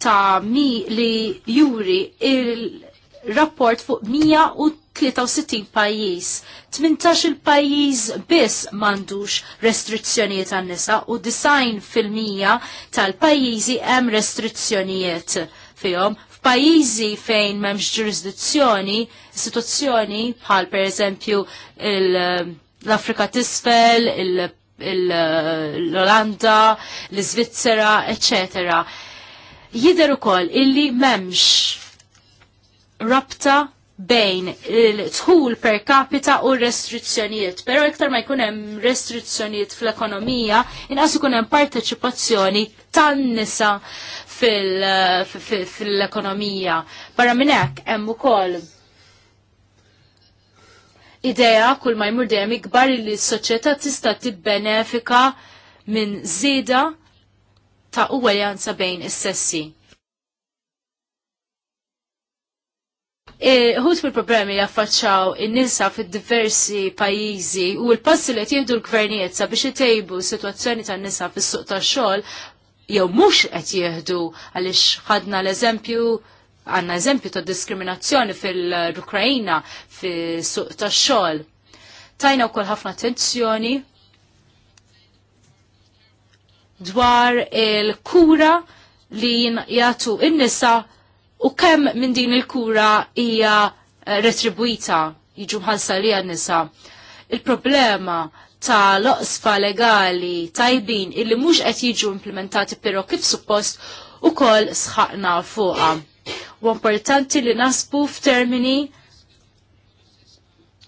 A: ta' mi li juri il-rapport fuq 163 pajjiż. 18 il-pajjiż biss m'għandux restrizzjonijiet għan-nisa u design fil-mija tal-pajjiżi hemm restrizzjonijiet fihom F'pajjiżi fejn m'hemmx ġurisdizzjoni, istituzzjoni bħal pereżempju l-Afrika t'isfel, l-Olanda, l-Iżvizzera, eccetera. Jider ukoll illi m'hemmx rabta bejn il-tħul per capita u restrizzjonijiet. Pero iktar ma jkun hemm restrizzjonijiet fl-ekonomija, inqas ikun hemm parteċipazzjoni tan-nisa fil-ekonomija. Barra minn hekk hemm ukoll idea kull ma jmur dejjem ikbar li s-soċjetà tista' tibbenefika minn żieda ta' uwaljanza bejn is-sessi. Eh, ħut fil problemi li affaċċaw in-nisa fid-diversi pajjiżi u l-passi li jieħdu l-gvernijiet sabiex itejbu s-sitwazzjoni tan-nisa fis-suq tax-xogħol jew mhux qed jieħdu għaliex ħadna l-eżempju għandna eżempju ta' diskriminazzjoni fil-Ukrajina fis-suq tax-xogħol. Tajna wkoll ħafna attenzjoni dwar il-kura li jagħtu in-nisa u kemm minn din il-kura hija retribwita jiġu mħalsa li għan nisa. Il-problema ta' loqsfa legali tajbin illi mhux qed jiġu implementati però kif suppost ukoll sħaqna fuqha. U importanti li nasbu f'termini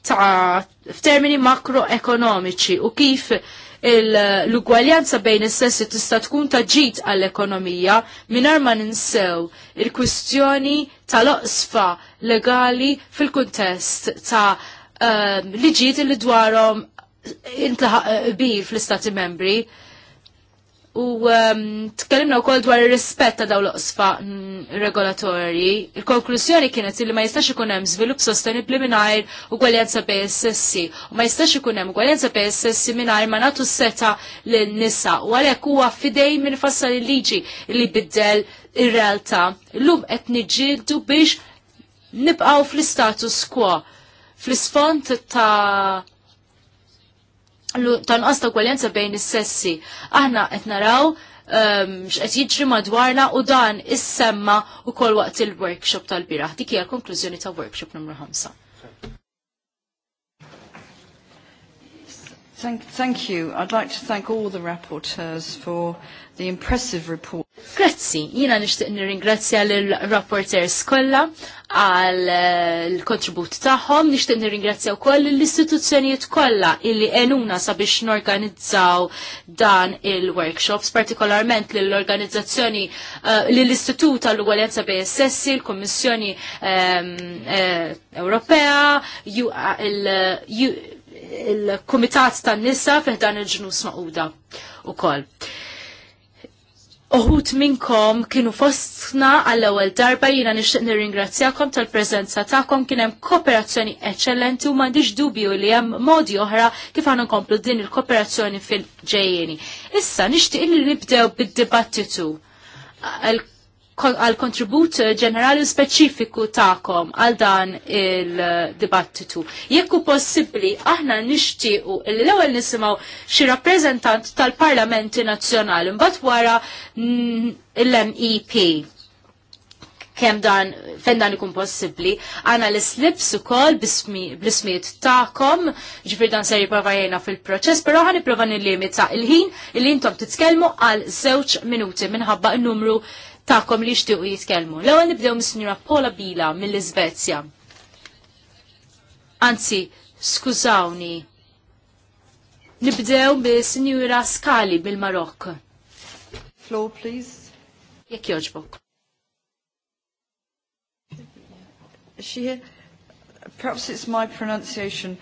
A: ta' f'termini makroekonomiċi u kif l-ugwaljanza bejn is-sessi tista' tkun ta' ġid għall-ekonomija mingħajr ma ninsew il-kwistjoni tal loqsfa legali fil-kuntest ta' eh, liġijiet li dwarhom jintla eh, bir fl-istati membri. U ehm, tkellimna wkoll dwar ir-rispett ta' dawn l-oqsfa mm, regolatorji. Il-konklużjoni kienet li ma jistax ikun hemm żvilupp sostenibbli mingħajr ugwaljanza PSS. u ma jistax ikun hemm ugwaljanza bejn mingħajr ma nagħtu seta lin-nisa u għalhekk huwa fidej minn fassal il-liġi li biddel ir-realtà. Llum qed niġġieldu biex nibqgħu fl-status quo fl-isfond ta' tanqas ta' kwaljenza bejn is-sessi. Aħna qed naraw ehm, x'qed jiġri madwarna u dan issemma wkoll waqt il-workshop tal-biraħ.
D: Dik hija konklużjoni ta' workshop numru 5. Thank, thank you. I'd like to thank all the rapporteurs for the impressive report. Grazzi, jina nishtiq nirringrazzja l-rapporters kollha
A: għal eh, l-kontribut tagħhom, nixtieq nirringrazzja wkoll l-istituzzjonijiet kollha illi enuna sabiex norganizzaw dan il-workshops, partikolarment l-organizzazzjoni eh, l-Istitut tal-Ugwaljanza BSS, l-Kummissjoni ehm, eh, Ewropea, il-Kumitat tan-Nisa fih il-ġnus maquda koll. Uħut minnkom kienu fostna għall-ewwel darba jiena nixtieq nirringrazzjakom tal-preżenza tagħkom kien hemm kooperazzjoni eċċellenti u m'għandix dubju li hemm modi oħra kif għandna nkomplu din il-kooperazzjoni fil-ġejjeni. Issa nixtieq li nibdew bid-dibattitu għal kontribut ġenerali speċifiku ta'kom għal dan il-dibattitu. Jekku possibli, aħna nishtiqu l-ewel nisimaw xi rappresentant tal-Parlamenti Nazzjonali, mbagħad wara l-MEP kem dan, fen dan ikun possibli, għana l-slips u kol bismiet ta'kom, ġifir dan seri provajena fil-proċess, pero għan iprovan il-limita il-ħin il-ħin tom titkelmu għal zewċ minuti minħabba n-numru ta'kom li xtiqu jitkellmu. L-ewwel nibdew mis-Sinjura Paula Bila mill izvezja Anzi, skużawni. Nibdew mis sinjura Skali mill-Marokk.
D: Floor, please. Jekk joġbok. She, perhaps it's my pronunciation.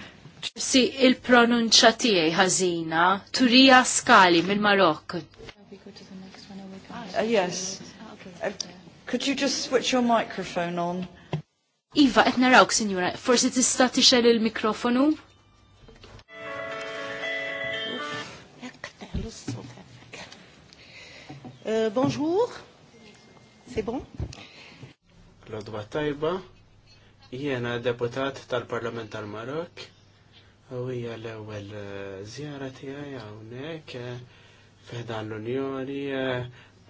D: Si
A: il pronuncia tiegħi ħażina, Turija Skali mill-Marokk.
C: Uh, yes.
A: Could you just switch your microphone on? Iva, etna qed signora. Forse ti stati tixel il-mikrofonu?
C: Euh, bonjour. C'est bon?
B: Lodwa Tajba, jiena deputat tal-Parlament tal-Marok, u hija l-ewwel żjara eh, tiegħi hawnhekk eh, f'dan l-Unjoni eh,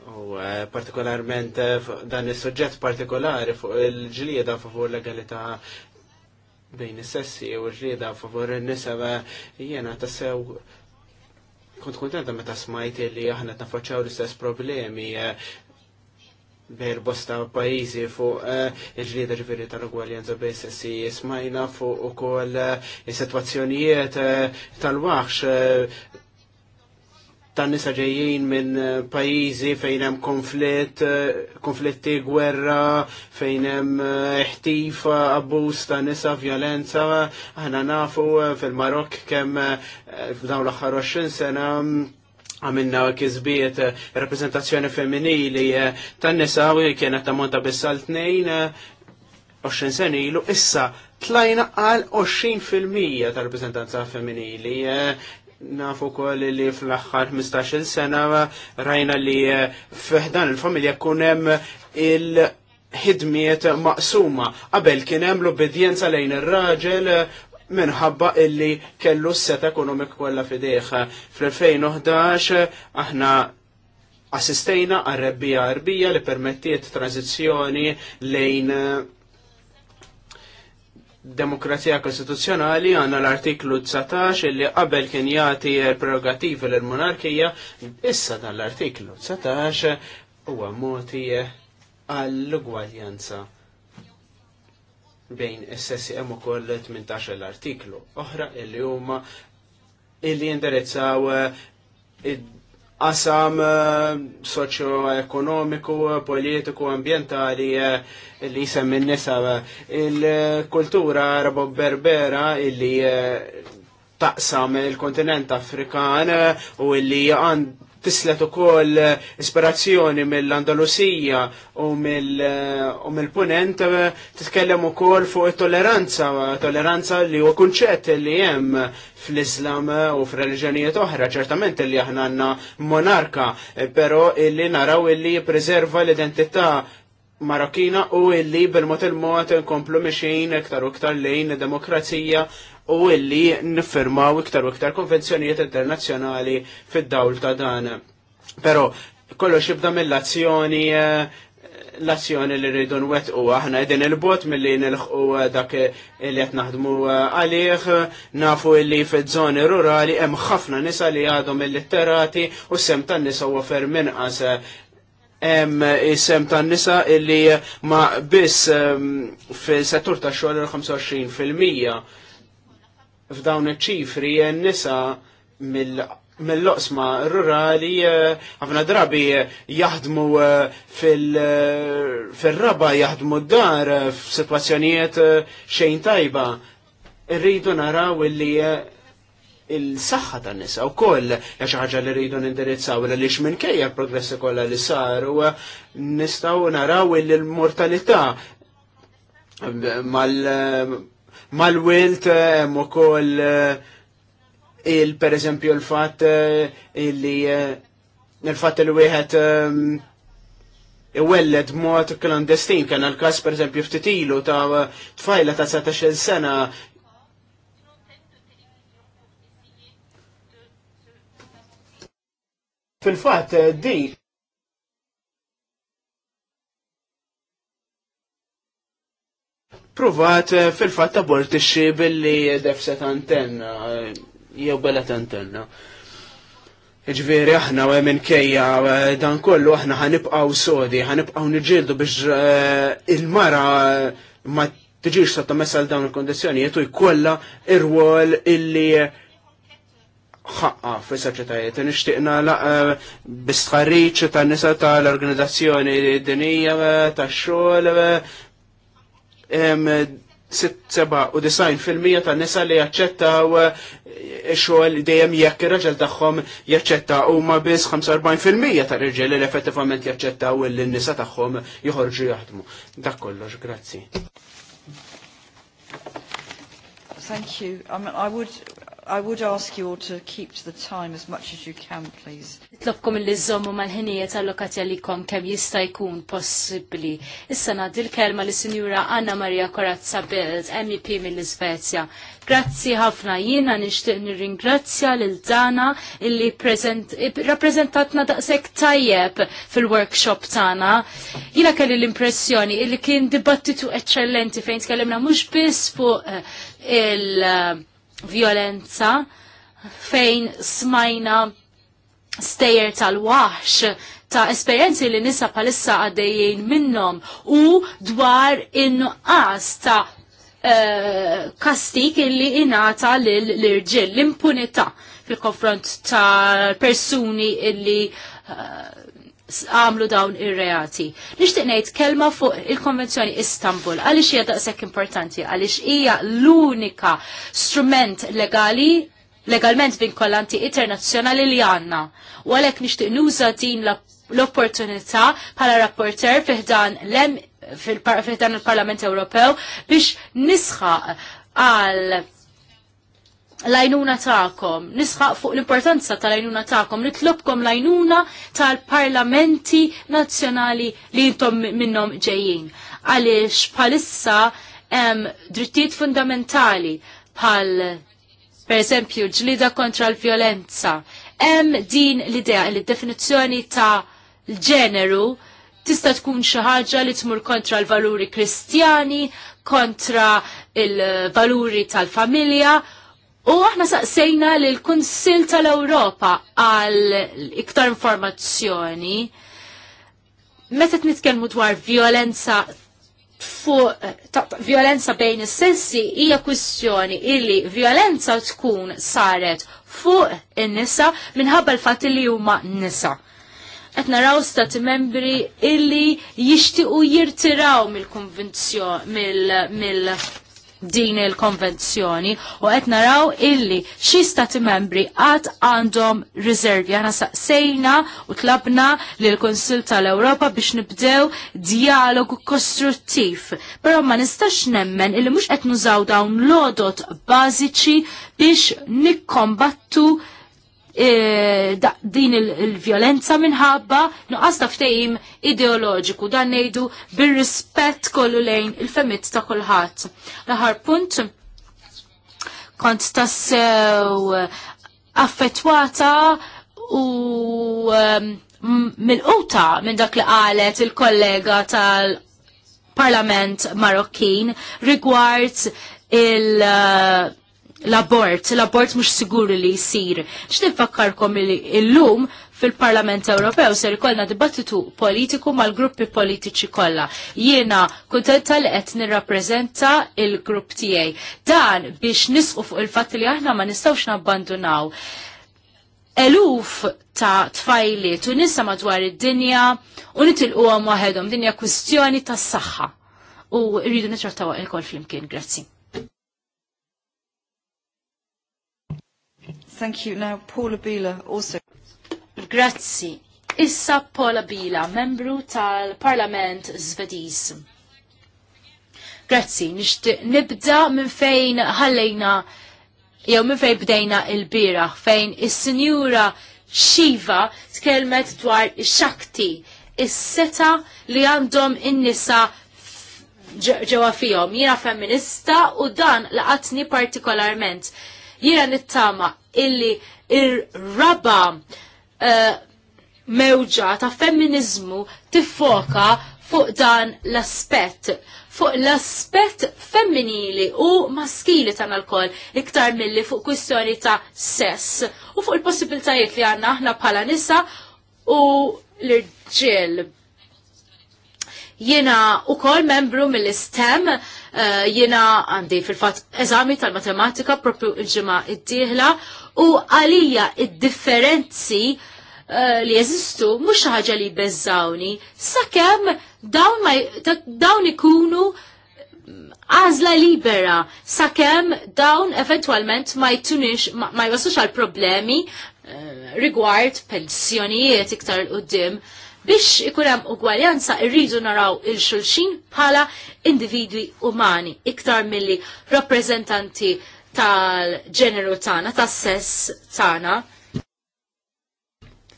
B: U eh, partikolarment eh, dan is-suġġett partikolari fuq il-ġlieda favur legalità bejn is-sessi u l-ġlieda favur in-nisa eh, jiena tassew kont kontenta meta smajt li aħna nafaċċaw l-istess problemi bejn bosta pajjiżi fuq il-ġlieda ġifieri tal-ugwaljanza bejn sessi smajna fuq ukoll is-sitwazzjonijiet tal-waħx tan nisa ġejjin minn eh, pajjiżi fejn hemm konflitt, eh, konflitti gwerra, fejn hemm ħtifa, eh, abbuż ta' nisa, violenza, aħna nafu fil-Marokk kemm f'dawn l-aħħar 20 sena mm, għamilna kizbiet rappresentazzjoni femminili tan nisa u kienet ta' bissal tnejn 20 sena ilu issa tlajna għal 20% tal reprezentanza femminili Nafu kol li fl-axħar 15 sena rajna li eh, fiħdan il-familja kunem il- ħidmiet maqsuma. Qabel kien hemm l-obbedjenza lejn ir-raġel minħabba illi kellu s-set ekonomik kollha f'idejh Fl-2011 aħna assistejna għal-rebbija arbija li permettiet tranzizjoni lejn eh, demokrazija konstituzzjonali għanna l-artiklu 19 li qabel kien jagħti prerogativi l monarkija issa dan l-artiklu 19 huwa moti għall-ugwaljanza bejn is-sessi hemm ukoll 18 l-artiklu oħra illi huma illi jindirizzaw qasam eh, soċjo-ekonomiku, politiku, ambientali eh, li jisem nisa eh, il-kultura rabo berbera illi taqsam il-kontinent Afrikan u illi għand tislet ukoll eh, ispirazzjoni mill-Andalusija u eh, mill-Punent eh, titkellem ukoll fuq it-tolleranza, tolleranza li huwa kunċett li hemm fl-Islam u f'reliġjonijiet oħra, ċertament li aħna għandna monarka, però illi naraw illi preserva l-identità Marokkina u illi bil-mod il-mod nkomplu mixin iktar u iktar lejn demokrazija u illi niffirmaw iktar u iktar konvenzjonijiet internazzjonali fid-dawl ta' dan. Pero kollox jibda mill-azzjoni eh, l-azzjoni li rridu nwet u aħna edin il-bot mill-li nilħu eh, dak li qed naħdmu eh, għalih, nafu li fil-żoni rurali hemm ħafna nisa li għadhom il-litterati u sem tan-nisa huwa ferm inqas hemm sem tan-nisa illi ma biss fil-settur tax-xogħol 25 fil-mija f'dawn iċ-ċifri n-nisa mill-loqsma rurali eh, ħafna drabi eh, jaħdmu eh, fil-raba jaħdmu d-dar f'sitwazzjonijiet xejn tajba. Irridu naraw illi il-saħħa tan nisa u koll, ħaġa li rridu nindirizzaw li lix minn kejja progressi kolla li sar u nistaw naraw il-mortalità mal mal-wilt, eh, hemm ukoll eh, il per eżempju l-fatt eh, illi il-fatt li wieħed iwelled mod klandestin, kien l-każ per eżempju ftitilu ta' tfajla ta' 19 sena Fil-fatt, di provat eh, fil-fat ixxi billi defset antenna, eh, jew belet antenna. Iġveri aħna u minn kejja, dan kollu aħna ħanibqaw sodi, ħanibqaw nġildu biex eh, il-mara ma tiġiġ messa għal dawn il kondizjoni u jkollha ir-wol illi ħaqqa fi soċetajiet. Nishtiqna bistħarriċ ta' nisa ta' l-organizzazzjoni dinija ta' xol fil-mija ta' nisa li jaċċettaw eh, xogħol dejjem jekk ir-raġel tagħhom u huma biss 45% ta' reġel li effettivament jaċċettaw li nisa tagħhom joħorġu jaħdmu. Dak kollox, grazzi.
D: Thank you. I, mean, I would I would ask you all to keep to the time as much as you can, please.
A: Nitlobkom li żommu mal-ħinijiet allokati għalikom kemm jista' jkun possibbli. Issa ngħaddi l-kelma li Sinjura Anna Maria Korazza Bild, MEP mill-Iżvezja. Grazzi ħafna jiena nixtieq nirringrazzja lil Dana illi rappreżentatna daqshekk tajjeb fil-workshop tagħna. Jiena kelli l-impressjoni illi kien dibattitu eċċellenti fejn tkellimna mhux biss fuq eh, il- uh, violenza fejn smajna stejer tal wax ta' esperienzi li nisa palissa għaddejjien minnom u dwar in qas ta' uh, kastik illi inata l-irġil, l-impunita fil-konfront ta' persuni illi uh, għamlu dawn ir-reati. Nixtieq ngħid kelma fuq il-Konvenzjoni Istanbul għaliex hija daqshekk importanti għaliex hija l-unika strument legali legalment vinkolanti internazzjonali li għanna. U għalhekk nixtieq nuża din l-opportunità bħala rapporter fiħdan l-em fil il-Parlament Ewropew biex nisħaq għal lajnuna ta'kom, nisħaq fuq l-importanza tal-lajnuna ta'kom, nitlobkom lajnuna tal-parlamenti nazzjonali li jintom minnom ġejjin. Għalix palissa drittijiet fundamentali pal per esempio ġlida kontra l-violenza. Em din l-idea, l-definizjoni ta' l-ġeneru tista' tkun xi ħaġa li tmur kontra l-valuri kristjani, kontra il-valuri tal-familja, U aħna saqsejna l kunsil tal-Ewropa għal iktar informazzjoni meta nitkellmu dwar violenza fuq violenza bejn is-sessi hija kwistjoni illi violenza tkun saret fuq in-nisa minħabba l-fatt li huma nisa. Qed naraw stati membri illi jixtiequ jirtiraw mill-konvenzjoni mill-, -mill din il-konvenzjoni u qed naraw illi xi stati membri għad għandhom riservi. Aħna saqsejna u tlabna lil konsil tal-Ewropa biex nibdew dialogu kostruttiv. Però ma nistax nemmen illi mhux qed nużaw dawn lodot bażiċi biex nikkombattu E, din il-violenza minħabba nuqqas ta' ideologiku dan ngħidu bir-rispett kollu lejn il-femmit ta' kulħadd. L-aħħar punt kont tassew affettwata u um, mil quta minn dak li qalet il-kollega tal-Parlament Marokkin rigward il- uh, l-abort, l-abort mux siguri li jisir. X'nifakkarkom il-lum fil-Parlament Ewropew ser kolna dibattitu politiku mal-gruppi politiċi kollha. Jiena kuntenta li qed nirrappreżenta il-grupp tiegħi. Dan biex nisqu fuq il-fatt li aħna ma nistgħux nabbandunaw. Eluf ta' tfajli u nisa madwar id-dinja u nitilquhom waħedhom dinja kwistjoni tas-saħħa. U rridu
D: nitrattaw il-kol flimkien, grazzi. Thank you. Now, Paula Bila also. Grazzi. Issa
A: Paula Bila, membru tal-Parlament Zvediż. Grazzi, nixtieq nibda minn fejn ħallejna jew minn fejn bdejna il bira fejn is-Sinjura Xiva tkellmet dwar il xakti is-seta li għandhom in-nisa ġewa fihom. Jiena femminista u dan laqatni partikolarment. Jiena nittama illi ir-raba uh, mewġa ta' femminizmu tiffoka fuq dan l-aspett fuq l-aspett femminili u maskili tan alkohol iktar milli fuq kwistjoni ta' sess u fuq il-possibiltajiet li għanna aħna bħala nisa u l-irġiel. Jena u kol membru mill-STEM, uh, eh, jena għandi fil-fat eżami tal-matematika propju il-ġima id-dihla u għalija id-differenzi uh, li jeżistu mhux ħaġa li bezzawni, sakemm dawn ikunu mm, għażla libera sakemm dawn eventwalment ma jtunix ma, jwassux għal problemi eh, rigward pensjonijiet iktar l-qoddim biex ikun hemm ugwaljanza irridu naraw il-xulxin bħala individwi umani iktar milli rappreżentanti tal-ġeneru tagħna, tas-sess tagħna.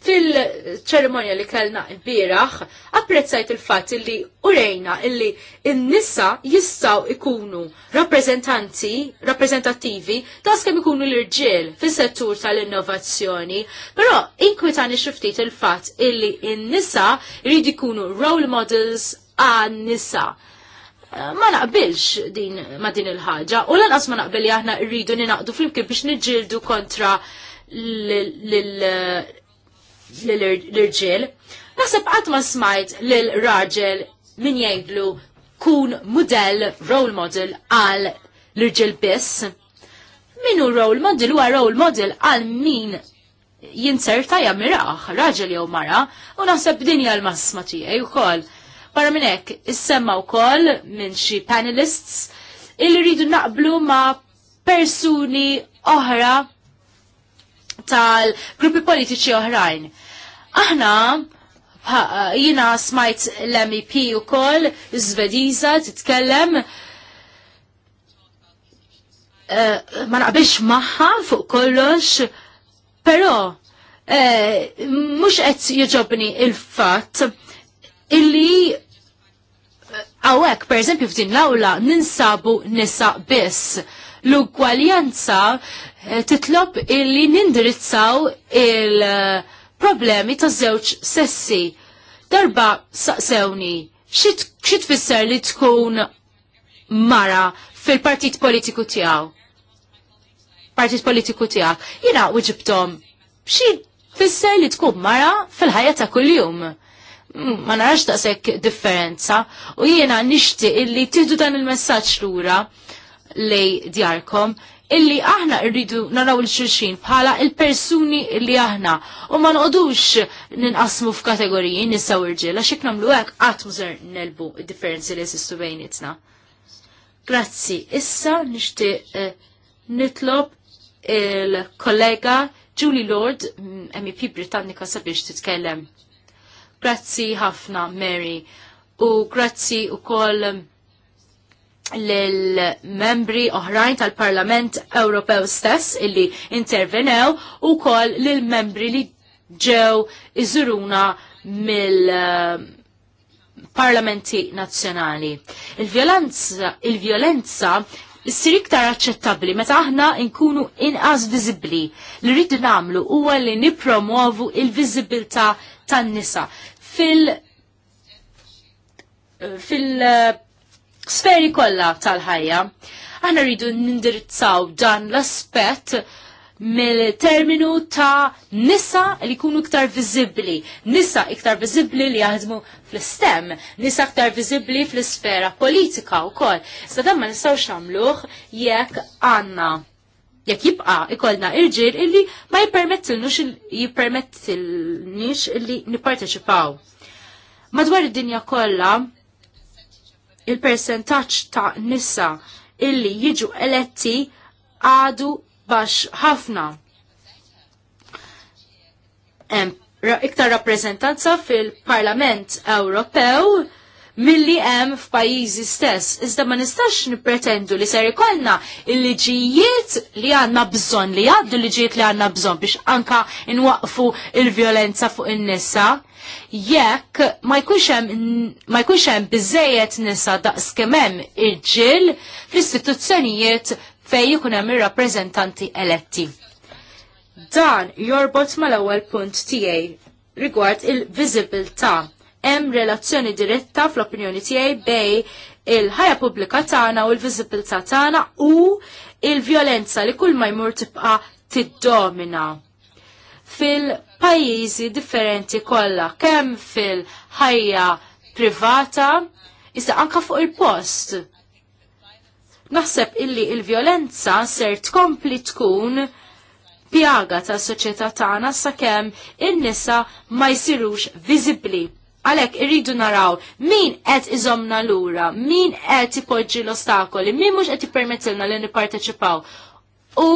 A: Fil-ċerimonja li kellna l-bieraħ, apprezzajt il-fatt li urejna illi n-nisa jistaw ikunu rappresentanti, rappresentativi, tas kemm ikunu l-irġiel fis-settur tal-innovazzjoni, però inkwitani xiftit il-fatt illi n-nisa jridu ikunu role models għan-nisa ma naqbilx din ma din il-ħaġa u lanqas ma naqbel li aħna rridu ninaqdu flimkien biex niġġieldu kontra l-irġiel. Naħseb qatt ma smajt lil-raġel min jgħidlu kun model, role model għal l-irġiel biss. Minu role model huwa role model għal min jinserta jamiraħ, raġel jew mara, u naħseb dinja l-masma tiegħi wkoll. Barra minn hekk, u wkoll minn xi panelists illi rridu naqblu ma' persuni oħra tal-gruppi politiċi oħrajn. Aħna jina smajt l-MEP u koll, Zvediza, titkellem, uh, ma naqbilx maħħa fuq kollox, pero uh, eh, mux qed jġobni il-fat illi għawek, per eżempju, f'din l-awla ninsabu nisa biss. L-ugwaljanza eh, titlob illi nindirizzaw il-problemi ta' żewġ sessi. Darba saqsewni, xi tfisser li tkun mara fil-partit politiku tiegħu? Partit politiku tiegħu. Jina uġibtom, xi tfisser li tkun mara fil-ħajja ta' kuljum ma narax daqshekk differenza u jiena nixtieq illi tidu dan il-messaġġ lura li djarkom illi aħna rridu naraw il-xulxin bħala il-persuni illi aħna u ma noqdux ninqasmu f'kategoriji nisa u għax jekk nagħmlu hekk qatt mużer nelbu id-differenzi li jesistu bejnietna. Grazzi, issa nixtieq eh, nitlob il-kollega Julie Lord, MEP Britannika sabiex titkellem. Grazzi ħafna, Mary, u grazzi u koll l-membri oħrajn tal-Parlament Ewropew stess illi intervenew u koll l-membri li ġew iżuruna mill- eh, parlamenti nazzjonali. Il-violenza, il issir iktar aċċettabbli meta aħna nkunu inqas viżibbli. Li rridu nagħmlu huwa li nippromovu il-viżibilità tan-nisa fil- fil-sferi eh, kollha tal-ħajja. Aħna rridu nindirizzaw dan l-aspett mill-terminu ta' nisa li kunu iktar viżibbli, nisa iktar viżibbli li jaħdmu fl-stem, nisa iktar vizibli fl-sfera politika u kol. Sa dan ma nistgħux jekk għandna jekk jibqa ikollna irġiel illi ma jippermettilnux jippermettilniex illi nipparteċipaw. Madwar id-dinja kollha il-percentaġġ ta' nisa illi jiġu eletti għadu bax ħafna. Iktar rappreżentanza fil-Parlament Ewropew milli hemm f'pajjiżi stess. Iżda ma nistax nippretendu li ser ikollna il-liġijiet li għandna bżonn li għaddu l-liġijiet li għandna bżonn biex anka nwaqfu il-vjolenza fuq in-nisa. Jekk ma jkunx hemm biżejjed nisa daqs kemm hemm irġiel fl-istituzzjonijiet fejn ikun hemm ir-rappreżentanti eletti. Dan jorbot mal-ewwel punt tiegħi rigward il-visibilità hemm relazzjoni diretta fl-opinjoni tiegħi bej il-ħajja pubblika tagħna u l-viżibilità tagħna u il-vjolenza li kull ma jmur tibqa' tiddomina fil-pajjiżi differenti kollha kemm fil-ħajja privata iżda anka fuq il-post. Naħseb illi il-vjolenza ser tkompli tkun pjaga tas soċjetà tagħna sakemm in-nisa ma jsirux viżibbli Għalek irridu naraw min qed l lura, min qed ipoġġi l-ostakoli, min mhux qed jippermettilna li nipparteċipaw. U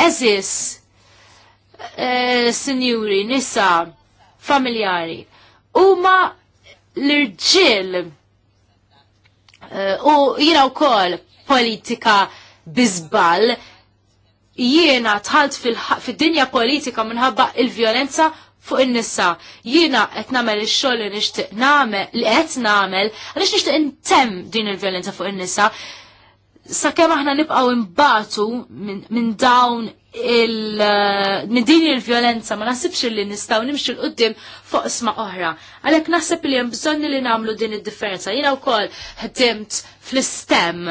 A: eżis, e, sinjuri, nisa, familjari, huma l-irġiel e, u jina wkoll politika bizbal jiena tħalt fil-dinja politika minħabba il-violenza fuq in-nisa. Jiena qed nagħmel ix-xogħol li nixtieq nagħmel li qed nagħmel għaliex nixtieq intemm din il-vjolenza fuq in-nisa. Sakemm aħna nibqgħu imbatu minn dawn il eh, din il-vjolenza ma nasibx li nistaw nimxu l qudiem fuq isma oħra. Għalhekk naħseb li hemm bżonn li nagħmlu din id-differenza. Jiena wkoll ħdimt fl-istem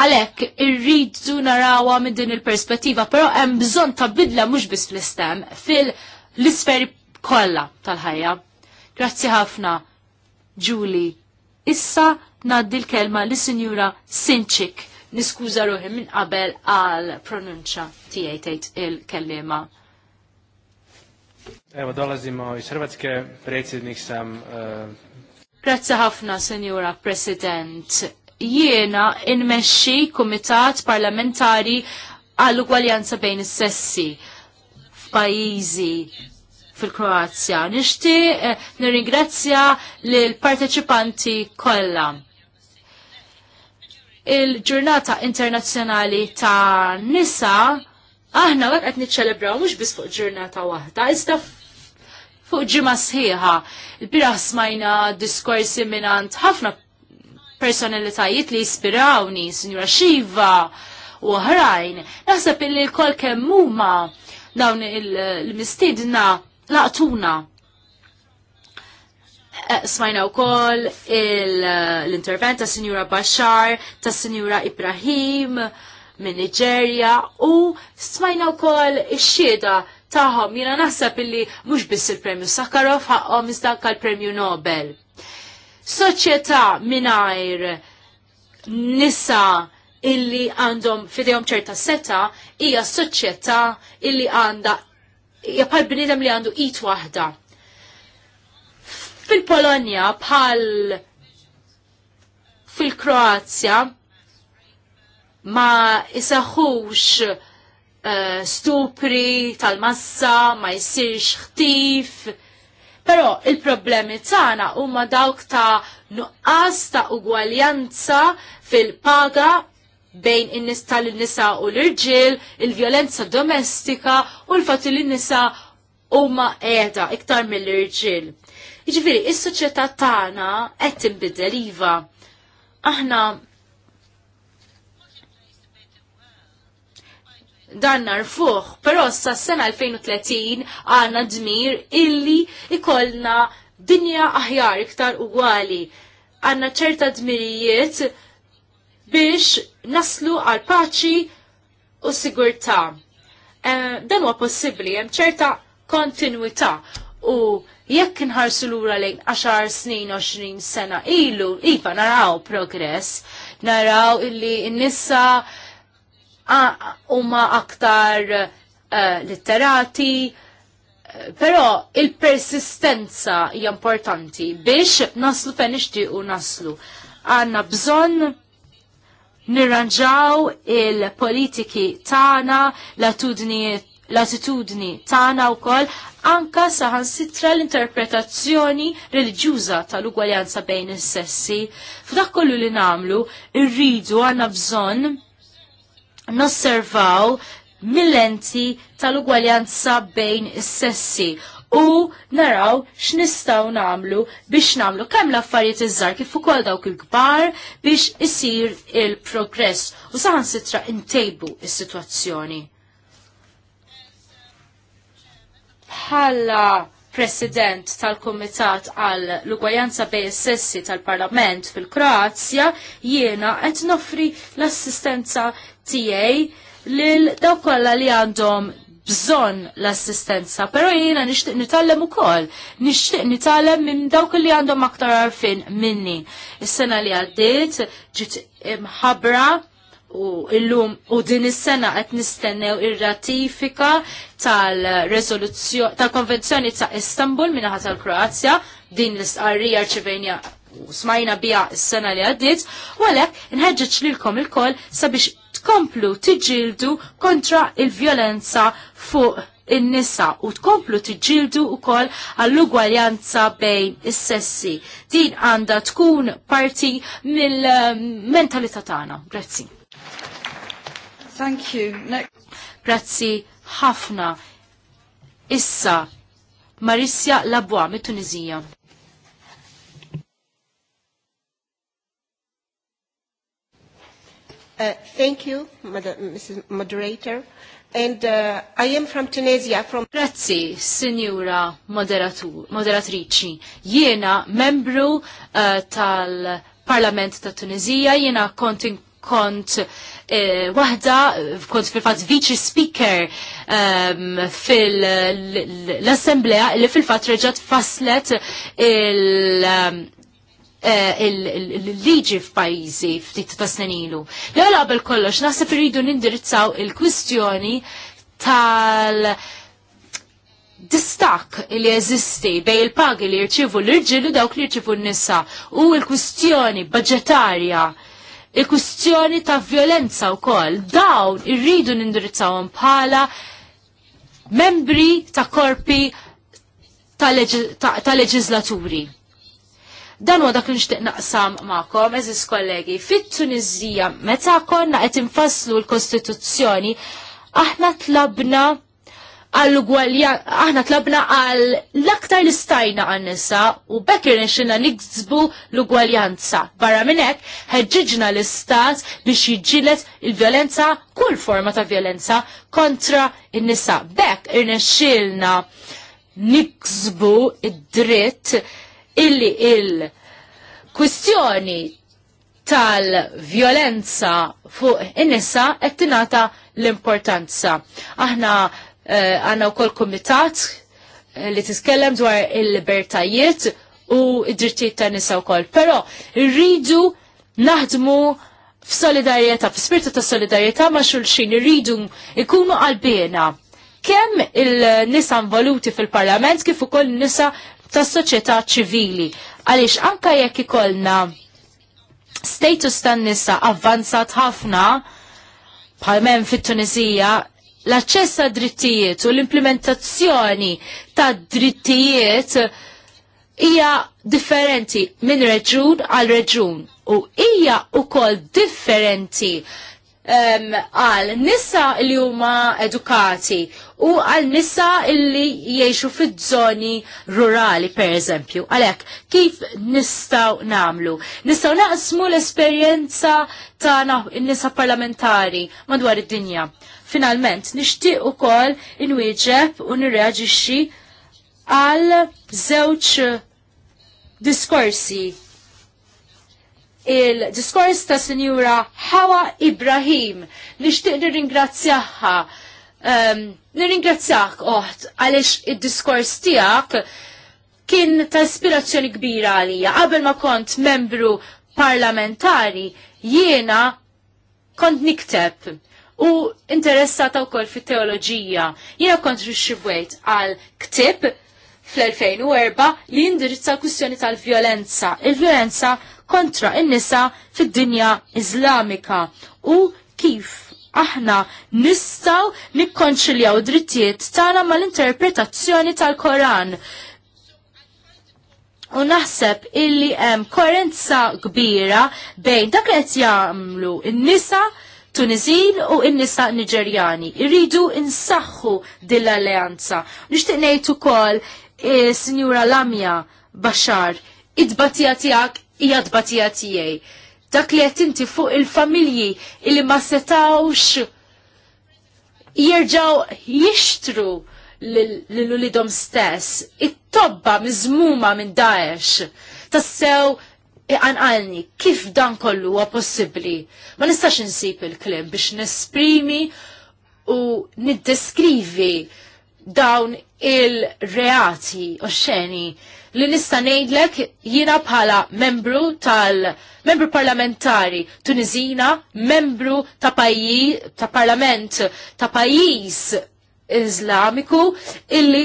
A: għalek irridu narawa minn din il-perspettiva, pero hemm bżonn ta' bidla mhux biss fl-istem, fil-isferi Kolla tal-ħajja. Grazzi ħafna, Julie. Issa naddi l-kelma li sinjura Sinċik. Niskuża ruħi minn qabel għal pronunċa tiegħi tgħid il-kellima.
B: Ewa zimma ma ke prezzi sam. E,
A: Grazzi ħafna, Sinjura President. Jiena inmexxi kumitat parlamentari għall-ugwaljanza bejn is-sessi f'pajjiżi fil-Kroazja. Nishti nir eh, nirringrazzja l-parteċipanti kollha. Il-ġurnata internazzjonali ta' nisa aħna għak għet niċċelebraw mux bis fuq ġurnata wahda, iżda fuq ġima sħiħa. Il-biraħ smajna diskorsi minant ħafna personalitajiet li jispirawni, Sinjura Xiva u oħrajn. Naħseb illi kol kemmuma dawn il-mistidna laqtuna. Eh, smajna wkoll eh, l-intervent ta' Sinjura Bashar, ta' Sinjura Ibrahim minn Nigeria u smajna wkoll ix-xieda tagħhom jina naħseb illi mhux biss il-Premju Sakharov ħaqhom iżda l-Premju Nobel. Soċjetà mingħajr nisa illi għandhom fidejhom ċerta seta hija soċieta illi għandha jappal bnidem li għandu it waħda. Fil-Polonja bħal fil-Kroazja ma isaħux uh, stupri tal-massa, ma jisirx ħtif, pero il-problemi tagħna huma dawk ta' nuqqas ta' ugwaljanza fil-paga bejn in-nis tal-nisa u l-irġiel, il-vjolenza domestika u l-fat li n-nisa huma qiegħda iktar mill-irġiel. Jiġifieri, il soċjetà tagħna qed tinbidel iva. Aħna dan narfuħ, pero sa s-sena 2030 għanna dmir illi ikollna dinja aħjar iktar ugwali. Għanna ċerta dmirijiet biex naslu għal paċi u sigurtà. Eh, dan huwa possibbli hemm ċerta kontinwità u jekk nħarsu lura lejn 10 snin 20 sena ilu, iva naraw progress, naraw illi n nisa huma aktar uh, litterati, eh, però il-persistenza hija importanti biex naslu fejn nixtiequ naslu. Għanna bżonn nirranġaw il-politiki tagħna, l-attitudni tagħna wkoll anka saħan sitra l-interpretazzjoni reliġjuża tal-ugwaljanza bejn is-sessi. F'dak kollu li nagħmlu rridu għandna bżonn nosservaw mill-lenti tal-ugwaljanza bejn is-sessi u naraw x'nistgħu nagħmlu biex nagħmlu kemm l-affarijiet iż kif ukoll dawk il-kbar biex isir il-progress u saħansitra intejbu is-sitwazzjoni. Bħalla president tal kumitat għal l-ugwajanza bej sessi tal-Parlament fil-Kroazja, jiena qed nofri l-assistenza tiegħi lil dawk kollha li għandhom bżonn l-assistenza, però jiena nixtieq u ukoll, nixtieq nitalem minn dawk li għandhom aktar arfin minni. Is-sena li għaddiet ġiet imħabbra u illum u din is-sena qed nistennew ir-ratifika tal-rezoluzzjoni tal-Konvenzjoni ta' Istanbul minaħa tal-Kroazja din l-istqarrija ċivenja u smajna bija s-sena li għaddit, u għalek nħedġeċ lilkom il-koll sabiex tkomplu tiġildu kontra il-vjolenza fuq in-nisa u tkomplu tiġildu wkoll għall-ugwaljanza bejn is-sessi. Din għandha tkun parti mill-mentalità tagħna. Grazzi. Thank you. Grazzi ħafna. Issa Marissa Labua mit-Tunizija.
C: Uh, thank you, Mrs. Moderator. And uh,
A: I am from Tunisia, from... Grazzi, Signora Moderatrici. Jiena membru uh, tal-Parlament ta' Tunisia, jiena kont kont eh, uh, wahda, kont fil-fat vice speaker um, fil-assemblea li fil-fat reġat faslet il- um, Eh, il-liġi f'pajjiżi ftit ta' snilu. L-għala kollox naħseb irridu nindirizzaw il-kwistjoni tal- distak li jeżisti bej il-pagi li jirċivu l-irġilu dawk li jirċivu n-nisa u il-kwistjoni budgetarja il-kwistjoni ta' violenza u koll dawn irridu nindirizzawhom bħala membri ta' korpi ta', leġ ta leġizlaturi. Dan huwa dak li nixtieq naqsam magħkom, eżis kollegi, fit tunizija meta konna qed infasslu l-Kostituzzjoni, aħna tlabna għall aħna tlabna għal l-aktar li stajna għan-nisa u bekk nxinna niksbu l-ugwaljanza. Barra minn hekk l-istat biex jġilet il-vjolenza, kull forma ta' vjolenza kontra in-nisa. Bekk irnexxilna niksbu id-dritt illi il-kwistjoni tal-violenza fuq in-nisa qed tingħata l-importanza. Aħna eh, għandna wkoll kumitat eh, li tiskellem dwar il-libertajiet u id-drittijiet tan-nisa wkoll. Però rridu naħdmu f'solidarjetà, f'spirtu ta' solidarjetà ma' xulxin irridu ikunu qalbina. Kemm il-nisa involuti fil-parlament kif ukoll nisa tas-soċjetà ċivili għaliex anka jekk ikollna status tan-nisa avvanzat ħafna bħal men fit-Tunisija l-aċċess ta' drittijiet u l-implementazzjoni ta' drittijiet hija differenti minn reġun għal reġun u hija ukoll differenti għal nissa li huma edukati u għal nissa li jiexu fid-żoni rurali per eżempju. Għalek, kif nistaw namlu? Nistaw naqsmu l-esperienza ta' nisa parlamentari madwar id-dinja. Finalment, nishtiq u kol inwieġeb u nirreagġixxi għal żewġ diskorsi il-diskors ta' Sinjura Hawa Ibrahim. Nishtiq nir-ingrazzjaħħa. Um, ehm, nirringrazzjak oħt għalix il-diskors tijak kien ta' ispirazzjoni kbira għalija. Qabel ma kont membru parlamentari jiena kont nikteb u interessata wkoll fit teoloġija. Jiena kont rixxibwejt għal ktib fl-2004 li indirizza l-kwistjoni tal-violenza. Il-violenza il violenza il kontra in-nisa fid-dinja Iżlamika u kif aħna nistaw nikkonċiljaw drittijiet tagħna mal-interpretazzjoni tal-Koran. U naħseb illi hemm koerenza kbira bejn dak li qed jagħmlu n-nisa Tunizin u n-nisa Niġerjani. Irridu insaħħu din l alleanza Nixtieq ngħid ukoll e, Sinjura Lamja Bashar, idbatija tiegħek hija tbatija tiegħi. Dak li qed inti fuq il-familji illi ma setawx jirġaw jixtru l-ulidom stess, it-tobba mizmuma minn Daesh, tassew għanqalni kif dan kollu huwa possibbli. Ma nistax insib il-klim biex nesprimi u niddeskrivi dawn il-reati u xeni li nista' ngħidlek jiena bħala membru tal-membru parlamentari Tunizina, membru ta' ta' parlament ta' pajjiż Iżlamiku illi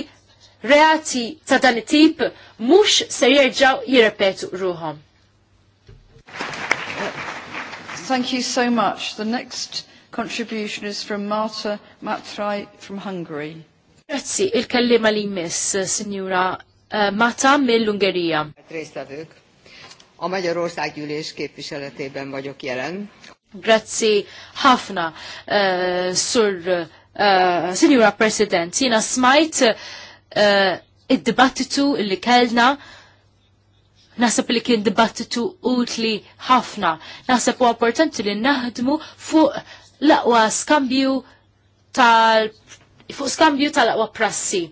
A: reati ta' dan it-tip mhux se jerġgħu jirrepetu ruhom.
D: Thank you so much. The next contribution is from Marta Matrai from Hungary.
A: Grazzi, il-kellima li miss, Signora
D: Eh, Mata mill-Ungerija. Résztvevők, a Magyarország gyűlés képviseletében vagyok jelen.
A: Grazzi ħafna, uh, sur uh, Signora President, jina smajt uh, id-dibattitu li kellna Nasab li kien dibattitu utli ħafna. Nasab u importanti li naħdmu fuq laqwa skambju tal fuq skambju tal-aqwa prassi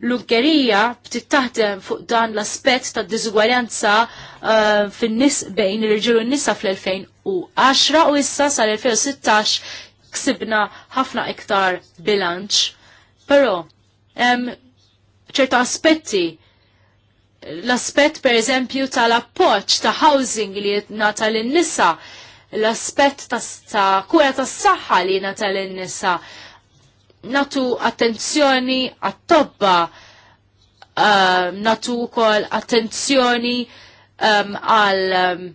A: l-Ungerija btit taħdem fuq dan l-aspett ta' diżugwarjanza uh, fin-nis bejn ir-irġiel u n-nisa fl-2010 u issa sal-2016 ksibna ħafna iktar bilanċ. Però hemm ċerta aspetti l-aspett per eżempju tal-appoġġ ta' housing li jitnata lin-nisa, l-aspett ta', ta kura tas-saħħa li jingħata lin-nisa natu attenzjoni għat-tobba, uh, natu kol attenzjoni um, għal um,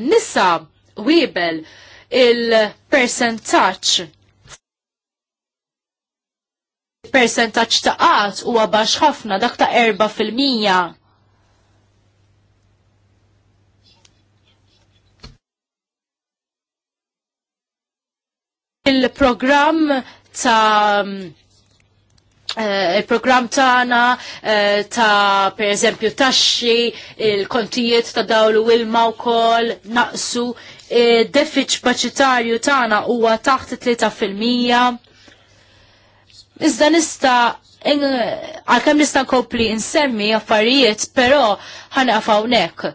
A: nisa wibel il-percentaċ percentaċ ta' għat u għabax ħafna dak ta' erba' fil-mija. Il-programm ta' mm, eh, il-program tana eh, ta' per eżempju taxxi, il-kontijiet ta' dawlu ilma u kol, naqsu, deficit budgetarju tana huwa taħt 3%. Iżda nista' għal nista' nkopli insemmi affarijiet, pero ħanqaf hawnhekk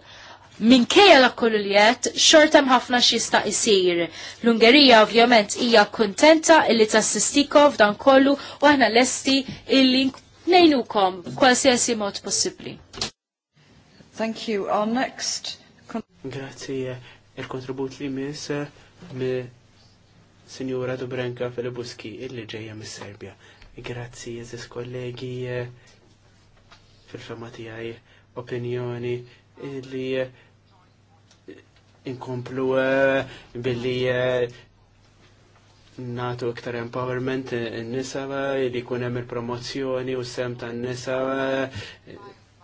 A: minkejja la kollu li jett, xortem ħafna xista isir. L-Ungerija ovvjament hija kuntenta illi tassistikov dan kollu u aħna lesti illi nejnukom kwasjesi mod
D: possibbli. Thank you. Our next...
B: Grazie. Il-kontribut li mis mi Signora Dobrenka Filibuski illi ġeja mis serbja Grazzi, jeżis kollegi fil-fema tijaj opinjoni illi inkomplu eh, billi eh, natu iktar empowerment eh, n-nisa li kun hemm il-promozzjoni u sem tan-nisa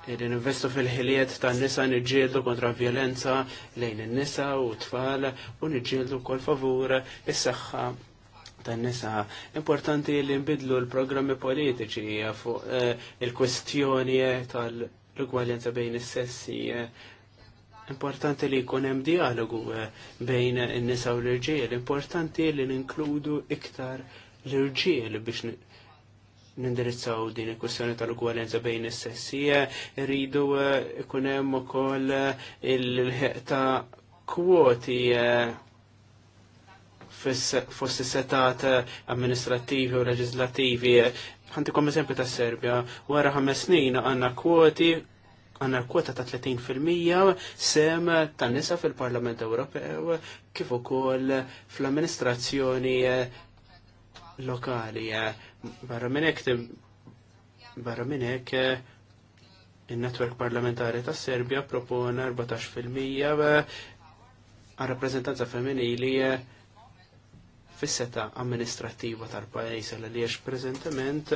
B: li ninvestu fil-ħiliet tan-nisa niġġieldu kontra violenza lejn in-nisa u tfal u niġġieldu kol favur is-saħħa tan-nisa. Importanti li nbidlu l-programmi politiċi fuq il-kwestjoni tal- l-ugwaljanza bejn is-sessi Importanti li jkun hemm dialogu eh, bejn in-nisa u l-irġiel, importanti li ninkludu iktar l-irġiel biex nindirizzaw din il-kwestjoni tal-ugwalenza bejn is-sessi, eh, rridu eh, ikun hemm ukoll il-ħeq ta' kwoti fossi setat amministrativi u leġislativi. Għantikom eżempju ta' Serbia, wara ħames snin għandna kwoti għanna kwota ta' 30% sem ta' nisa fil-Parlament Ewropew kif ukoll fl-amministrazzjoni eh, lokali. Eh. Barra minnek barra minnek eh, il-netwerk parlamentari ta' Serbia propona 14% għal rappresentanza femminili fis-seta amministrattiva tal-pajis għal li prezentament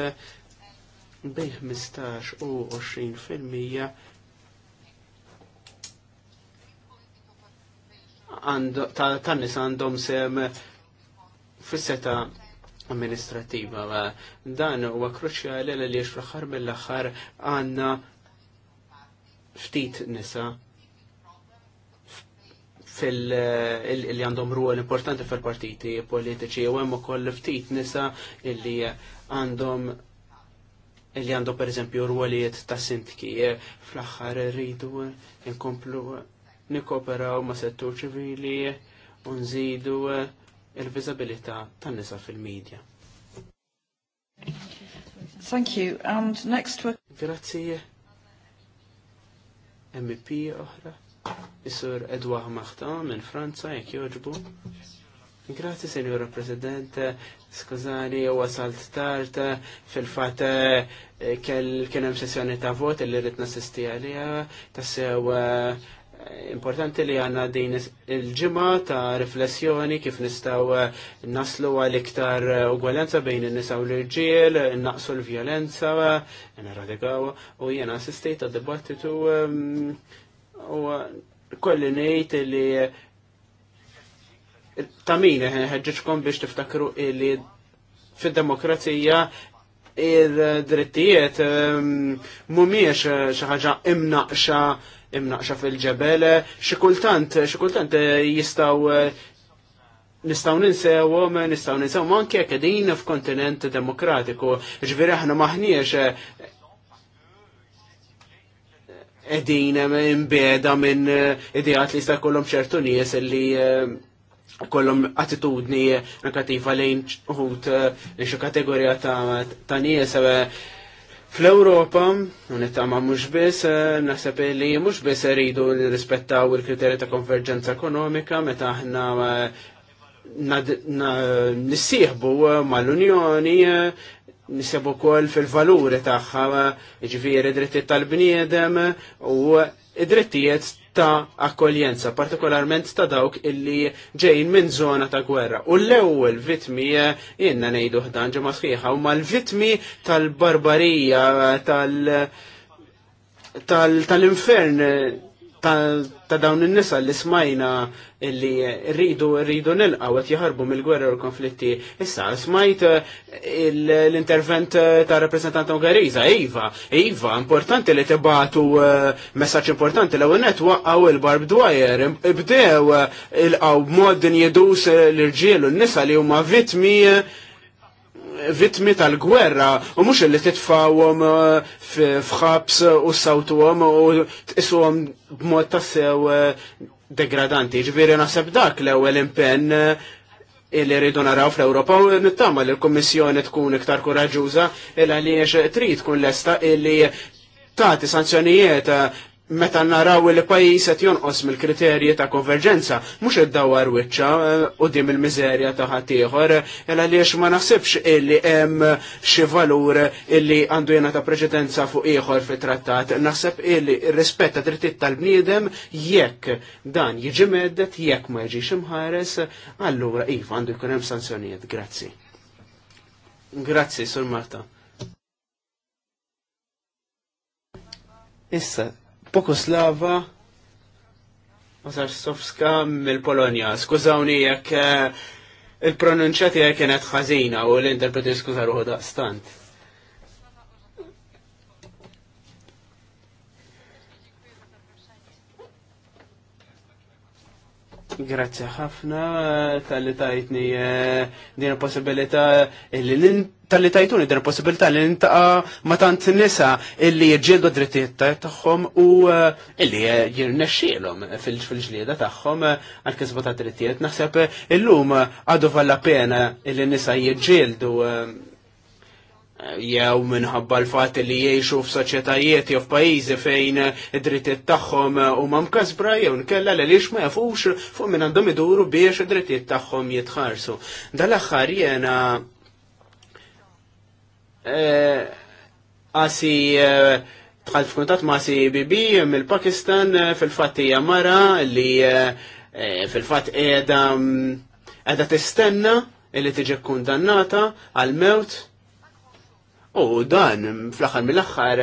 B: bejn 15 u 20% tan nisa għandhom sem fis-seta amministrativa. Dan huwa kruċjali li fl-aħħar mill-aħħar għandna ftit nisa fil li għandhom ruol importanti fil-partiti politiċi u hemm ukoll ftit nisa illi għandhom illi għandhom pereżempju ruolijiet ta' sintki fl-aħħar rridu inkomplu nikoperaw ma' settur ċivili u nżidu eh, il vizabilità tan-nisa fil-medja.
D: Thank you. And next we're... Grazie.
B: MP oħra. Isur Edouard Martin minn Franza, jek joġbu. Grazie, Senjora President. Skużani, u wasalt tard fil-fat eh, kienem sessjoni ta' vot li rrid nassisti għalija tassew eh, importanti li għanna din il-ġimgħa ta' riflessjoni kif nistgħu eh, naslu għal iktar eh, ugwalenza bejn in-nisa u l-irġiel, naqsu l-vjolenza, eh, radegaw u jiena assistejt għad dibattitu u kolli ngħid li tamina min biex tiftakru li fid-demokrazija il-drittijiet mumiex xi ħaġa imnaqxa imnaqxa fil-ġebel, xikultant, xikultant eh, jistaw eh, nistaw ninsew, eh, nistaw ninsew' anke jekk din f'kontinent demokratiku. ġviri aħna maħniex qegħdin imbeda minn idijat li jista' jkollhom ċertu nies li kollom attitudni negativa lejn uħut xi kategorija ta' nies Fl-Europa, unittama mux bis, eh, nasab li mux bis rridu nirrispettaw il-kriterji ta' konverġenza ekonomika meta aħna eh, nissieħbu eh, mal-Unjoni nisibu kol fil-valuri taħħa ġviri jiġifieri dritti tal-bniedem u id-drittijiet ta' akkoljenza, partikolarment ta' dawk illi ġejn minn zona ta' gwerra. U l-ewwel vitmi eh, jenna nejdu ħdan ġimgħa sħiħa huma l-vitmi tal-barbarija tal- tal-infern eh, ta' dawn in-nisa li smajna li rridu rridu nilqaw qed jaħarbu mill-gwerra u l-konflitti. Issa smajt eh, l-intervent eh, ta' rappreżentanta Ungariża, Iva, Iva, importanti li tibatu eh, messaġġ importanti l net waqgħu il-barb dwajer, ibdew il-qaw b'mod din l-irġiel u n-nisa li huma vitmi vittmi tal-gwerra u mhux li titfawhom uh, f'ħabs u sawtuhom u tqisuhom b'mod tassew uh, degradanti. Ġviri naħseb dak l-ewwel impenn uh, illi rridu naraw fl-Ewropa u nittama li l-Kommissjoni tkun iktar koraġuża il għaliex trid tkun lesta illi tagħti sanzjonijiet meta naraw li pajis qed jonqos mill-kriterji ta' konverġenza, mhux id-dawar wiċċa eh, dim il-miżerja ta' ħadd ieħor, għal għaliex ma naħsibx illi hemm xi valur illi għandu jena ta' preċedenza fuq ieħor fit-trattat. Naħseb illi rispett ta' drittijiet tal-bniedem jekk dan jiġi meddet jekk ma jiġix imħares, allura iva għandu jkun hemm sanzjonijiet. Grazzi. Grazzi, Sur Marta. Issa, Pokoslava Ozarsovska mill polonia Skużawni jekk eh, il-pronunċati kienet ħażina u l-interpreti skużaruħu daqstant. Grazzi ħafna tal-li tajtni eh, din possibilità li tal-li tajtuni din possibilità li nintaqa ma tant nisa illi jġildu drittijiet tagħhom u eh, illi eh, jirnexxielhom fil-ġlieda tagħhom għal kisba ta' drittijiet naħseb illum għadu valla pena illi nisa jġildu jew minħabba l-fat li jiexu f'soċjetajiet jew f'pajjiżi fejn id-drittijiet tagħhom huma mkasbra jew nkella li lix ma jafux fuq minn għandhom iduru biex id-drittijiet tagħhom jitħarsu. Dal-aħħar jiena e, għasi f e, f'kuntat ma' si bibi mill-Pakistan e, fil-fatt hija mara li fil-fatt qiegħda qiegħda tistenna t tiġi kkundannata għal mewt U dan, fl-axar mill-axar,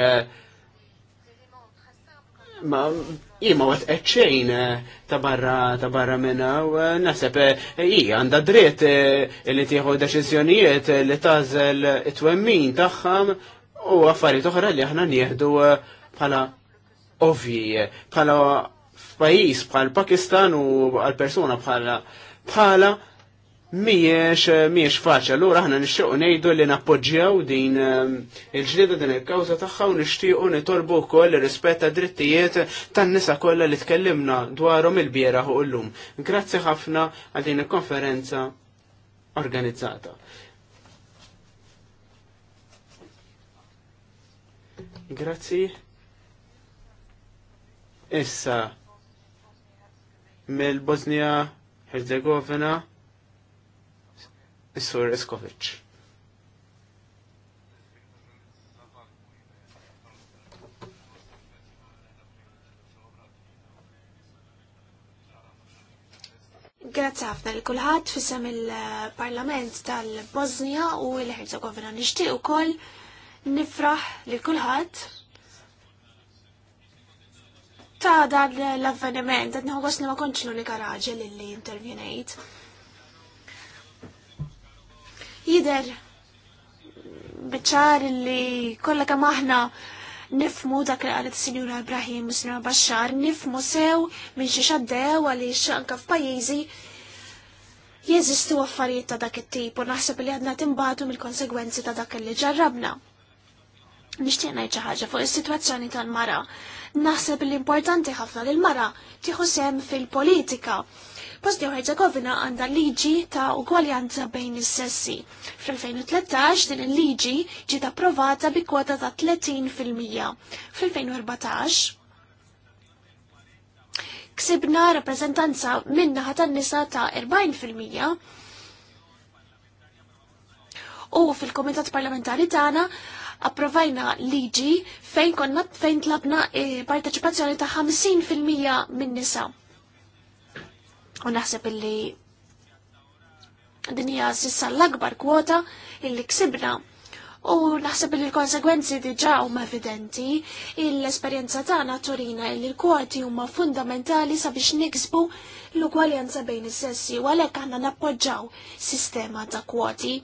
B: ma jima għat eċċejn eh, ta' barra ta' barra minna u eh, nasib eh, i għanda dritt li tieħu deċizjonijiet li tażel it-twemmin tagħhom u affarijiet oħra li aħna nieħdu bħala ovvji, bħala f'pajjiż bħal Pakistan u għal persuna bħala bħala Miex, eh, miex faċa, l aħna ħna nixxuq nejdu li nappoġġjaw din eh, il-ġlida din il-kawza taħħa u nixtiequ nitolbu koll rispetta drittijiet tan nisa kollha li tkellimna dwarhom il bjera u l-lum. Grazzi ħafna għal din il-konferenza organizzata. Grazzi. Issa, mill-Bosnia Herzegovina. Is-Sur Iskovic.
C: Grazzi ħafna li kulħadd fisem il-Parlament tal-Bosnia u l-Herzegovina nixtieq ukoll nifraħ li kulħadd ta' dan l-avveniment, għedni għogos li ma konċ l-unika raġel li intervjenajt. Jider bċar li kollha kemm aħna nifmu dak li qalet Sinjura Ibrahim Sinjura Bashar, nifmu sew minn xi xaddew għaliex anke f'pajjiżi jeżistu affarijiet ta' dak it-tip u naħseb li għadna timbatu mill-konsegwenzi ta' dak li ġarrabna. Nixtieq ngħid xi ħaġa fuq is-sitwazzjoni tal-mara. Naħseb li importanti ħafna lil l-mara tieħu sem fil-politika Bosnia u Herzegovina għandha liġi ta' ugwaljanza bejn is-sessi. Fl-2013 din il-liġi ġiet approvata bi kwota ta' 30%. fil-mija. Fl-2014 ksibna rappresentanza minna ħatan nisa ta' 40% u fil-Komitat Parlamentari tagħna approvajna liġi fejn konna fejn tlabna eh, parteċipazzjoni ta' 50% minn nisa. U naħseb illi din hija sissa l-akbar kwota illi ksibna. U naħseb illi l-konsegwenzi diġà huma evidenti, l-esperjenza tagħna turina illi l-kwoti huma fundamentali sabiex niksbu l-ugwaljanza bejn is-sessi u għalhekk aħna nappoġġaw sistema ta' kwoti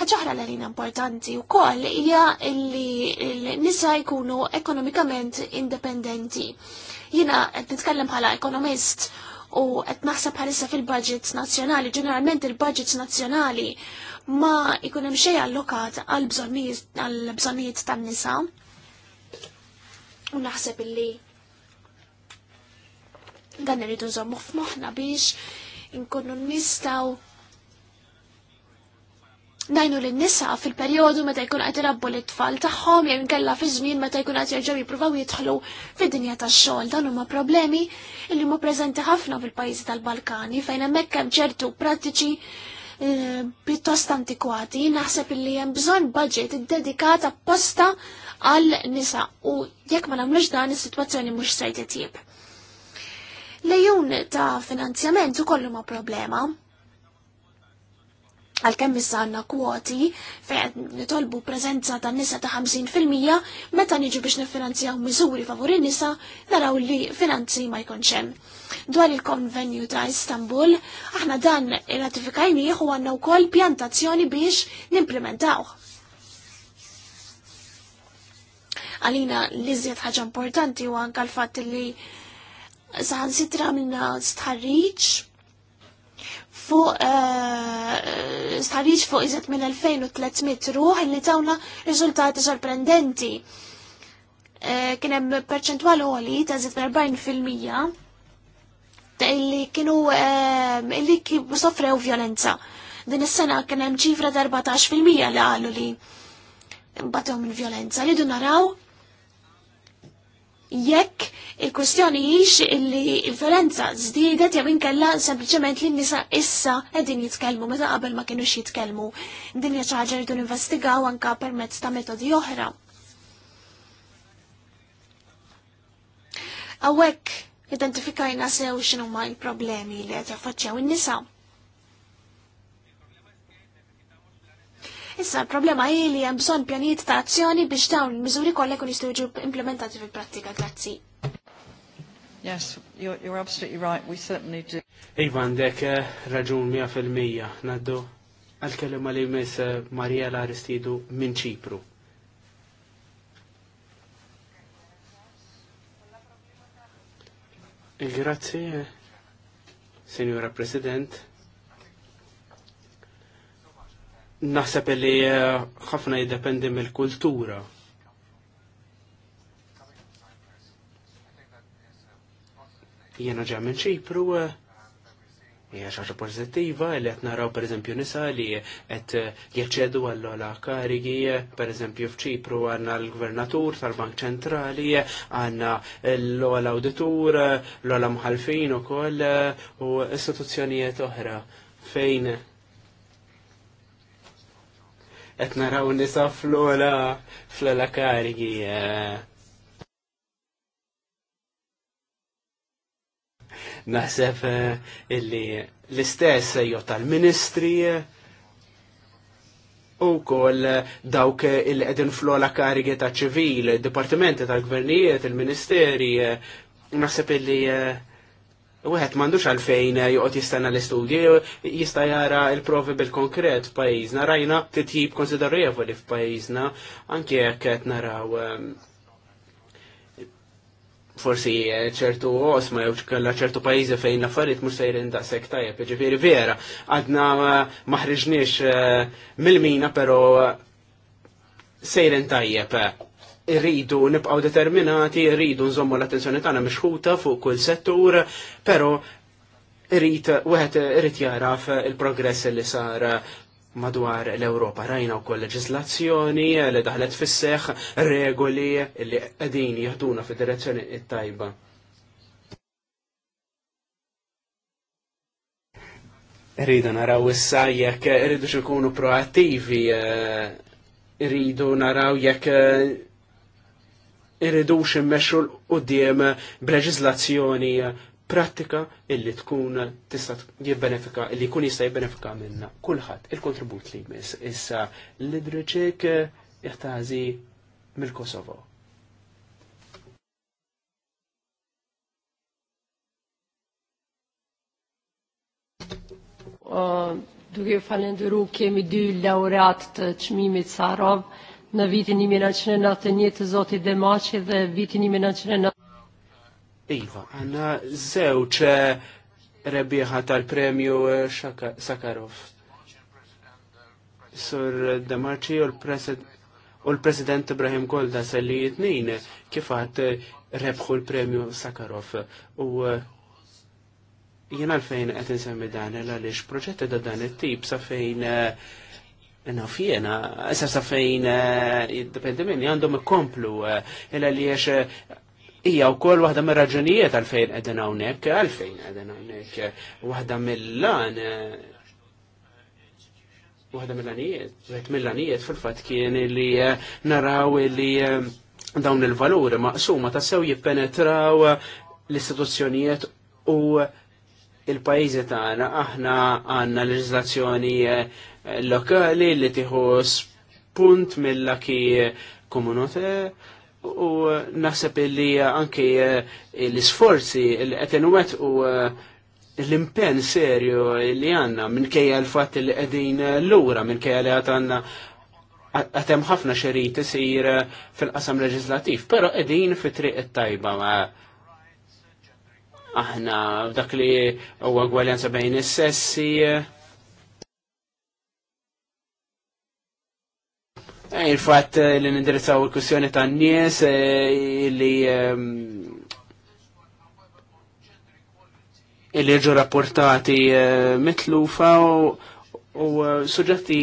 C: ħagħra l għalina importanti u koll hija li l-nisa jkunu ekonomikament indipendenti. Jina qed nitkellem bħala ekonomist u qed naħseb bħalissa fil-budgets nazzjonali, ġeneralment il-budgets nazzjonali ma jkun hemm xejn allokat għal bżonnijiet tan-nisa. U naħseb illi dan irridu nżommu f'moħħna biex inkunu nistgħu najnu lin-nisa fil-perjodu meta jkun qed irabbu l-tfal tagħhom jew inkella fi żmien meta jkun qed jerġgħu jippruvaw jidħlu fid-dinja tax-xogħol dan huma problemi li huma preżenti ħafna fil-pajjiżi tal-Balkani fejn hemmhekk hemm ċertu prattiċi eh, pjuttost antikwati, naħseb li hemm bżonn budget iddedikat apposta għal nisa u jekk ma nagħmlux dan is-sitwazzjoni mhux se Lejjun Lejun ta' finanzjament ukoll huma problema għal-kemm issa għandna kwoti fejn nitolbu preżenza ta' nisa ta' 50% meta niġu biex niffinanzjaw miżuri favur in-nisa naraw li finanzi ma jkunx hemm. Dwar il-konvenju ta' Istanbul, aħna dan ratifikajnieh u għandna wkoll pjantazzjoni biex nimplementaw. Għalina li ħaġa importanti u anka l-fatt li saħan sitra minna stħarriċ fuq eh, sħarriċ fuq iżet minn 2300 ruħ li tawna riżultati sorprendenti. Eh, kien hemm perċentwal għoli ta' iżet minn 40% illi kienu eh, illi sofrew violenza. Din is-sena kien hemm ċifra ta' 14% li qalu li mbagħadhom il-vjolenza. Ridu naraw jekk il kustjoni jiex illi il-ferenza żdiedet jew inkella sempliċement li nisa issa qegħdin jitkellmu meta qabel ma kienux jitkellmu. Din hija rridu ninvestigaw anke permezz ta' metodi oħra. Awek identifikajna sew x'inhuma l-problemi li qed jaffaċċjaw in-nisa. Issa l-problema hi li hemm bżonn pjanijiet ta' azzjoni biex dawn il-miżuri kollha jkun jistgħu implementati fil-prattika. Grazzi.
B: Yes, you're, you're absolutely right. We certainly do. Iva għandek eh, raġun 100% naddu għal-kelima li jmiss eh, Marija Laristidu minn Ċipru. Grazie, eh, Signora President. naħseb li eh, ħafna jiddependi mill-kultura. Jena ġa minn ċipru, eh, hija xaġa pożittiva li qed naraw pereżempju nisa li qed eh, jeċedu għall-ola karigi, pereżempju f'Ċipru għandna l-Gvernatur tal-Bank Ċentrali, għandna l-ola Awditur, l-ola Mħalfin ukoll u istituzzjonijiet oħra fejn qed naraw nisa flola flola karigi. Eh. Naħseb eh, illi l-istess jo tal-ministri eh, u kol dawk il-edin flola karigi ta' ċivil, dipartimenti tal-gvernijiet, il-ministeri, naħseb illi Wieħed m'għandux għalfejn eh, joqgħod jistenna l istudji jista' jara l-provi bil-konkret pajizna, rajna titjib konsiderevoli f'pajjiżna, anke jekk qed naraw eh, forsi eh, ċertu osma jew kella ċertu pajjiżi fejn l-affarijiet mhux sejrin daqshekk tajjeb, ġifiri vera, għadna maħriġniex mill-mina però sejrin tajjeb rridu nibqgħu determinati, rridu nżommu l-attenzjoni tagħna mixħuta fuq kull settur, però rrid wieħed irid jaraf il-progress li sar madwar l-Ewropa rajna u koll leġislazzjoni li daħlet fis-seħ regoli li qegħdin jaħduna fid-direzzjoni tajba. Rridu naraw issa jekk irridu ikunu proattivi, eh, rridu naraw jekk irridux immexxu l-qudiem b'leġizlazzjoni pratika illi tkun tista' jibbenefika, illi jkun jista' jibbenefika minna kulħadd il-kontribut li jmiss issa l-idriċek jeħtażi mill-Kosovo.
A: Uh, Dugħi għifan indiru kem id-du l t-ċmimit sarab në vitin 1991 zoti Demaci dhe vitin 1990.
B: Iva, għanna zewċ eh, rebbieħa tal-premju eh, Sakarov. Sur Demaci u l-president Ibrahim Golda sell-li jitnin eh, kifat rebħu l-premju Sakarov. U jena l-fejn għet semmi dan l-għalix proġetti da dan it-tip sa fejn uh, fjena, jena, sa fejn eh, jiddependi minni għandhom ikomplu eh, illa li jiex eh, hija wkoll waħda mir-raġunijiet għalfejn qegħdin hawnhekk, għalfejn qegħdin hawnhekk, waħda mill-lan waħda mill-anijiet, wieħed mill lanijiet fil-fatt kien li naraw li dawn il-valuri maqsuma tassew jippenetraw l-istituzzjonijiet u il-pajjiżi tagħna aħna għandna leġiżlazzjoni lokali li tieħu spunt mill-laki komunote u naħseb li anki eh, l-isforzi l-etenuet u eh, l-impen serju li għanna minn kajja l-fat li għedin l-ura minn kajja li għatanna għatem ħafna xerit sir fil-qasam leġislativ, pero għedin fi triq it-tajba aħna dak li huwa gwaljanza bejn is-sessi, Eh, il-fat eh, li nindirizzaw il-kussjoni ta' n-nies eh, li ehm, li ġu rapportati mitlufa u suġġetti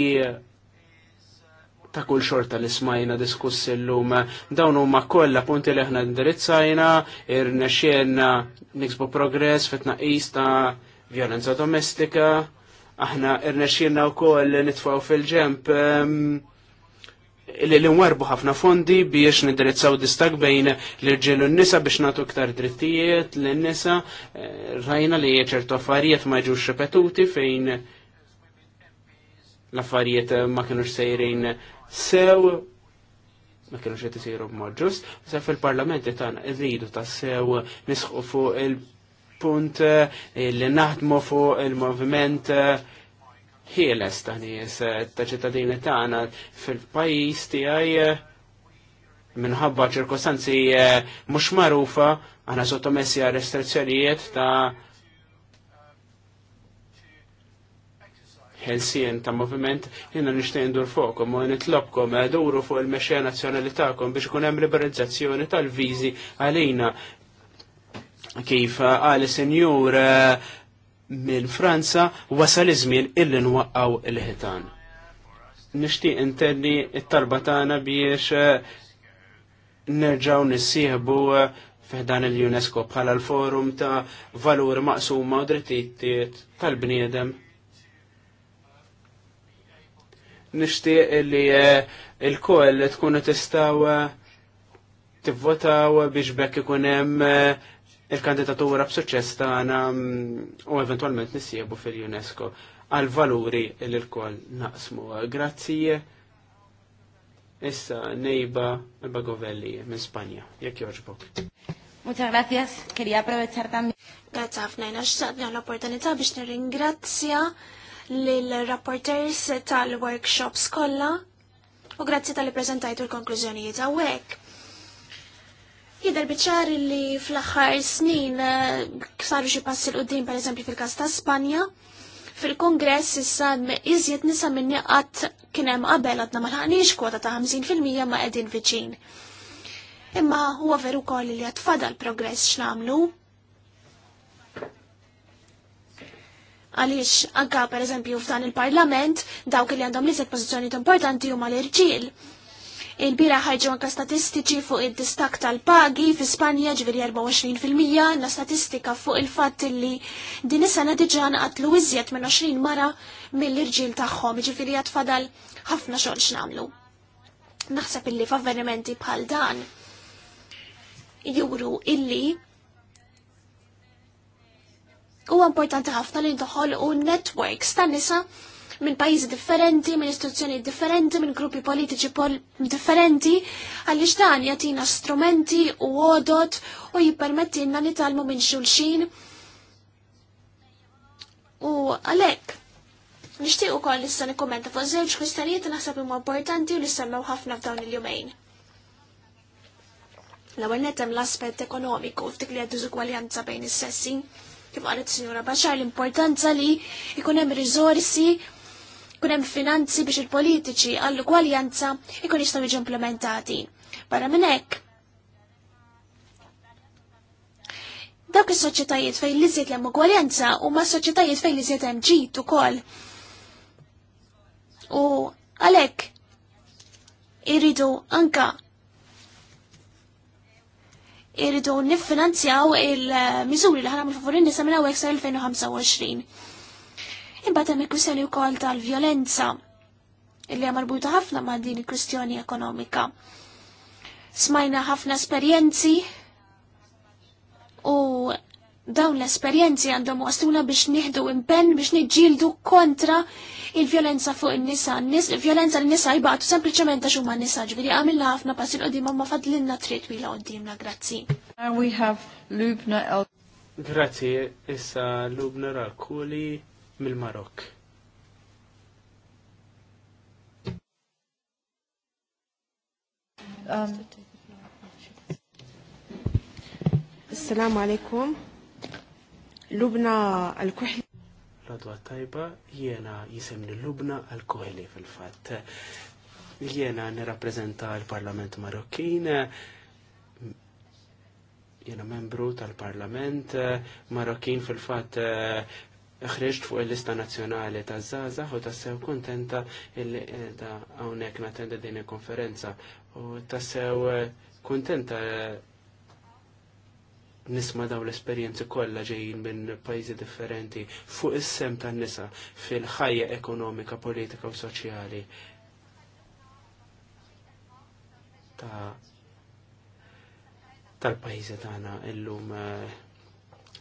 B: ta' kull xorta li smajna diskuss illum dawn huma kollha punti li aħna indirizzajna irnexxielna nixbu progress fit-tnaqqis ta' violenza domestika aħna u wkoll nitfaw fil-ġemp ehm, li nwarbu ħafna fondi biex nidrizzaw distak bejn l-irġiel u n-nisa biex natu ktar drittijiet l-nisa eh, rajna li ċertu affarijiet ma ġux repetuti fejn l-affarijiet ma kienux sejrin sew ma kienux qed isiru b'mod ġust, sa fil-parlamenti tagħna rridu tassew nisħu fuq il-punt eh, li naħdmu fuq il-moviment il il moviment ħieles ta' nies eh, ta' ċittadini tagħna fil-pajjiż tiegħi eh, minħabba ċirkostanzi eh, mhux magħrufa aħna sottomessi għal restrizzjonijiet ta' ħelsien ta' moviment jiena nishtejn dur fuqkom u nitlobkom duru fuq il-mexxejja nazzjonali biex ikun hemm liberalizzazzjoni tal-viżi għalina kif għal senjur minn Franza wasal iż-żmien illi nwaqqaw il-ħitan. Nixtieq intenni it-talba tagħna biex eh, nerġgħu nissieħbu eh, f'dan il-UNESCO bħala l-forum ta' valur maqsuma u drittijiet tal-bniedem. Nixtieq li eh, il-koll tkunu tistgħu tivvotaw biex bekk ikun hemm il-kandidatura b'suċċess tagħna mm, u eventwalment nissiebu fil-UNESCO għal valuri li l-kol naqsmu. Grazzi issa nejba Bagovelli minn Spanja, jekk joġbok.
C: Muchas gracias, quería aprovechar también. Grazie ħafna jina xtaqna l-opportunità biex nirringrazzja lill-rapporters tal-workshops kollha u grazzi tal prezentajtu l-konklużjonijiet għawek. Jider biċar li fl axħar snin eh, saru xi passi l-qoddim per eżempju fil-kas ta' Spanja, fil-kongress issa izjiet nisa minni qatt kien hemm qabel għadna ma laħqniex kwota ta' 50% ma qegħdin viċin. Imma huwa veru koll li qed fadal progress x'namlu. Għaliex anka per eżempju f'dan il-Parlament dawk li għandhom li pożizzjonijiet importanti huma l-irġiel Il-bira ħajġu anka statistiċi fuq id-distak tal-pagi fi Spanja ġveri 24% na statistika fuq il-fatt li din is-sena diġà naqatlu iżjed minn 20 mara mill-irġiel tagħhom, ġifieri għat fadal ħafna xogħol x'nagħmlu. Naħseb illi f'avvenimenti bħal dan juru illi huwa importanti ħafna li ndoħol u networks tan nisa minn pajjiżi differenti, minn istituzzjoni differenti, minn gruppi politiċi pol differenti, għaliex dan jagħtina strumenti u għodot u jippermettinna nitalmu minn xulxin. U għalhekk nixtieq ukoll issa kommenta fuq żewġ kwistjonijiet naħseb huma importanti u li semmew ħafna f'dawn il-jumejn. L-ewwel hemm l-aspett ekonomiku ftik li għad diżugwaljanza bejn is-sessi kif qalet Sinjura Baxar l-importanza li jkun hemm riżorsi Kun hemm finanzi biex il-politiċi għall-ugwaljanza ikun jistgħu jiġu implementati. Barra minn hekk, dawk is-soċjetajiet fejn li żied hemm ugwaljanza huma soċjetajiet fejn li żied hemm ġid ukoll. U għalhekk iridu anka iridu niffinanzjaw il-miżuri li ħanam il-favori nisa minn għawek sa' 2025. Imbagħad hemm il-kwistjoni wkoll tal-vjolenza illi hija marbuta ħafna ma' din il-kwistjoni ekonomika. Smajna ħafna esperjenzi u dawn l-esperjenzi għandhom wastuna biex nieħdu impenn biex niġġieldu kontra il-vjolenza fuq in-nisa. il violenza l-nisa jibgħatu sempliċement għax huma nisa ġifieri għamilna ħafna passi qudiem ma fadlilna trid twila qudiemna
D: grazzi.
B: Grazzi, issa Lubna Rakuli mill marok
D: um,
C: Assalamu alaikum. Lubna
B: al-Kuhli. Radwa tajba, jiena jisemni Lubna al-Kuhli fil-fat. Jiena nirrapprezenta l-Parlament Marokkin, jena membru tal-parlament marokkin fil-fat ħriġt fuq il-lista nazzjonali ta' Zaza u ta' sew kontenta illi ta' eh, għawnek natenda din il-konferenza u ta' sew eh, kontenta eh, nisma daw l-esperienzi kollha ġejjin minn pajjiżi differenti fuq is-sem tan-nisa fil-ħajja ekonomika, politika u soċjali. Ta' tal-pajjiżi tagħna illum uh,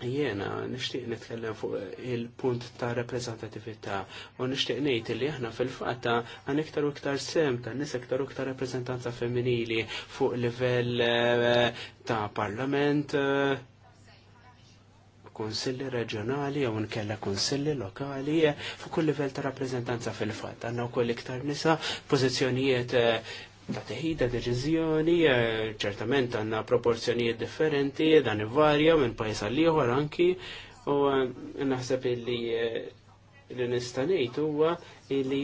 B: Jena, nishtiq nitkellem fuq il-punt ta' reprezentativita u nishtiq nejt li aħna fil-fatta għan iktar u iktar sem ta' nis iktar u iktar reprezentanza femminili fuq livell eh, ta' parlament, eh, konsilli reġjonali jew nkella konsilli lokali eh, fuq kull livell ta' rappreżentanza fil fatta Għandna wkoll iktar nisa pożizzjonijiet ta' teħida deċiżjoni, eh, ċertament għanna proporzjonijiet differenti, dan varja minn pajis għal anki, u eh, naħseb illi eh, l nistanejt huwa illi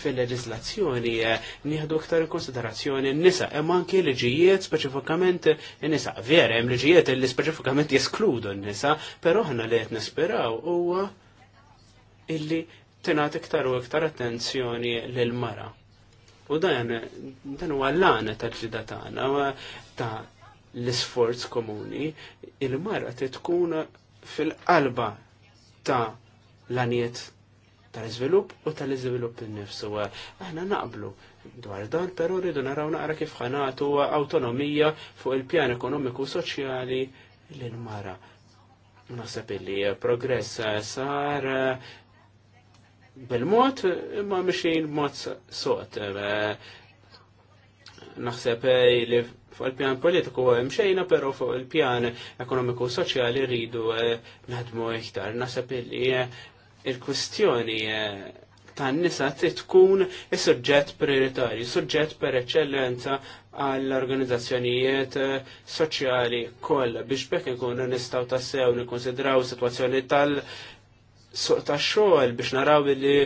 B: fil-leġislazzjoni nieħdu aktar konsiderazzjoni n-nisa, hemm anke liġijiet speċifikament n-nisa. Vera, hemm liġijiet li speċifikament jeskludu n-nisa, però aħna li qed nisperaw huwa illi tingħat iktar u iktar attenzjoni lil mara U dan, dan u għallana tal-ġida tagħna ta' l-isforz komuni, il-mara tkun fil-qalba ta' l-għaniet tal-izvilupp u tal-izvilupp innifsu. Aħna naqblu dwar dan, pero rridu naraw naqra kif ħanatu autonomija fuq il-pjan ekonomiku soċjali l-mara. Naħseb illi progress sar bil-mod imma mxejn mod sot. Eh, naħseb eh, li fuq il-pjan politiku mxejna, pero fuq il-pjan ekonomiku u soċjali rridu eh, naħdmu iktar. Naħseb li il-kwestjoni tan nisa tkun is-suġġett prioritarju, suġġett per eċċellenza għall-organizzazzjonijiet soċjali kollha biex bekk nkunu nistgħu tassew nikkonsidraw sitwazzjoni tal- suq ta' xogħol biex naraw li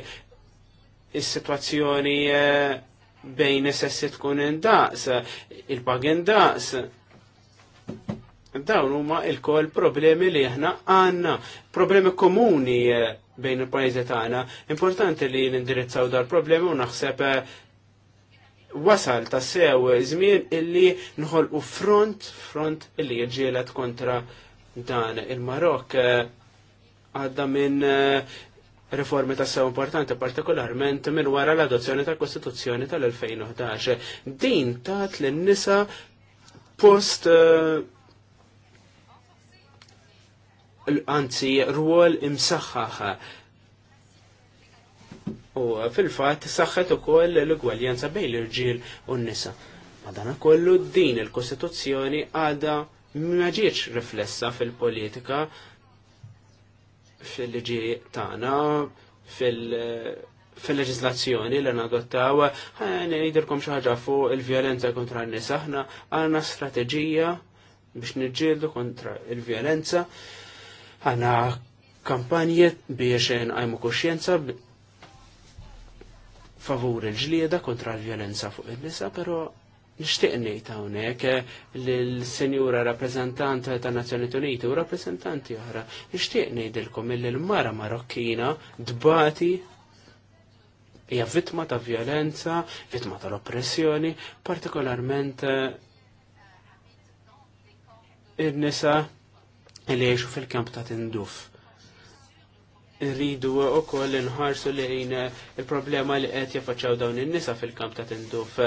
B: is-sitwazzjoni eh, bejn is-sessi tkun indaqs, il-pag indaqs. Dawn huma il-kol problemi li aħna għandna, problemi komuni eh, bejn il-pajjiżi tagħna. Importanti li nindirizzaw dal-problemi u naħseb eh, wasal ta' sew żmien illi nħolqu front, front illi jġielet kontra dan il-Marok għadda minn eh, reformi ta' sew importanti, partikolarment minn wara l-adozzjoni tal kostituzzjoni tal-2011. Din tat l nisa post eh, anzi rwol imsaħħaħ. U fil-fat saħħet ukoll l-gwaljanza bejn l-irġiel u n-nisa. Madana kollu din il-Kostituzzjoni għada ma ġietx riflessa fil-politika fil-liġi tagħna fil-leġizlazzjoni li nadottaw, ngħidilkom xi ħaġa fuq il-vjolenza kontra n-nies aħna għandna strateġija biex niġġieldu kontra il-vjolenza. Għandna kampanji biex nqajmu kuxjenza favur il-ġlieda kontra l-vjolenza fuq il-nisa, pero Nixtieq ngħid hawnhekk eh, lill-Senjura rappresentanta ta' Nazzjonijiet Uniti u rappreżentanti oħra, nixtieq ngħidilkom illi l-mara Marokkina dbati hija vittma ta' violenza, vittma tal-oppressjoni, partikolarment eh, in-nisa li jgħixu fil-kamp ta' tinduf rridu u koll nħarsu lejn il-problema li qed jaffaċaw dawn in-nisa fil-kamp ta' tinduf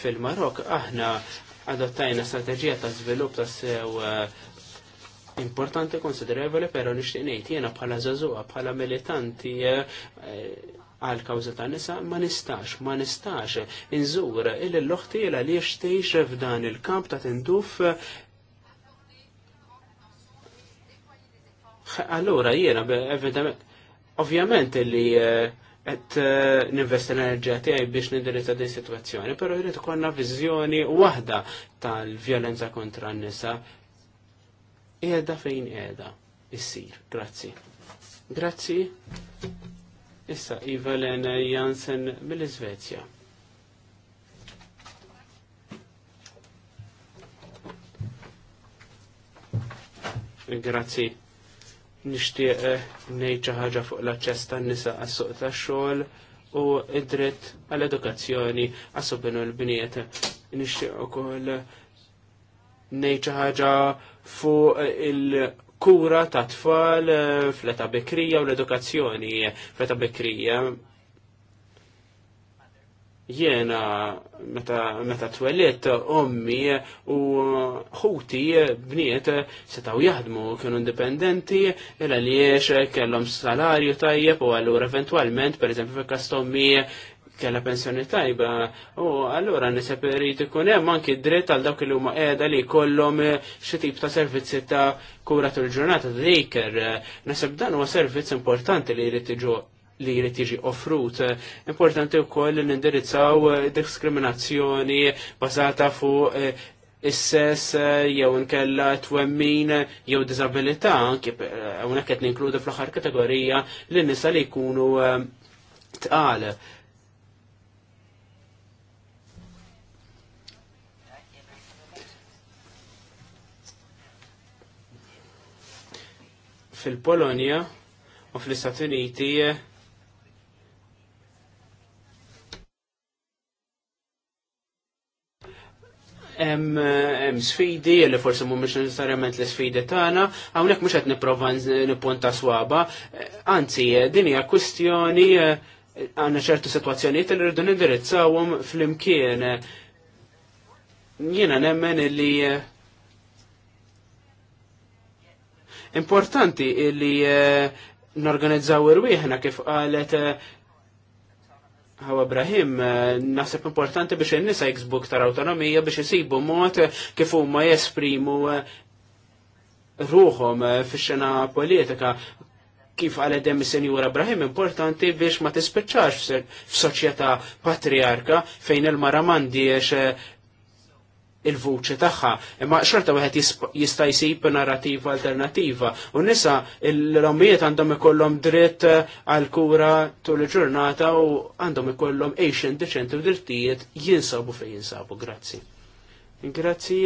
B: fil-Marok. Aħna adottajna strategija ta' żvilupp ta' sew eh, importanti konsiderevoli, pero nixtieq ngħid jiena bħala żagħżugħa bħala militanti eh, għal kawza ta' nisa ma nistax, ma nistax inżur il-loħtiela li jixtiex f'dan il-kamp ta' tinduf Allora, jiena, evidentemente, Ovvjament li qed eh, eh, ninvesti l-enerġija tiegħi biex nindirizza din sitwazzjoni, però jrid ikollna viżjoni waħda tal-vjolenza kontra n-nisa qiegħda fejn qiegħda issir. Grazzi. Grazzi. Issa Ivalen Jansen mill-Iżvezja. Grazzi nixtieq eh, ngħid xi ħaġa fuq l-aċċess tan-nisa għas-suq tax-xogħol u id-dritt għall-edukazzjoni għassubinu l-bniet. Nixtieq ukoll ngħid xi ħaġa fuq il-kura ta' tfal eh, fl-età bekrija u l-edukazzjoni fl-età bekrija Jiena meta meta twellet ommi u ħuti bniet setaw jaħdmu kienu indipendenti illa li kellhom salarju tajjeb u allura eventwalment pereżempju fil każ kella pensjoni tajba u allura nisab irid ikun hemm anki dritt għal dawk li huma qiegħda li jkollhom xi tip ta' servizzi ta' kura tul-ġurnata dejker. Naseb dan huwa servizz importanti li jrid tiġu li jrid jiġi offrut. Importanti wkoll li nindirizzaw eh, diskriminazzjoni bażata fuq eh, is-sess eh, jew nkella twemmin jew diżabilità anke hawnhekk qed ninkludi fl-aħħar kategorija li nisa li jkunu tqal. fil polonia u fl-Istati Uniti Eh, hemm sfidi li forsi mhumiex necessarjament l-sfidi tagħna, hawnhekk mhux qed nipprova nippunta swaba. Eh, anzi, eh, din hija kwestjoni għandna ċertu sitwazzjonijiet li rridu nindirizzawhom flimkien. Jiena nemmen li importanti li norganizzaw irwieħna kif qalet Għaw Ibrahim, eh, nasib importanti biex n-nisa jiksbuk ktar autonomija biex jisibu mod eh, kif huma jesprimu eh, ruħom fi xena politika. Kif għale dem senjur Ibrahim importanti biex ma tispiċċax f'soċjetà patriarka fejn il-mara mandiex il-vuċi tagħha, imma xorta wieħed jista' jsib narrativa alternattiva. U nisa l-ommijiet għandhom ikollhom dritt eh, għal kura tul il-ġurnata u għandhom ikollhom għejxin deċenti u drittijiet jinsabu fejn jinsabu. Grazzi. Grazzi.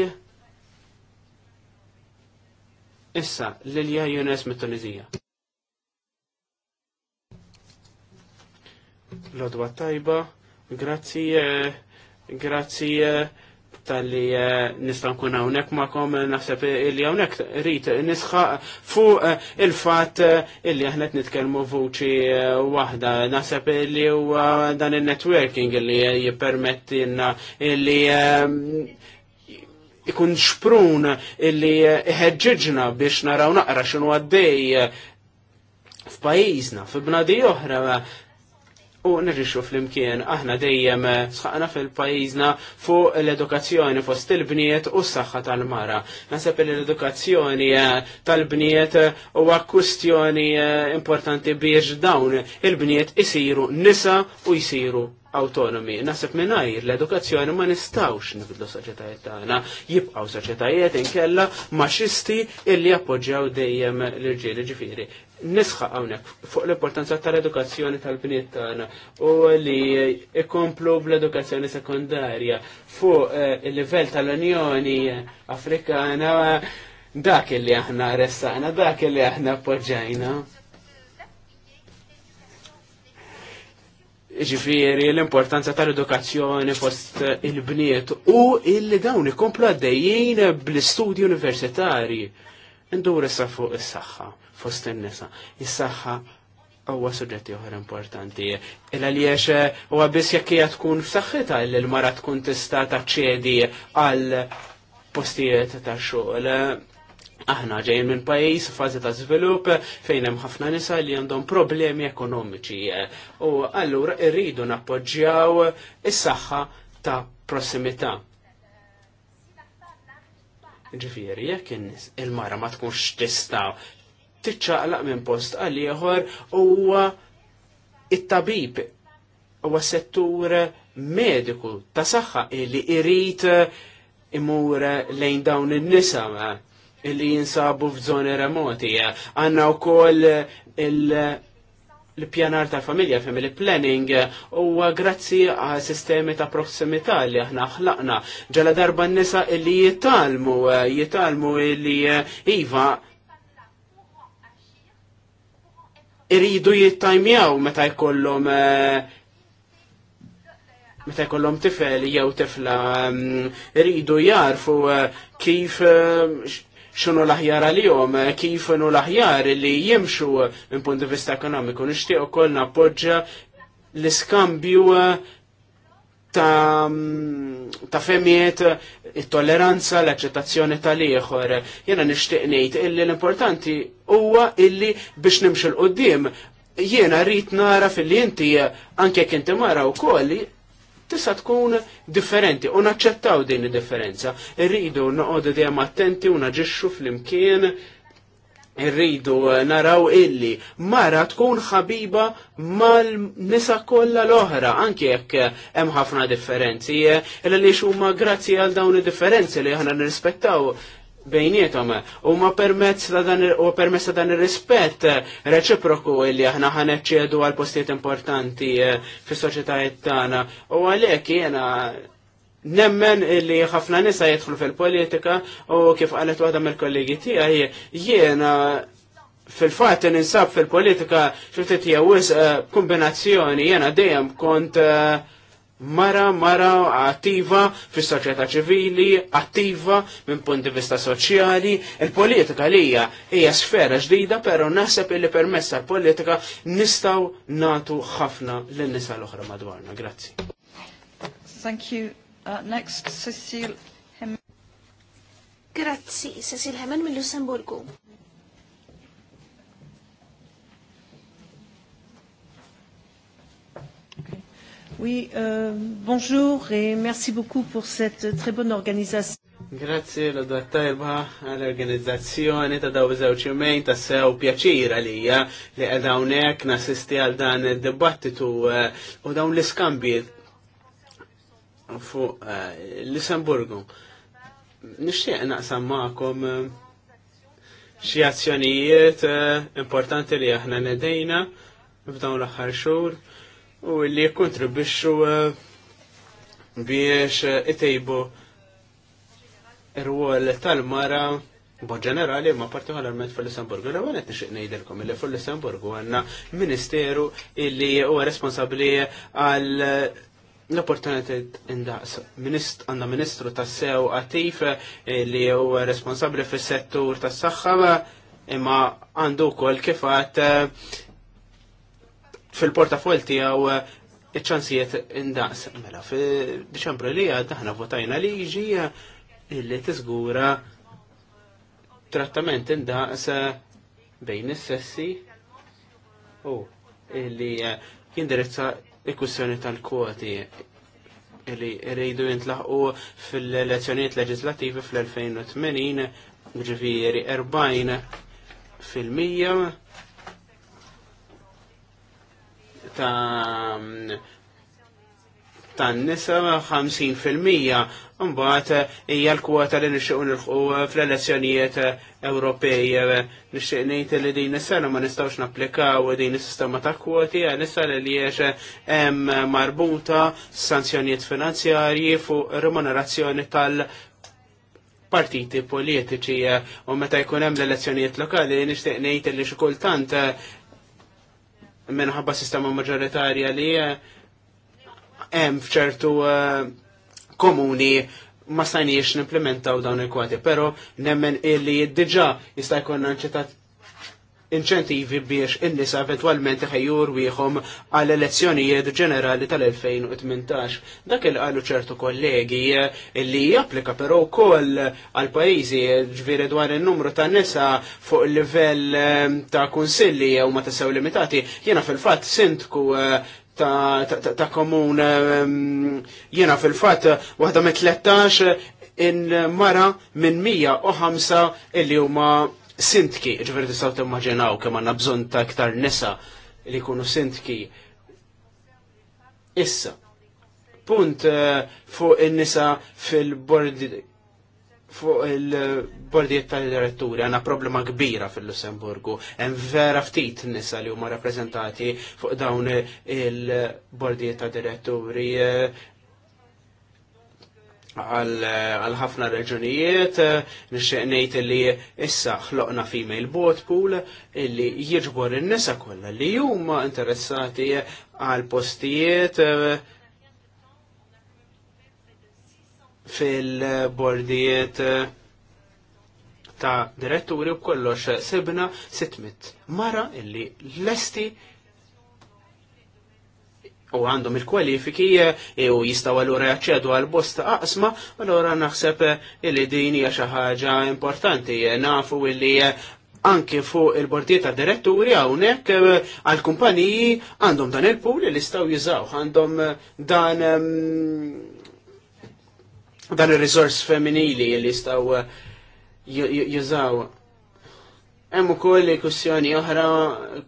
B: Issa, Lilja Jones mit-Tunizija. Lodwa tajba, grazzi, eh, grazzi eh, tal-li eh, nistan kun hawnhekk magħkom eh, naħseb li hawnhekk rrit nisħaq fuq eh, il-fatt illi aħna qed nitkellmu vuċi waħda. Naħseb li huwa dan il-networking illi jippermettilna illi ikun xprun illi iħeġġiġna biex naraw naqra xinu għaddej f'pajjiżna, f'bnadi oħra u nirrixu fl-imkien. Aħna dejjem eh, sħaqna fil-pajizna fuq l-edukazzjoni fost il-bniet u s-saxħa tal-mara. Nasab l-edukazzjoni eh, tal-bniet eh, u kwistjoni importanti biex dawn il-bniet isiru nisa u jisiru autonomi. Nasab minnajr l-edukazzjoni ma nistawx nibidlu soċetajiet tagħna, jibqgħu soċetajiet inkella maċisti illi appoġġjaw dejjem l-irġiel ġifieri nisħa għawnek fuq l-importanza tal-edukazzjoni tal-bniet tagħna u li ikomplu bl-edukazzjoni sekundarja fuq eh, il-livell tal-Unjoni Afrikana dak li aħna ressaqna, dak li aħna appoġġajna. Ġifieri l-importanza tal-edukazzjoni fost il-bniet u illi dawn ikomplu għaddejjin bl-istudji universitari. Ndur issa fuq is-saħħa fost in-nisa. Is-saħħa huwa suġġetti oħra importanti. Il għaliex eh, huwa biss jekk hija tkun f'saħħitha li l-mara tkun tista' taċċedi għal postijiet ta' xogħol. Aħna ġejjin minn pajjiż fażi ta' żvilupp fejn hemm ħafna nisa li għandhom problemi ekonomiċi. U allura rridu nappoġġjaw is-saħħa ta' prossimità. Ġifieri, jekk il-mara ma tkunx tista' tiċċaqlaq minn post għal ieħor huwa it-tabib huwa settur mediku ta' saħħa li irid imur lejn dawn in-nisa li jinsabu f'żoni remoti. għandna wkoll il-pjanar ta' familja, family planning, u grazzi għal sistemi ta' prossimità li aħna ħlaqna. Ġala darba n-nisa li jitalmu, jitalmu li iva iridu jittajmjaw meta jkollhom eh, meta jkollhom tifel jew tifla mm, iridu jarfu eh, kif eh, xunu l-aħjar għal-jom, kif nu l-aħjar li jimxu minn punt di vista ekonomiku. Nishtiq ukoll nappoġġa l-iskambju ta', ta femiet it-tolleranza, l-aċċettazzjoni tal-ieħor. Jena nixtieq ngħid illi l-importanti huwa illi biex nimxu l-qudiem jiena rrit nara fil inti anke kien inti mara wkoll tista' tkun differenti u naċċettaw din id-differenza. Irridu noqogħdu dejjem attenti u naġixxu fl-imkien Irridu eh, naraw illi mara tkun ħabiba mal-nisa kollha l-oħra, anke jekk eh, hemm ħafna differenzi, eh, illa li huma grazzi għal dawn id-differenzi li aħna nirrispettaw bejnietom u ma permezz ta' dan u permezz ta' dan ir-rispett reċiproku li aħna ħaneċċedu għal postijiet importanti fis-soċjetajiet tagħna u għalhekk jiena Nemmen li ħafna nisa jidħlu fil-politika u kif qalet waħda mill-kollegi tiegħi jiena fil-fatt ninsab fil-politika xiftit hija wis eh, kombinazzjoni jiena dejjem kont eh, mara mara attiva fis soċjetà ċivili, attiva minn punt di vista soċjali. Il-politika li hija sfera ġdida, però naħseb li permessa l-politika nistgħu natu ħafna lin nisa l-oħra madwarna. Grazzi.
D: Thank you Uh, next, Cecil Hemen. Grazzi, Cecil Hemen mill-Lussemburgu.
C: Okay. Oui, euh, bonjour et merci beaucoup pour cette très bonne organisation.
B: Grazie l tajba għall-organizzazzjoni ta' daw żewġ imejn ta' sew pjaċira lija li qed hawnhekk nasisti għal dan il dibattitu uh, u dawn l iskambi fuq eh, lussemburgu Nixtieq naqsam maqom eh, xi azzjonijiet eh, importanti li aħna nedejna f'dawn l-aħħar xhur u li jikkontribwixxu biex itejbu ir wol tal-mara Bon ġenerali, ma partikolarment fil-Lussemburgu, l għanet nixiq nejdilkom, illi fil-Lussemburgu għanna ministeru illi huwa responsabli għal l-opportunitet indaqs. Minist, għanda ministru tas sew għatif eh, li ju responsabli fis settur tas saħħa imma għandu kol kifat eh, fil-portafol tijaw eh, iċ-ċansijiet indaqs. Mela, fil-deċembru li għadda ħna votajna liġi li tiżgura trattament indaqs bejn is-sessi u li jindirizza il-kussjoni tal-kwoti li rridu jintlaħqu fil-elezzjonijiet leġislativi fl 2008 ġifiri 40 fil-mija ta' tan-nisa 50% Mbagħad eh, hija l-kwota li nixtiequ nilħqu eh, fl-elezzjonijiet eh, Ewropej. Nixtieq ngħid li din is-sena ma nistgħux napplikaw din is-sistema ta' kwoti għalissa li liex hemm marbuta sanzjonijiet finanzjarji fuq remunerazzjoni tal- partiti politiċi u meta jkun hemm l-elezzjonijiet lokali nixtieq ngħid li xi kultant minħabba sistema maġoritarja li hemm fċertu eh, komuni ma stajniex nimplementaw dawn il-kwati, pero nemmen illi diġa jista' jkun ċitat inċentivi biex in-nisa eventualment ħejjur wieħom għal elezzjonijiet ġenerali tal-2018. Dak il qalu ċertu kollegi eh, li japplika però wkoll għal pajjiżi ġviri dwar in-numru ta' nisa fuq il livell eh, ta' kunsilli jew ma tasew limitati, jiena fil-fatt sindku ta' komun jiena fil-fat waħda me 13 in-mara minn 105 illi huma sintki, ġifieri tistgħu timmaġinaw kemm għandna bżonn ta' iktar nisa li jkunu sintki. Issa, punt eh, fuq in-nisa fil-bordi fuq il-bordiet tal-direttura għanna problema kbira fil-Lussemburgu. Hemm vera ftit nisa li huma rappreżentati fuq dawn il-bordiet tal-diretturi eh, għal ħafna reġunijiet, ngħid li issa ħloqna female boat pool illi jiġbor in-nisa kollha li huma interessati għal postijiet eh, fil-bordijiet eh, ta' diretturi u kollox sibna sitmit mara illi lesti u għandhom il-kwalifiki eh, u jistaw għallura jaċċedu għal-bosta aqsma, għallura naħseb eh, illi din hija xi ħaġa importanti. Nafu illi anke fuq il-bordiet ta' diretturi hawnhekk għal-kumpaniji għandhom dan il-pool li jistgħu jiżaw. għandhom dan ehm, dan il-resors femminili li jistaw uh, jużaw. Hemm ukoll kussjoni oħra,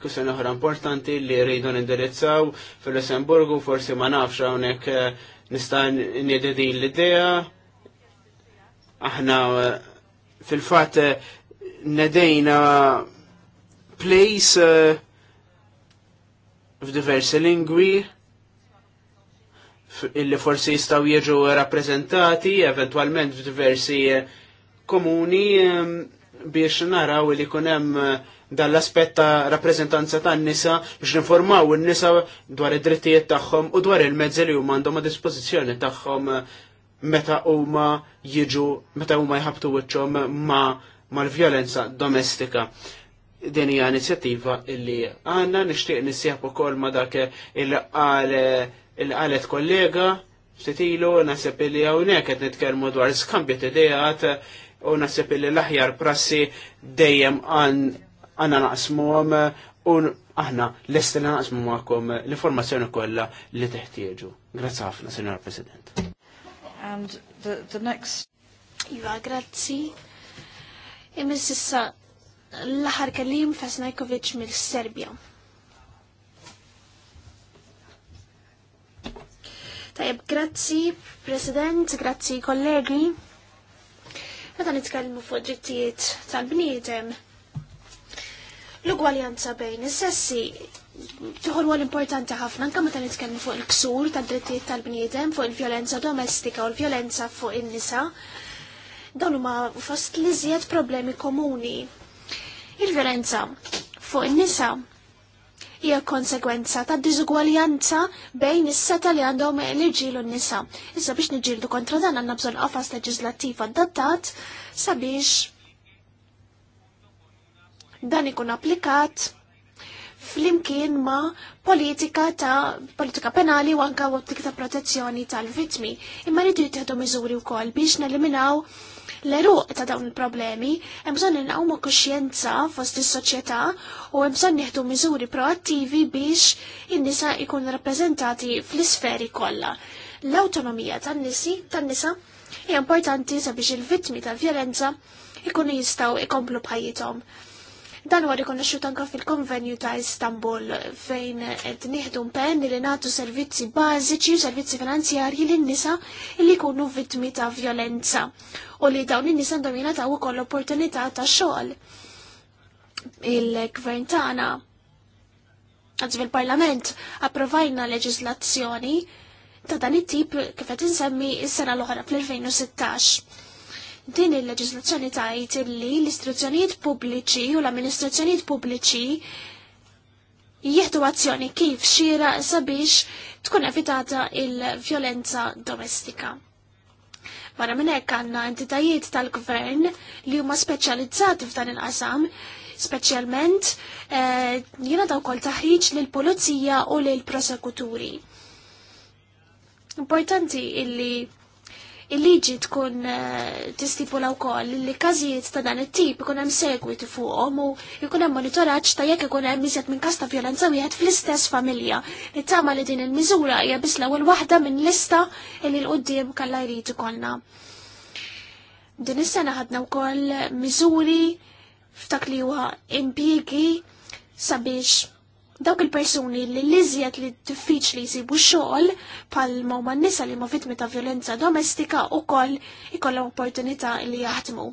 B: kussjoni oħra importanti li rridu nindirizzaw fil-Lussemburgu, forsi ma nafx hawnhekk uh, nista' niedi din l-idea. Aħna uh, fil-fatt nedejna place f'diversi lingwi illi forsi jistaw jieġu rappresentati eventualment diversi eh, komuni ehm, biex naraw li kunem eh, dall-aspett ta' rappresentanza ta' nisa biex informaw n-nisa dwar id-drittijiet tagħhom u dwar il-mezzi li huma għandhom a dispożizzjoni tagħhom eh, meta huma jiġu meta huma jħabtu wiċċhom ma' mal-vjolenza domestika. Din hija inizjattiva illi għandna nixtieq nisieħ ukoll ma' dak il qal Il il-għalet kollega f'titilu nasib li hawnhekk qed nitkellmu dwar skambju tidejat u nasib li l-aħjar prassi dejjem naqsmu naqsmuhom u aħna l-istina naqsmu għakom l-informazzjoni kollha li teħtieġu. Grazzi ħafna, senor President.
D: And the, the next Iva,
C: grazzi. Imis issa l ħar kallim Fasnajkovic mill-Serbja. Tajab, grazzi, President, grazzi kollegi. Meta nitkellmu fuq drittijiet tal-bniedem, l-ugwaljanza bejn is-sessi tħol rwol importanti ħafna anke meta nitkellmu fuq il-ksur tad-drittijiet tal-bniedem, fuq il-vjolenza domestika u l-vjolenza fuq in-nisa. Dawn huma fost l problemi komuni. Il-vjolenza fuq in-nisa hija konsegwenza ta' diżugwaljanza bejn is-seta li għandhom l-irġiel u n-nisa. Issa biex niġġieldu kontra dan għandna bżonn qafas leġislattiv adattat sabiex dan ikun applikat flimkien ma politika ta' politika penali u anka politika ta' protezzjoni tal-vitmi. Imma rridu jittieħdu miżuri wkoll biex neliminaw l-eruq ta' dawn il-problemi, hemm bżonn inqawmu kuxjenza fost is-soċjetà u hemm bżonn nieħdu miżuri proattivi biex in-nisa jkunu rappreżentati fl-isferi kollha. L-awtonomija tan-nisi tan-nisa hija importanti sabiex il-vittmi tal-vjolenza ikunu jistgħu ikomplu bħajjithom. Dan huwa rikonoxxut anke fil-Konvenju ta' Istanbul fejn qed nieħdu pen li nagħtu servizzi bażiċi u servizzi finanzjarji lin-nisa li jkunu vittmi ta' violenza u li dawn in-nisa għandhom jingħataw ukoll opportunità ta' xogħol. Il-gvern tagħna għazvi fil parlament approvajna leġislazzjoni ta' dan it-tip kif qed insemmi s-sena l-oħra fl-2016. Din il-leġislazzjoni tajt li l-istruzzjonijiet pubbliċi u l-amministrazzjonijiet pubbliċi jieħdu azzjoni kif xira sabiex tkun evitata il-vjolenza domestika. Mara minn hekk għandna entitajiet tal-gvern li huma speċjalizzati f'dan il-qasam speċjalment eh, jena daw kol taħriġ l pulizija u l-prosekuturi. Importanti illi il-liġi tkun eh, tistipula wkoll li każijiet ta' dan it-tip ikun hemm segwiti fuqhom u jkun hemm monitoraġġ ta' jekk ikun hemm iżjed minn kasta vjolenza wieħed fl-istess familja. Nittama li din il-miżura hija biss l-ewwel waħda minn lista li l-qudiem kellha jrid ikollna. Din is-sena ħadna wkoll miżuri f'dak li huwa impjiegi sabiex dawk il-persuni li liżjed li diffiċli jsibu xogħol pal ma nisa li ma vittmi ta' violenza domestika u koll ikollhom opportunità li jaħdmu.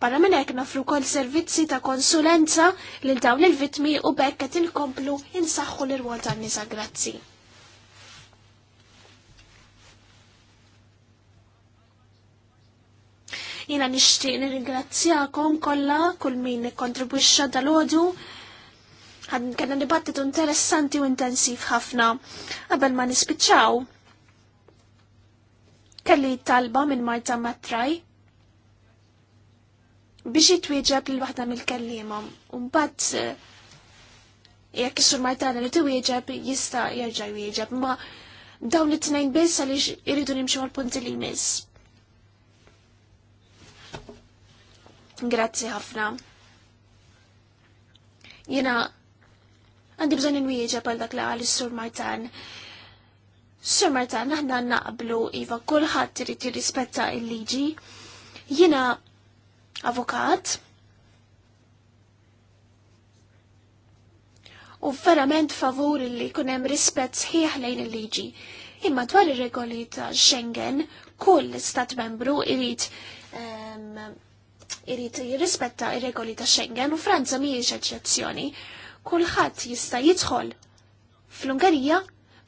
C: Barra minn hekk nafru wkoll servizzi ta' konsulenza li dawn il-vittmi u bekk qed inkomplu insaħħu l-irwol tan-nisa grazzi. Jina nixtieq nirringrazzjakom kollha kull min kontribwixxa dal ħodu għadna kellna dibattitu interessanti u intensiv ħafna qabel ma nispiċċaw. Kelli talba minn Marta Matraj biex jitwieġeb lil waħda mill-kellima. Mbagħad eh, jekk isur sur Martana li tiwieġeb jista' jerġa' jwieġeb, ma dawn it-tnejn biss għaliex iridu nimxu mal-punti li jmiss. Grazzi ħafna. Jena Għandi bżon nwieġa pal dak li s sur Martan. Sur Martan, aħna naqblu iva kulħadd irid jirrispetta il-liġi. Jiena avukat, u verament favur li kunem rispett sħiħ lejn il-liġi. Imma dwar ir-regoli ta' Schengen, kull stat membru irrit irid ehm, irrit jirrispetta ir-regoli ta' Schengen u Franza mhijiex eċċezzjoni kulħadd jista' jidħol fl-Ungerija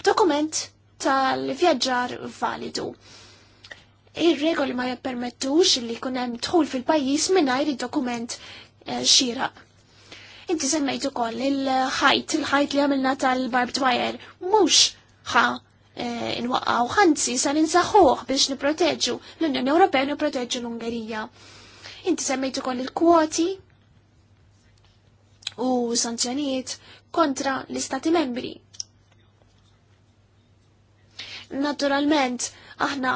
C: b'dokument tal-vjaġġar validu. Ir-regoli ma jippermettux li jkun hemm dħul fil-pajjiż mingħajr id-dokument eh, xieraq. Inti semmejt ukoll il-ħajt, il-ħajt li għamilna tal-barbed wire, mhux ħa eh, inwaqqaw ħanzi sa ninsaħħuh biex niproteġġu l-Unjoni Ewropea niproteġġu l-Ungerija. Inti semmejt ukoll il-kwoti u sanzjonijiet kontra l-Istati membri. Naturalment, aħna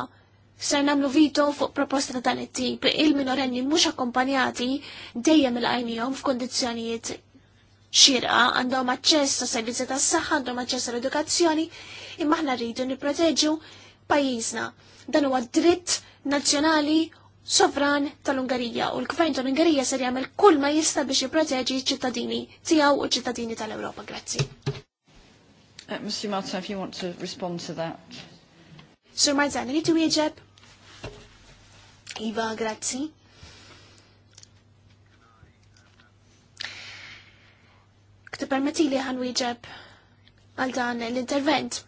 C: ser namlu vito fuq proposta ta' dan it-tip il-minorenni mhux akkompanjati dejjem il għajnijom f'kondizzjonijiet xirqa għandhom aċċess ta' servizzi tas saħħa għandhom aċċess ta' edukazzjoni imma aħna rridu nipproteġu pajjiżna. Dan huwa dritt nazzjonali sovran tal-Ungarija u l-gvern tal-Ungarija ser jagħmel kull ma jista' biex jipproteġi ċ-ċittadini tiegħu u ċ-ċittadini tal-Ewropa. Grazzi.
D: Uh, Mr. Martin, if you want to respond to that.
C: Sir Marzan, li wieġeb? Iva, grazzi. Ktipermetti li ħan wieġeb għal dan l-intervent.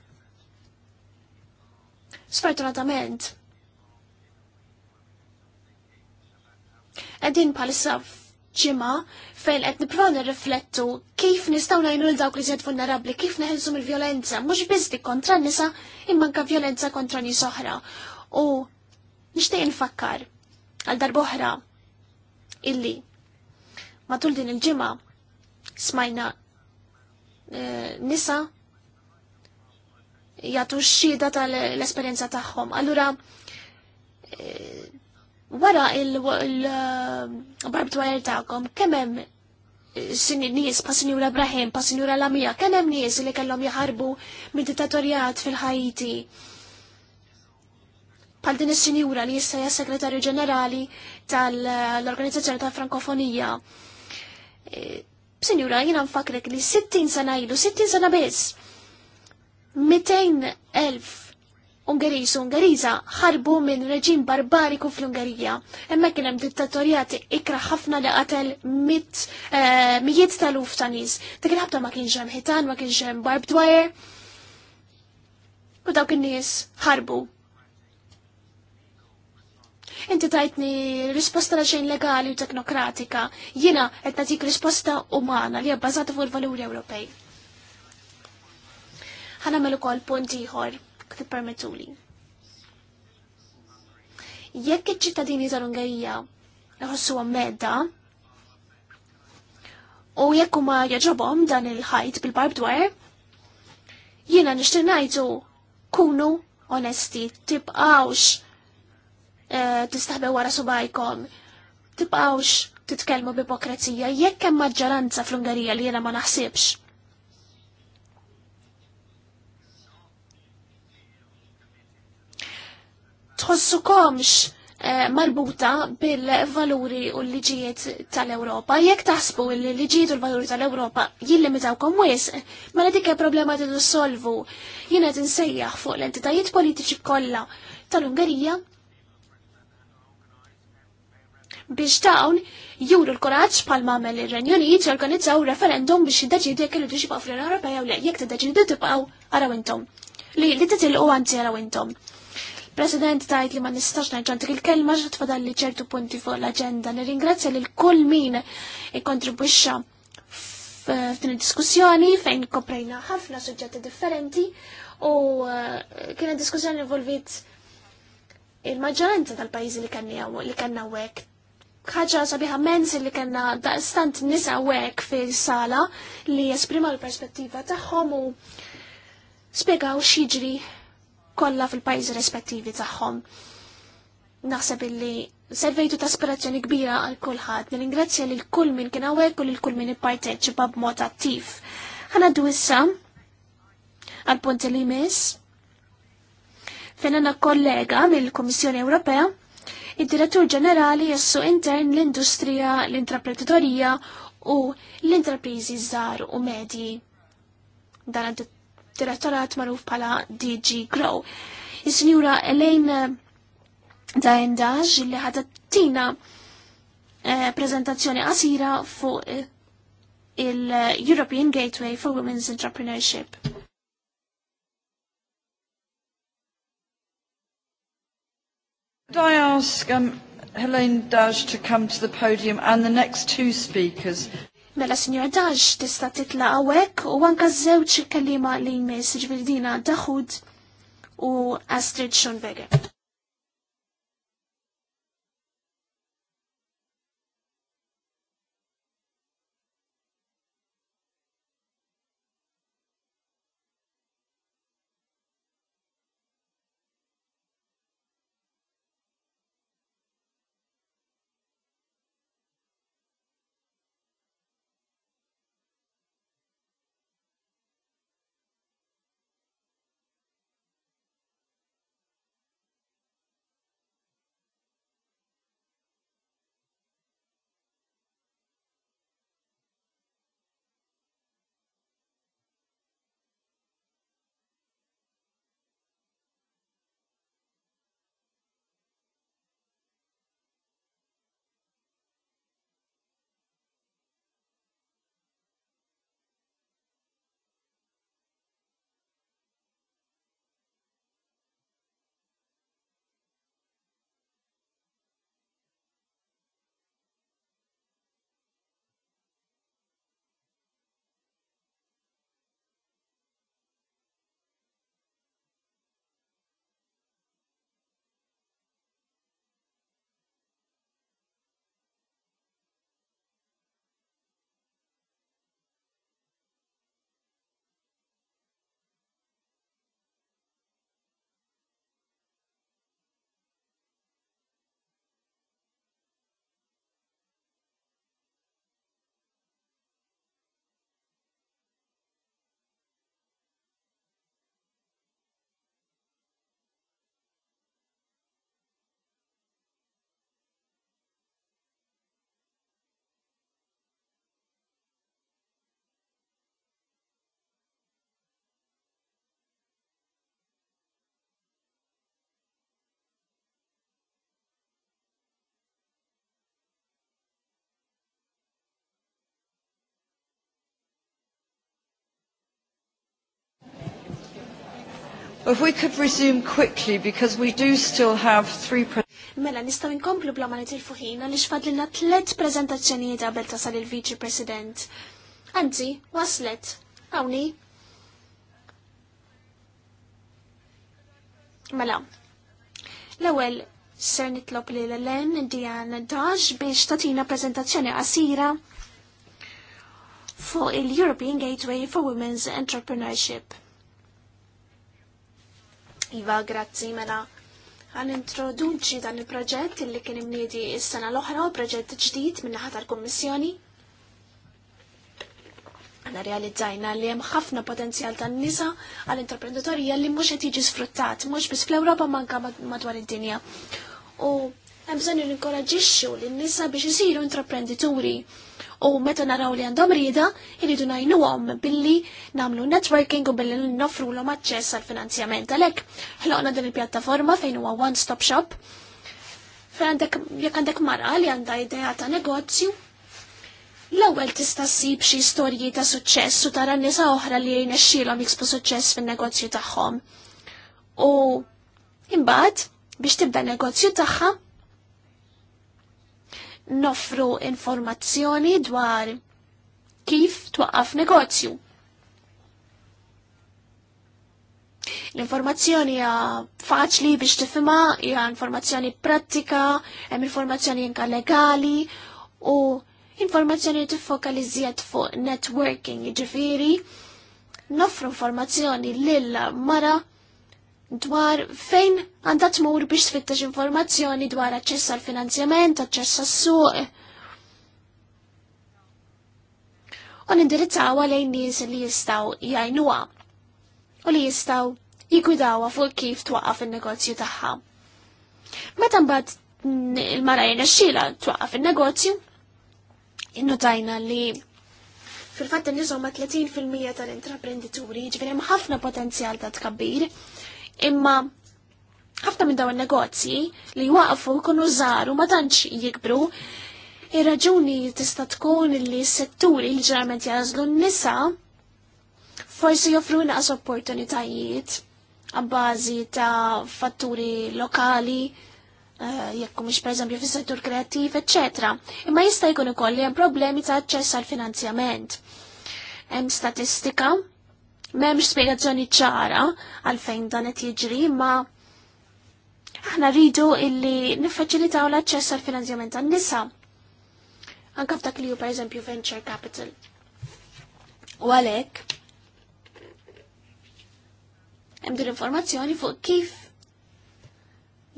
C: Sfortunatament, Edin palissa ġima fejn qed niprofa nirriflettu kif nistgħu najnu l dawk li zed vulnerabbli, kif neħilsu mill-vjolenza, mhux biss dik kontra nisa imma anke vjolenza kontra nies oħra. U nixtieq nfakkar għal darb'oħra illi matul din il-ġimgħa smajna e, nisa jagħtu x-xhieda tal-esperjenza tagħhom. Allura e, wara il-barbed um, wire ta'kom, kemem eh, nis pa Sinjura Ibrahim, pa Sinjura Lamija, kemem nis li kellhom jaħarbu minn dittatorjat fil-Ħajti. Pal din is-sinjura li jista' segretarju ġenerali tal-Organizzazzjoni ta' Frankofonija. Eh, sinjura, jiena nfakrek li 60 sena ilu, 60 sena biss. 200 elf Ungeriż u Ungeriża ħarbu minn reġim barbariku fl-Ungerija. Hemmhekk kien hemm dittatorjati ikra ħafna li qatel mit eh, mijiet taluf ta' nies. Dik il-ħabta ma kienx hemm ħitan, ma kienx hemm barbed wire. U dawk in-nies ħarbu. Inti tajtni risposta ta' xejn legali u teknokratika. Jiena qed nagħtik risposta umana li hija bbażata fuq il-valuri Ewropej ħanamel ukoll punt ieħor jekk tippermettuli. Jekk iċ-ċittadini tal-Ungerija jħossuha medda, u jekk huma jaġobhom dan il-ħajt bil barb dwar, jiena nixtieq ngħidu kunu onesti, tibqawx eh, tistaħbew wara subajkom, tibqawx titkellmu b'ipokrazija, jekk hemm maġġoranza fl-Ungerija li jiena ma naħsibx tħossukomx eh, marbuta bil-valuri u l-liġijiet tal-Europa. Jekk taħsbu l-liġijiet u l-valuri tal-Europa jillimitawkom wis, ma la dikke problema tidu solvu. Jina insejjaħ fuq l-entitajiet politiċi kollha tal-Ungerija biex dawn juru l koraċ pal mamel ir-Renju jorganizzaw referendum biex jiddeċidu jekk irridu xibqgħu fl-Ewropea jew le jekk tiddeċidu tibqgħu araw intom. Li li titilqu anzi għanti intom. President tajt li ma nistax najġantik il-kelma ġat tfadal li ċertu punti fuq l-agenda. Nirringrazzja li l-kull min ikontribuixxa f'din il-diskussjoni fejn koprejna ħafna suġġetti differenti u eh, kienet diskussjoni involvit il-maġġoranza tal-pajjiżi li kanna li hekk. Ħaġa sabiħa mens li kanna stant nisa hekk fil-sala li jesprimaw l-perspettiva tagħhom u spjegaw x'jiġri kollha fil-pajjiżi rispettivi tagħhom. Naħseb illi servejtu ta' aspirazzjoni kbira għal kulħadd, nirringrazzja lil kull min kien hawnhekk u lil kull min ipparteċipa b'mod attiv. Ħanaddu issa għal punti li miss fejn għandna kollega mill-Kummissjoni Ewropea id-Direttur Ġenerali jessu intern l-Industrija, l-Intraprenditorija u l-Intrapriżi Żgħar u Medji. Dan direttorat maruf pala DG Grow. Is-sinjura Elaine Daendaj li ħadat tina eh, prezentazzjoni qasira fuq eh, il-European
D: Gateway for Women's Entrepreneurship. Could I ask um, Helene Daj to come to the podium and the next two speakers? Mela Sinjor Daġ tista titla
C: għawek u għanka żewġ kellima li jmess ġvildina Daħud u
D: Astrid Schoenberger. If we could resume quickly because we do still have three
C: Mela nistgħu inkomplu bla ma nitilfu li xfadlina tlet tliet preżentazzjonijiet qabel tasal il-Viċi President. Anzi, waslet, għawni. Mela, l-ewwel ser nitlob li l-Len Dian Dash biex tatina prezentazzjoni qasira fuq il-European Gateway for Women's Entrepreneurship. Iva, grazzi mela Għan introduċi dan il-proġett illi kien imniedi s-sena l-oħra u proġett ġdid minn naħa tal-Kommissjoni. Għana realizzajna li hemm ħafna potenzjal tan nisa għal intraprenditorija li mhux qed jiġi sfruttat, mhux biss fl-Ewropa manka madwar id-dinja. U hemm bżonn ninkoraġixxu lin-nisa biex isiru intraprendituri u meta naraw li għandhom rida, jridu għom billi namlu networking u billi noffru l aċċess għal finanzjament għalhekk. Ħloqna din il-pjattaforma fejn huwa one-stop shop. Fejn jekk għandek mara li għandha idea ta' negozju, L-ewwel tista' ssib xi storji ta' suċċess u tara nisa oħra li jnexxielhom jiksbu suċċess fin-negozju tagħhom. U imbagħad biex tibda negozju tagħha nofru informazzjoni dwar kif twaqqaf negozju. L-informazzjoni hija faċli biex tifhimha, hija informazzjoni prattika, hemm informazzjoni inka legali u informazzjoni tiffokalizzjat fuq networking, jiġifieri nofru informazzjoni lil mara dwar fejn għandha tmur biex tfittex informazzjoni dwar aċċess għal finanzjament, aċċess għal suq. U nindirizzawa lejn nies li jistgħu jgħinuha u li jistgħu jigwidawha fuq kif twaqqaf in-negozju tagħha. Meta mbagħad il-mara xila twaqqaf in-negozju, innotajna li fil-fatt nizom ma 30% tal-intraprendituri, ġveri jiġifieri ħafna potenzjal ta' tkabbir, Imma ħafna minn dawn negozji li waqfu jkunu żaru ma tantx jikbru. Ir-raġuni tista' tkun li s-setturi li ġeneralment jażlu n-nisa forsi joffru naqas opportunitajiet għabbażi ta' fatturi lokali, eh, jekk mhux pereżempju fis-settur kreattiv, etc. Imma jista' jkun ukoll li hemm problemi ta' aċċess għal finanzjament. Hemm statistika M'hemmx spjegazzjoni ċara għalfejn dan qed jiġri, ma aħna rridu illi niffaċilitaw l-aċċess għal finanzjament tan-nisa. Anka f'dak li hu pereżempju venture capital. U għalhekk hemm din informazzjoni fuq kif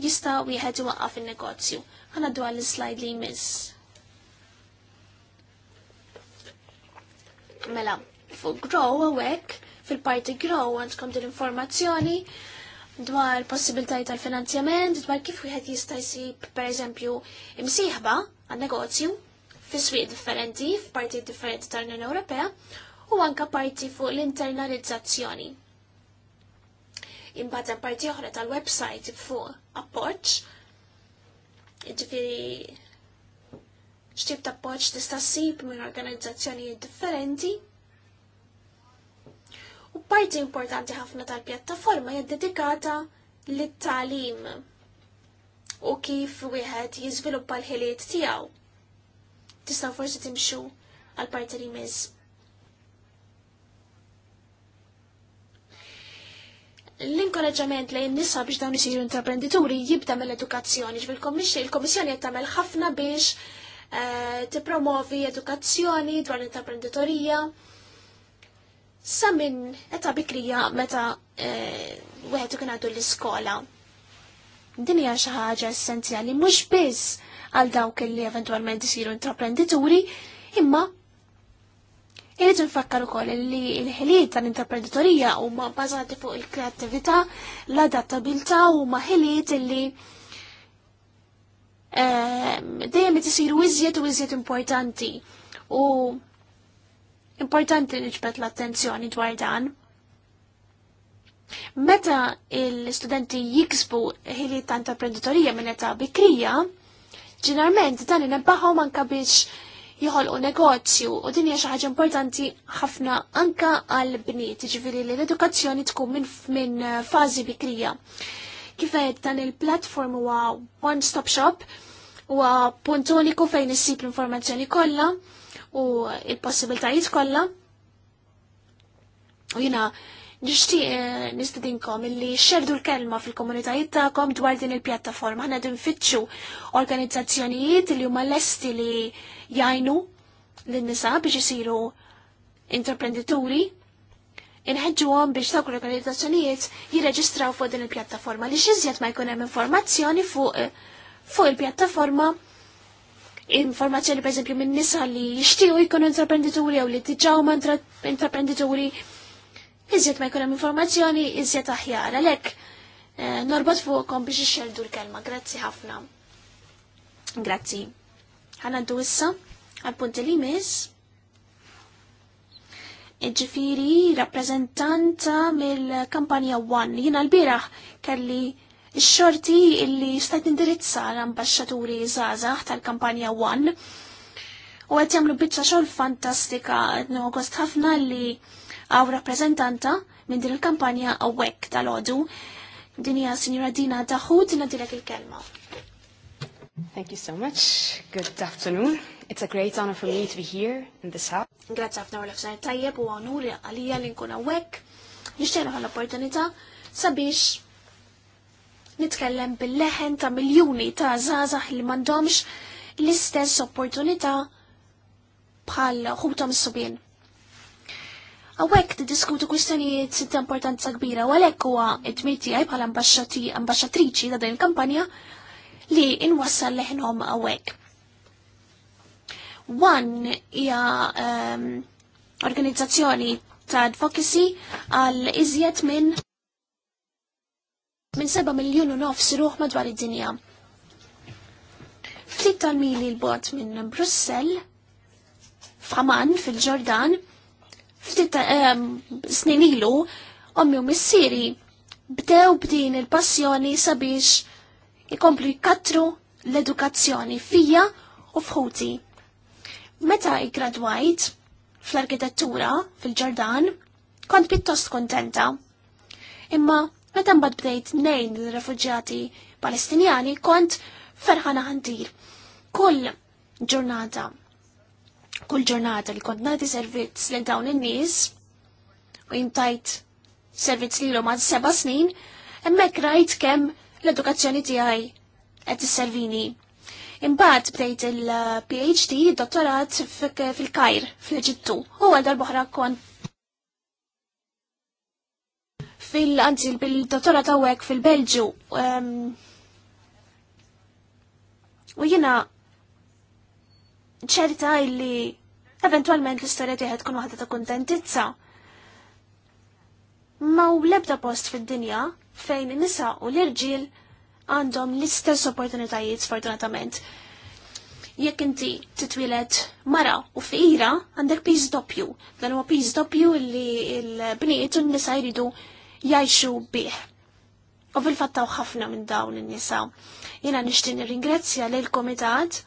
C: jista' wieħed iwaqqaf in-negozju. Ħana dwar l-slide li jmiss. Mela, fuq grow għawek fil-parti grow għandkom din informazzjoni dwar possibilitajiet tal-finanzjament, dwar kif wieħed jista' jsib pereżempju imsieħba għan negozju fi swieq differenti, f'parti differenti tal-Unjoni Ewropea u anka parti fuq l-internalizzazzjoni. Imbagħad hemm parti oħra tal-website fuq appoġġ. Jiġifieri x'tib ta' appoġġ tista' ssib minn organizzazzjonijiet differenti Parti importanti ħafna tal-pjattaforma hija dedikata lit-talim u kif wieħed jiżviluppa l-ħiliet tiegħu. Tista' forsi timxu għal parti li miż. l-inkoraġġament lejn nisa biex dawn isiru intraprenditori jibda mill-edukazzjoni. Il-Kommissjoni qed tagħmel ħafna biex eh, tippromovi edukazzjoni dwar l-intraprenditorija sa minn eta bikrija meta e, wieħed ikun għadu l-iskola. Din hija xi ħaġa essenzjali mhux biss għal dawk li eventualment isiru intraprendituri, imma Irrid nfakkar ukoll li l-ħiliet tal-intraprenditorija huma bbażati fuq il-kreattività, l-adattabilità huma ħiliet li e, dejjem qed isiru iżjed u iżjed importanti. U Importanti niġbet l-attenzjoni dwar dan. Meta l-studenti jiksbu ħili ta' imprenditorija minn eta bikrija, ġeneralment dan inebbaħhom anka biex jħolqu negozju u din hija xi ħaġa importanti ħafna anka għal bniet, iġifieri li l-edukazzjoni tkun minn min fażi bikrija. Kif qed dan il-platform huwa one-stop shop huwa punt uniku fejn issib l-informazzjoni kollha u il-possibiltajiet kollha. U jina nixtieq eh, nistedinkom illi xerdu l-kelma fil-komunitajiet tagħkom dwar din il-pjattaforma. Ħna nfittxu organizzazzjonijiet li huma lesti li jgħinu l nisa biex isiru intraprenditori għom biex ta' l-organizzazzjonijiet jirreġistraw fuq din il-pjattaforma li xiżjed ma jkun hemm informazzjoni fuq eh, fuq il-pjattaforma informazzjoni per esempio minn nisa li jixtiju jkunu intraprenditori jew li diġaw ma intraprenditori iżjed ma jkun hemm informazzjoni iżjed aħjar għalhekk eh, norbot fuqhom biex ixxeldu l-kelma. Grazzi ħafna. Grazzi. ddu issa għal punti li miss. Ġifiri, rappresentanta mill-kampanja One. Jina l-biraħ kelli Ix-xorti illi stajt indirizza l-ambasċaturi zazax tal-kampanja One u għet jamlu bieċa xol fantastika għednu għost ħafna li għaw rappresentanta minn din il-kampanja għawek tal-ħodu. Dinja Signora Dina Daħud, nadilek il-kelma. Thank you so much. Good afternoon. It's a great honor for me to be here in this house. Grazie għafna u l tajjeb u għanur għalija li nkun għawek. Nishtiena għal opportunità sabiex nitkellem bil-leħen ta' miljuni ta' zazax li mandomx l-istess opportunità bħal ħutom subien Għawek t-diskutu kustanijiet ta' importanza kbira, u għalek huwa id għaj bħal ambasċatriċi ta' din kampanja li inwassal leħnhom għawek. One hija um, organizzazzjoni ta' advocacy għal iżjed minn minn 7 miljon u nofs ruħ madwar id-dinja. Ftit tal-mili l-bot minn Brussel, f'Aman fil-Ġordan, ftit snin ilu, ommi u missieri bdew b'din il-passjoni sabiex ikomplu jikatru l-edukazzjoni fija u fħuti. Meta igradwajt fl-arkitettura fil-ġordan, kont pittost kontenta. Imma Meta mbagħad bdejt nejn l-refuġjati Palestinjani kont ferħana ħandir. Kull ġurnata, kull ġurnata li kont nagħti servizz lil dawn in-nies u jintajt servizz lilu ma' seba snin, hemmhekk rajt kemm l-edukazzjoni tiegħi qed isservini. Imbagħad bdejt il-PhD, dottorat fil-Kajr, fl-Eġittu. U għal darbohra kont fil anzi bil-dottora tawek fil-Belġu. Ehm, u jina ċerta illi eventualment l istoria tiħed tkun waħda ta' kuntentizza. Ma u lebda post fid-dinja fejn nisa u l-irġiel għandhom l-istess opportunitajiet sfortunatament. Jekk inti titwilet mara u fira għandek piż doppju. Dan huwa piż doppju li l-bniet u n-nisa jridu jajxu bih. U fil-fattaw ħafna minn dawn in-nisa. Jiena nixtieq nirringrazzja l komitat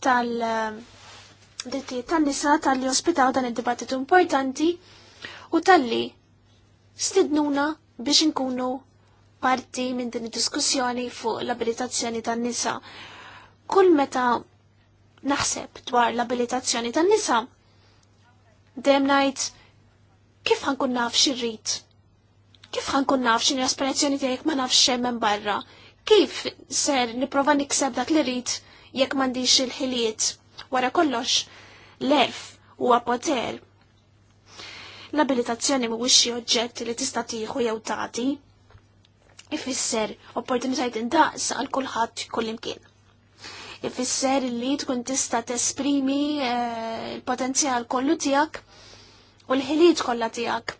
C: tal- eh, tan-nisa tal-li ospitaw dan id-dibattitu importanti u tal-li stidnuna biex nkunu parti minn din id-diskussjoni fuq l-abilitazzjoni tan-nisa. Kull meta naħseb dwar l-abilitazzjoni tan-nisa, dem ngħid kif ħankun naf xirrit Kif ħankun naf x'inhi l-aspirazzjoni tiegħek ma nafx xejn minn barra? Kif ser nipprova nikseb dak li rrid jekk m'għandix il-ħiliet wara kollox l-erf huwa poter. L-abilitazzjoni mhuwiex xi oġġett li tista' tieħu jew tagħti. Ifisser opportunitajt indaqs għal kulħadd kullimkien. Ifisser li tkun tista' tesprimi eh, l-potenzjal kollu tiegħek u l-ħiliet kollha tiegħek.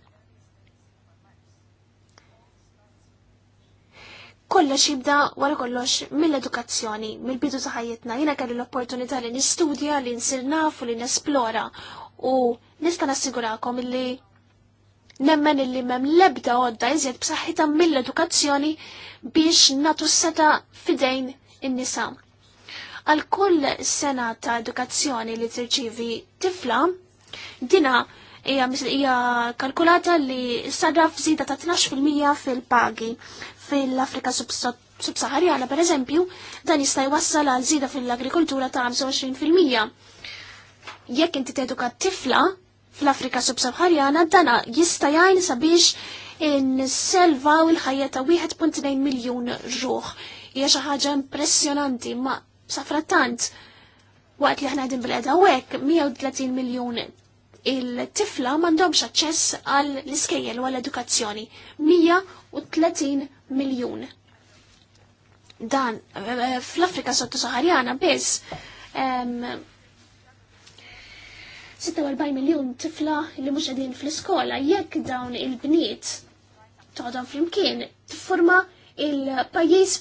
C: kollox jibda wara kollox mill-edukazzjoni, mill-bidu ta' ħajjitna. Jiena kelli l-opportunità li nistudja, li nsir nafu, li nesplora u nista' nassigurakom illi nemmen illi mem lebda għodda iżjed b'saħħitha mill-edukazzjoni biex natu seta fidejn in-nisa. Għal kull sena ta' edukazzjoni li tirċivi tifla, dina hija kalkulata li sarraf zida ta' 12% fil-pagi fil-Afrika subsaharjana per eżempju, dan jista' wassal għal żieda fil-agrikoltura ta' 25%. Jekk inti teduka tifla fl-Afrika subsaharjana, dan jista' għajn sabiex u il-ħajja ta' 1.2 miljun ruħ. Hija xi ħaġa impressjonanti, ma safrattant waqt li ħna din bil-qeda hekk 130 miljun il-tifla m'għandhomx aċċess għall iskejjel u għall edukazzjoni. 30 miljun. Dan, eh, eh, fl-Afrika sottosaharjana biss, 46 miljon tifla li mhux qegħdin fl-iskola jekk dawn il-bniet toħodhom flimkien tifforma il-pajjiż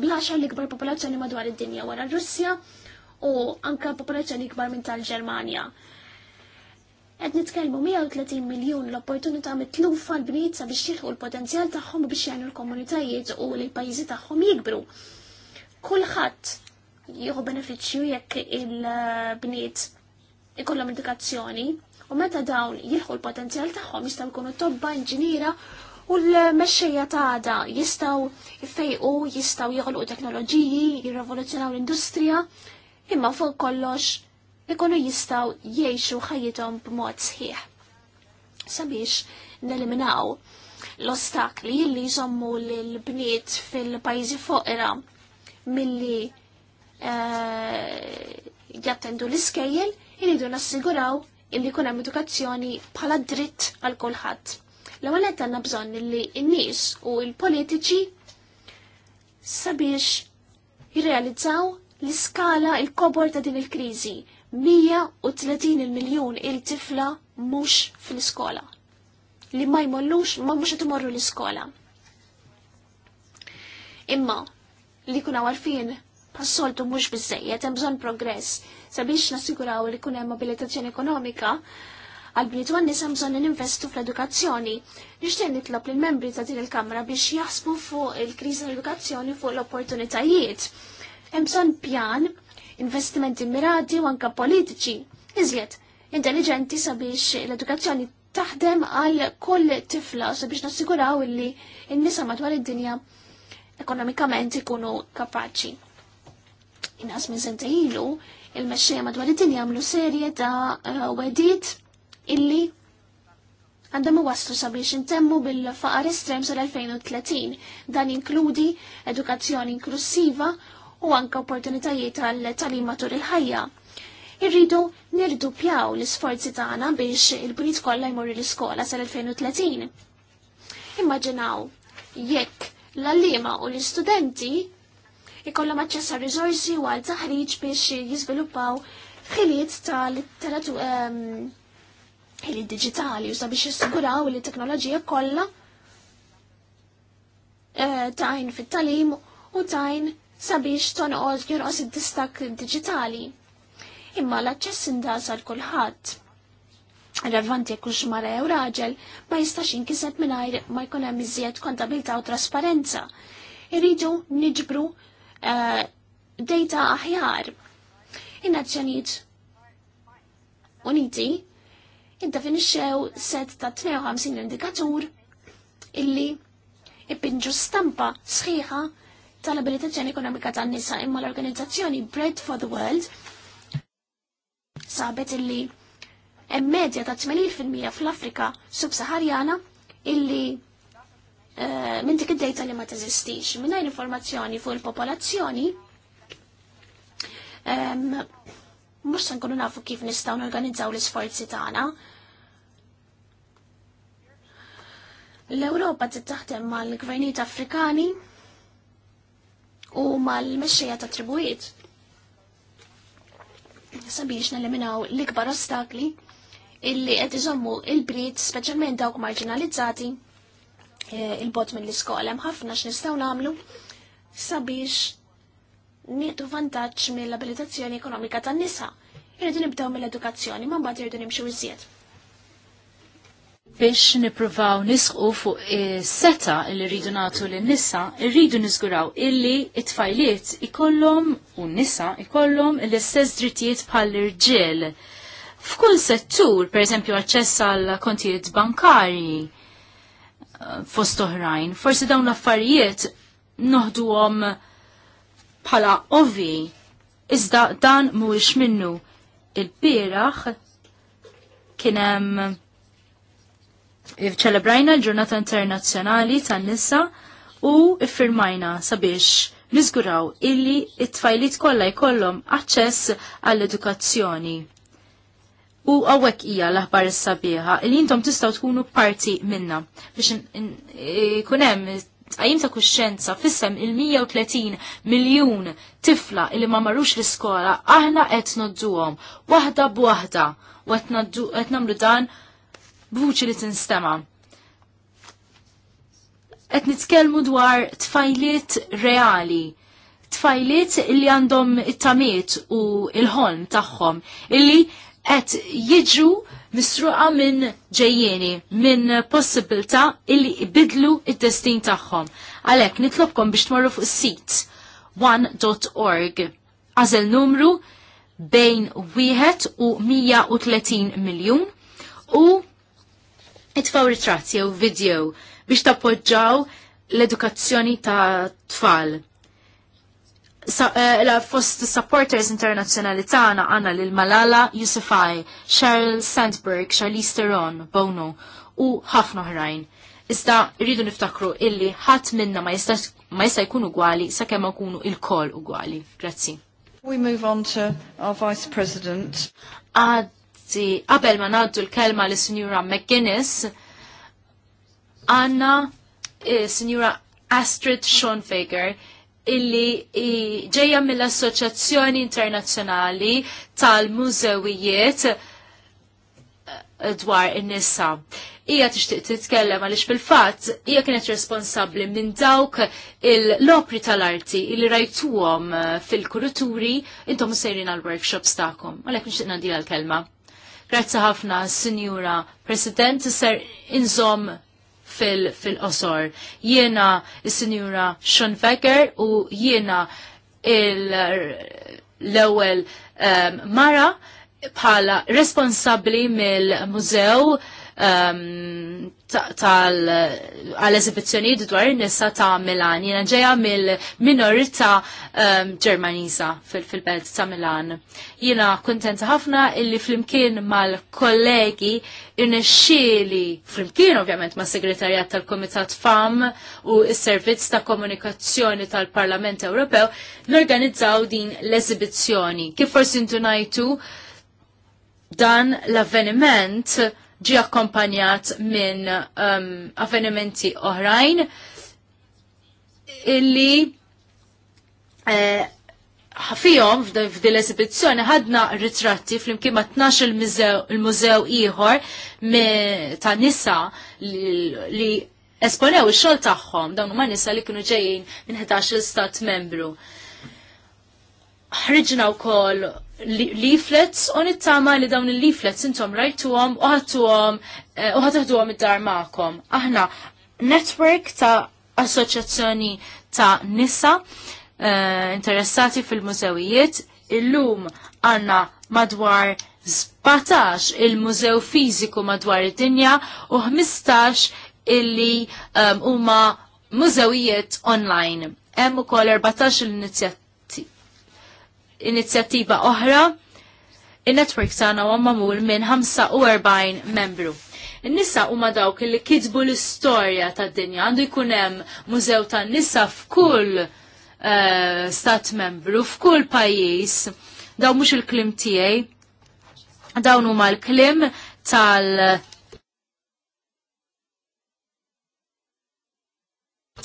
C: bilaxa l-ikbar popolazzjoni madwar id-dinja wara r Russja u anka popolazzjoni ikbar minn tal-Ġermanja. Qed nitkellmu 130 miljun l-opportunità mitlufa l-bniet sabiex jieħu l-potenzjal tagħhom biex jgħinu l-komunitajiet u li l-pajjiżi tagħhom jikbru. Kulħadd jieħu benefiċċju jekk il-bniet ikollhom edukazzjoni u meta dawn jieħu l-potenzjal tagħhom jistgħu jkunu tobba inġiniera u l-mexxejja ta' għada jistgħu jfejqu, jistgħu jieħolqu teknoloġiji, jirrevoluzzjonaw l-industrija, imma fuq kollox ikunu jistaw jiexu ħajjithom b'mod sħiħ. Sabiex neliminaw l-ostakli li jżommu l-bniet fil-pajzi foqra milli eh, jattendu l-iskejjel jridu nassiguraw illi kun hemm edukazzjoni bħala dritt għal kulħadd. L-ewwel qed għandna bżonn li n-nies u l-politiċi sabiex jirrealizzaw l-iskala il-kobor ta' din il-kriżi 130 miljon il-tifla mhux fl-iskola. Li ma jmollux ma mhux qed imorru l-iskola. Imma li kuna għarfien passoltu mhux biżejjed hemm bżonn progress sabiex nassiguraw li kuna hemm mobilitazzjoni ekonomika għal bniet u għannis bżonn ninvestu fl-edukazzjoni. Nixtieq nitlob lill membri ta' din il-Kamra biex jaħsbu fuq il-kriżi l-edukazzjoni fuq l-opportunitajiet. Hemm bżonn pjan investimenti mirati u anka politiċi iżjed intelligenti sabiex l-edukazzjoni taħdem għal kull tifla sabiex nassiguraw illi n-nisa madwar id-dinja ekonomikament ikunu kapaċi. Inqas minn sente ilu, il mesċeja madwar id-dinja għamlu serje ta' eh, wedid illi għandhom waslu sabiex intemmu bil-faqar estrem sal-2030. Dan inkludi edukazzjoni inklusiva u anka opportunitajiet tal-talim matul il-ħajja. Irridu pjaw l-isforzi tagħna biex il bnit kollha jmorru l-iskola sal-2030. Immaġinaw jekk l-allima u l-istudenti ikollhom aċċess għal riżorsi u għal taħriġ biex jiżviluppaw ħiliet tal teratu ehm, ħiliet diġitali u sabiex jissiguraw li t-teknoloġija kollha eh, tajn fit-talim u tajn sabiex tonqod jonqos id-distak digitali. Imma l-aċċess indas għal kulħadd. Relevanti jekk hux mara jew raġel ma jistax inkiseb mingħajr ma jkun hemm iżjed kontabilità u trasparenza. Irridu niġbru uh, data aħjar. In-Nazzjonijiet Uniti iddefinixxew set ta' 52 indikatur illi ippinġu stampa sħiħa tal-abilitazzjoni ekonomika tan-nisa imma l-organizzazzjoni Bread for the World sabet illi hemm medja ta' 80% fl-Afrika subsaharjana illi uh, minn dik id-dejta li ma teżistix. Mingħajr informazzjoni fuq il-popolazzjoni um, mhux se nkunu nafu kif nistgħu norganizzaw l-isforzi tagħna. L-Ewropa tittaħdem mal-gvernijiet Afrikani u mal-mexxejja ta' tribwiet. Sabiex neliminaw l-ikbar ostakli illi qed iżommu il-brid speċjalment dawk marginalizzati e, il-bot mill-iskola hemm ħafna x'nistgħu nagħmlu sabiex nieħdu vantaġġ mill-abilitazzjoni ekonomika tan-nisa. Irridu nibdew mill-edukazzjoni, ma mbagħad irridu nimxu iżjed
A: biex nipruvaw nisqu fuq eh, seta li rridu natu l nisa rridu nizguraw illi it-tfajliet ikollhom u nisa ikollhom l-istess drittijiet bħal irġiel F'kull settur, per eżempju, aċċess għal kontijiet bankari eh, fost oħrajn, forsi dawn l-affarijiet noħduhom bħala ovvi, iżda dan mhuwiex minnu. Il-bieraħ kien hemm ċelebrajna l-ġurnata internazzjonali tan-nisa u iffirmajna sabiex niżguraw illi it-tfajlit kollha jkollhom aċċess għall-edukazzjoni. U għawek ija l-aħbar s-sabiħa, li jintom tistaw tkunu parti minna biex kunem għajim ta' kuxċenza fissem il-130 miljon tifla li ma marrux l-iskola aħna qed nodduhom waħda b'waħda u qed namlu dan b'vuċi li tinstema' qed nitkellmu dwar tfajliet reali, tfajliet li għandhom it-tamiet u il-ħolm tagħhom, illi qed jiġu misruqa minn ġejjeni, minn possibilità illi bidlu id-destin tagħhom. Għalhekk nitlobkom biex tmorru fuq is-sit one.org. Għażel numru bejn wieħed u 130 miljun u itfaw ritratti jew video biex tappoġġaw l-edukazzjoni ta' tfal. Sa, uh, la fost supporters internazzjonali tagħna għandna lil Malala Yusufai, Sheryl Sandberg, Charlize Theron, Bono u ħafna oħrajn. Iżda rridu niftakru illi ħadd minna ma jista' ma jista' jkun ugwali sakemm ikunu jkunu il-kol ugwali. Grazzi.
D: We move on to our Vice President. Għad nixti qabel ma naddu l-kelma l sinjura McGuinness,
A: għanna eh, sinjura Astrid Schoenfeger, illi ġeja mill-Assoċjazzjoni Internazzjonali tal-Mużewijiet eh, dwar in-nisa. Ija tixtieq titkellem għaliex fil-fatt hija kienet responsabbli minn dawk il-lopri tal-arti li rajtuhom eh, fil-kuraturi intom sejrin għal-workshops tagħkom. Għalhekk nixtieq nagħdi l-kelma. Grazzi ħafna, Signora President, ser inżom fil-qosor. Fil jiena il Sean Fekker u jiena l-ewel um, mara bħala responsabli mill-mużew Um, tal-eżibizzjoni dwar in-nisa ta' Milan. Jiena ġejja mill-minorità um, Ġermaniża fil-belt ta' Milan. Jiena kontenta ħafna illi flimkien mal-kollegi irnexxieli flimkien ovvjament ma' segretarjat tal-Komitat FAM u s-Servizz ta' Komunikazzjoni tal-Parlament Ewropew n-organizzaw din l-eżibizzjoni. Kif forsi intu najtu dan l-avveniment ġi akkompanjat minn um, avvenimenti oħrajn illi ħafijom eh, l esibizzjoni ħadna ritratti fl-imkien ma 12 il-mużew ieħor ta' nisa li esponew ix-xogħol tagħhom dawn huma nisa li kienu ġejjin minn 11 stat membru ħriġna wkoll leaflets u nittama li dawn il-leaflets intom għom u ħadtuhom eh, u id-dar magħkom. Aħna network ta' assoċjazzjoni ta' nisa eh, interessati fil-mużewijiet illum għanna madwar 17 il-mużew fiziku madwar id-dinja u 15 illi eh, huma um, mużewijiet online. Hemm ukoll 14 l-inizjattiva inizjattiva oħra, il-network tagħna huwa magħmul minn 45 membru. In-nisa huma dawk li kitbu l-istorja tad-dinja għandu jkun hemm mużew tan-nisa f'kull uh, stat membru, f'kull pajjiż. Daw mhux il-klim tiegħi. Dawn huma l-klim tal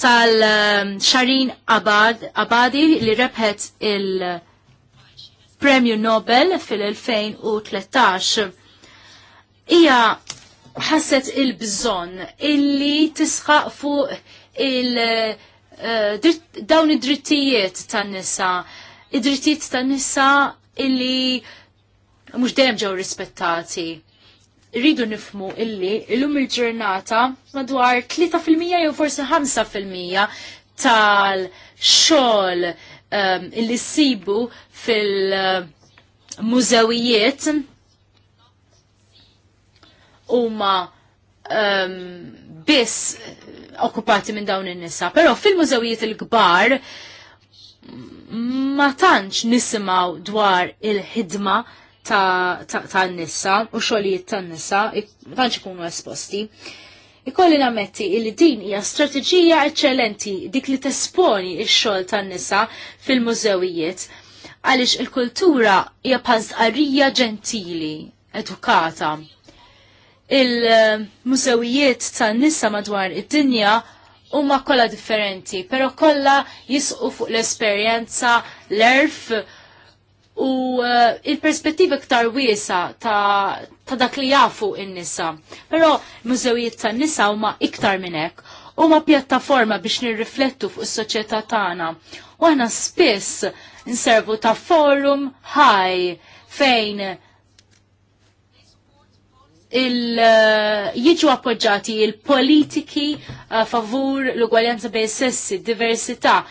A: tal-xarin eh, abad, abadi li rebħet il- premju Nobel fil-2013. Ija ħasset il-bżon illi tisħaq fuq il-dawn eh, id-drittijiet tan-nisa, id-drittijiet tan-nisa illi mux dejjem ġew rispettati. Rridu nifmu illi illum il-ġurnata madwar 3% jew forsi 5% tal-xogħol Um, illi sibu fil-mużewijiet huma um, biss okkupati minn dawn in-nisa. Però fil-mużewijiet il-kbar ma tantx nisimgħu dwar il-ħidma ta', ta, ta nisa u xogħlijiet tan nisa tantx ikunu esposti. Ikolli nammetti il din hija strateġija eċċellenti dik li tesponi x-xogħol tan-nisa fil-mużewijiet għaliex il-kultura hija pażqarija ġentili, edukata. Il-mużewijiet tan-nisa madwar id-dinja huma kollha differenti, però kollha jisqu fuq l-esperjenza, l-erf, u uh, il-perspettiva ktar wiesa ta', ta dak li jafu in-nisa. Però mużewijiet tan nisa huma iktar minn hekk. Huma pjattaforma biex nirriflettu fuq is-soċjetà tagħna. U aħna spiss nservu ta' forum ħaj fejn il eh, jiġu appoġġati il-politiki eh, favur l-ugwaljanza bej sessi, diversità,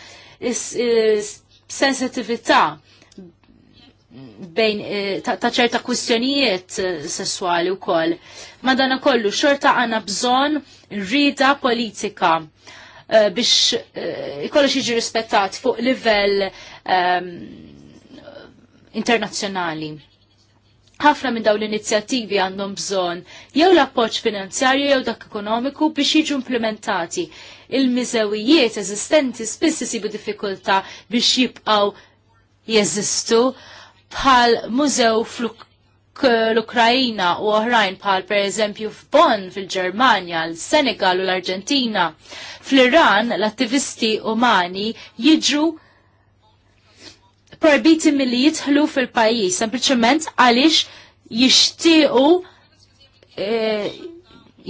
A: sensitività bejn eh, ta' ċerta kwistjonijiet eh, sessuali u koll. Madana kollu xorta għana bżon rida politika eh, biex kollu jiġi rispettat fuq livell ehm, internazzjonali. Ħafna minn daw l-inizjattivi għandhom bżon jew l-appoġġ finanzjarju jew dak ekonomiku biex jiġu implementati. Il-miżewijiet eżistenti spiss isibu diffikulta biex jibqaw jeżistu bħal mużew fl-Ukrajina u oħrajn bħal per eżempju f'Bonn fil-Ġermanja, l-Senegal u l-Arġentina. Fl-Iran l-attivisti umani jiġru probiti milli jitħlu fil-pajis, sempliċement għaliex jixtiequ e,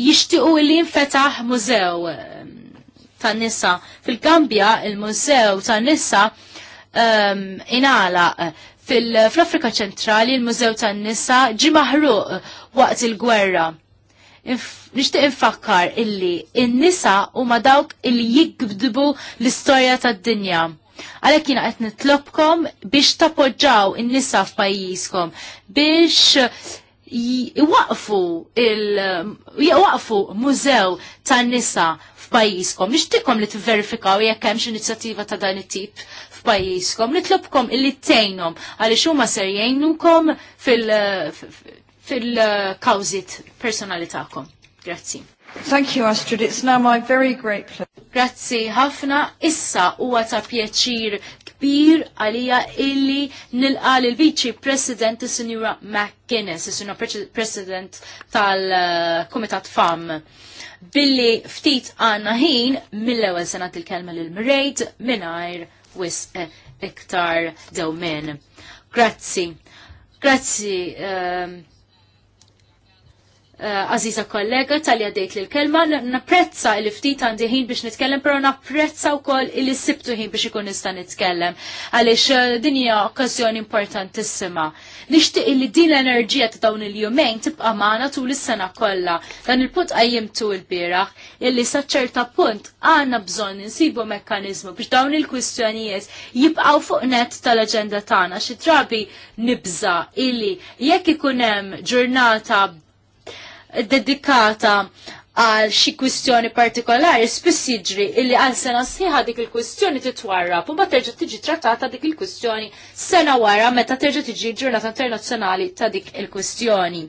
A: jishtiqu li jinfetaħ mużew e, tan nisa. Fil-Gambja, il-mużew tan nisa um, inala uh, fil-Afrika ċentrali il-Mużew tan-Nisa ġi maħruq waqt il-gwerra. Nixtieq infakkar illi in-nisa huma dawk illi jikbdu l-istorja tad-dinja. Għalhekk jiena qed nitlobkom biex tappoġġaw in-nisa f'pajjiżkom biex waqfu il-waqfu mużew tan nisa f'pajjiżkom. Nixtikom li t-verifikaw hemm xi inizjattiva ta' dan it-tip f'pajjiżkom. Nitlobkom illi tgħinhom għaliex huma ser jgħinukom fil-kawżit personali tagħkom. Grazzi.
D: Thank you, Astrid. It's now my very great pleasure. Grazzi ħafna. Issa huwa
A: ta' pjaċir kbir għalija illi nilqa l viċi President Sinjura McGuinness, Sinjura President tal-Komitat FAM. Billi ftit għanna ħin mill-ewel sena til kelma l-Mrejt mingħajr wis eh, iktar dewmen. Grazzi. Grazzi, um, Eh, Aziza kollega tal dejt għaddejt l-kelma, napprezza il-ftit għandi ħin biex nitkellem, pero napprezza u koll il-sibtu ħin biex ikun nista nitkellem, għalix eh, dinja okkazjoni importantissima. Nishtiq li din l-enerġija ta' dawn il-jumejn tibqa maħna tul is-sena kollha. Dan il-punt għajjimtu il-biraħ, illi saċċerta punt għanna bżon nsibu mekkanizmu biex dawn il-kwistjonijiet jibqaw fuq net tal-agenda tagħna xi drabi nibża illi jekk ikun hemm ġurnata dedikata għal xi kwistjoni partikolari spiss jiġri illi għal sena sħiħa dik il-kwistjoni titwarrab u ma terġa' tiġi trattata dik il-kwistjoni sena wara meta terġa' tiġi ġurnata internazzjonali ta' dik il-kwistjoni.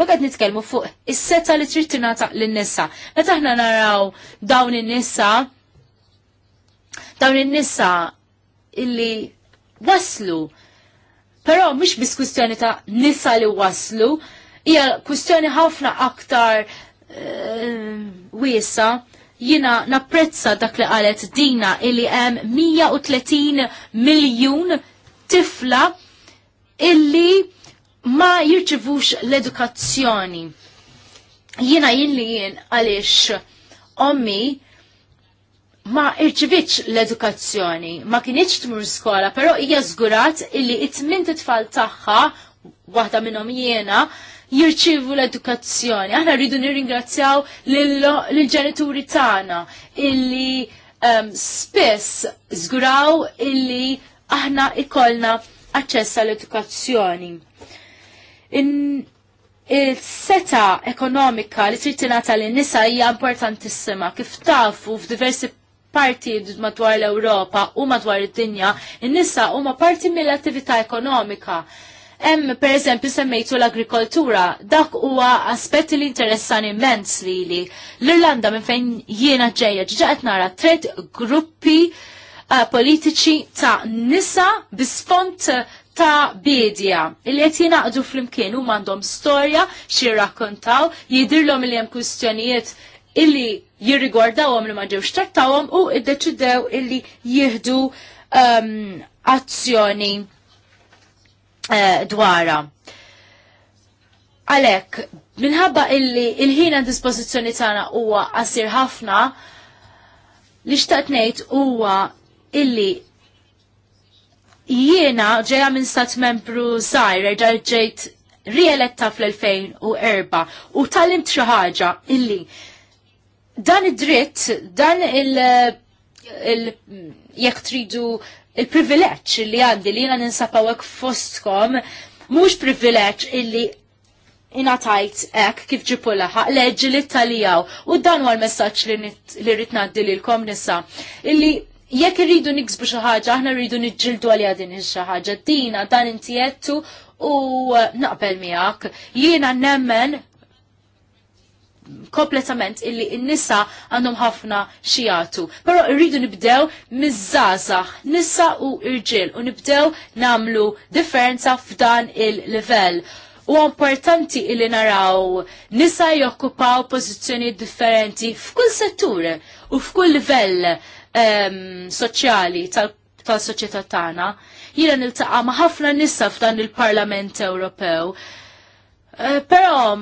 A: U qed nitkellmu fuq is-seta li trid tingħata lin-nisa. Meta aħna naraw dawn in-nisa dawn in-nisa illi waslu Però mhix biss kwistjoni ta' nisa li waslu, hija kwistjoni ħafna aktar eh, wiesa jina napprezza dak li qalet dina illi hemm 130 miljun tifla illi ma jirċivux l-edukazzjoni. Jina illi jien għaliex ommi ma irċivitx l-edukazzjoni, ma kienieċ tmur skola, pero hija żgurat illi it-tmin tfal tagħha waħda minnhom jiena jirċivu l-edukazzjoni. Aħna rridu nirringrazzjaw l-ġenituri tagħna illi um, ehm, spess żguraw illi aħna ikollna aċċess għall-edukazzjoni. Il-seta ekonomika li trid tingħata lin-nisa hija importantissima kif tafu f'diversi parti madwar l-Ewropa u madwar id-dinja, in-nisa huma parti mill-attività ekonomika. Hemm pereżempju semmejtu l-agrikoltura, dak huwa aspett li interessani immens lili. L-Irlanda minn fejn jiena ġejja ġiġa qed nara tred gruppi uh, politiċi ta' nisa bisfont ta' bedja li qed jingħaqdu flimkien huma għandhom storja xi rrakkontaw, jidirlhom li hemm kwistjonijiet illi jirrigwardawhom li ma ġewx trattawhom u iddeċidew illi jieħdu um, azzjoni Eh, dwara. Alek, minħabba illi il-ħina dispozizjoni tagħna huwa għasir ħafna, li xtaqt ngħid huwa illi jiena ġeja minn stat membru zaħir, ġeħt rieletta fl-2004 u tal-im ħaġa illi dan id-dritt, dan il- il tridu il privileċ li għandi li jena ninsapawek fostkom mhux privileġġ illi inatajt ek kif ġipu laħaq leġi li talijaw. U dan huwa l-messaġġ li rrid ngħaddi lilkom nisa. Illi jekk irridu niksbu xi ħaġa, aħna rridu niġġieldu għalija din xaħġa ħaġa. Dina dan intijettu u uh, naqbel miegħek. Jiena nemmen kompletament illi n-nisa għandhom ħafna xijatu. Pero rridu nibdew mizzaza nisa u irġil, u nibdew namlu differenza f'dan il-level. U importanti illi naraw nisa jokkupaw pozizjoni differenti f'kull settur u f'kull livell um, ehm, soċjali tal-soċjetà tal tagħna. Jiena niltaqa' ma' ħafna nisa f'dan il-Parlament Ewropew. Uh, eh, pero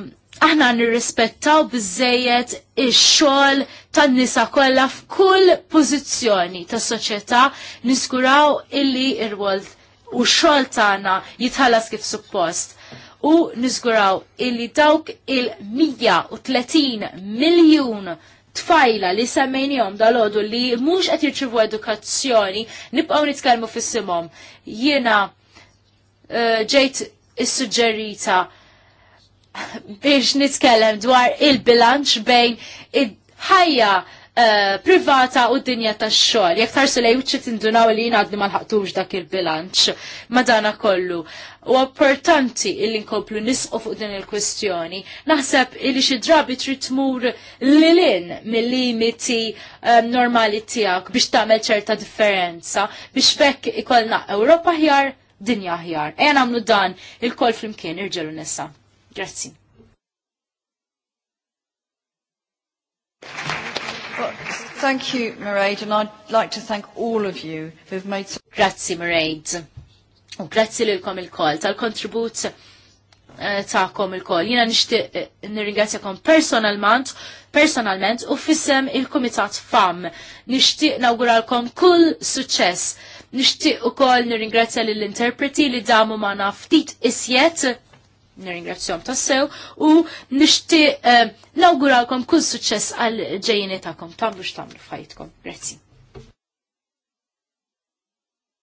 A: aħna nirrispettaw bizzejiet ix-xogħol tan-nisa kollha f'kull pożizzjoni tas-soċjetà niskuraw illi ir-wol u x-xogħol tagħna jitħallas kif suppost u niskuraw illi dawk il-130 miljun tfajla li semmejnijom dal-ħodu li mux għet jirċivu edukazzjoni, nibqaw nitkelmu fissimom. Jena eh, ġejt is-suġġerita biex nitkellem dwar il-bilanċ bejn id-ħajja uh, privata u d-dinja tax xogħol. Jekk tarsu lej uċċi tindunaw li jina għadni ma nħaqtux dak il-bilanċ. Madana kollu. U importanti illi nkomplu nisqu fuq din il-kwestjoni. Naħseb illi xi drabi trid tmur lilin mill-limiti um, normali tiegħek biex tagħmel ċerta differenza biex fekk ikollna Ewropa ħjar dinja ħjar. Ejja nagħmlu dan il-kol
D: flimkien irġelu nisa. Grazzi. thank you, Mairead, and I'd like to thank all of you who've made... So grazzi, Mairead. U grazzi lilkom il-kol tal-kontribut
A: eh, ta'kom il-kol. Jina nirringazja eh, nirringrazzjakom personalment, personalment u fissem il-Komitat FAM. Nishti nawguralkom kull suċess. Nishti u kol nirringrazzja l-interpreti li damu ma naftit isjet nirringrazzjom tassew u nishti eh, nawguralkom kull suċċess għal ġejjini ta'kom, tamlu x'tamlu f'ħajtkom. Grazzi.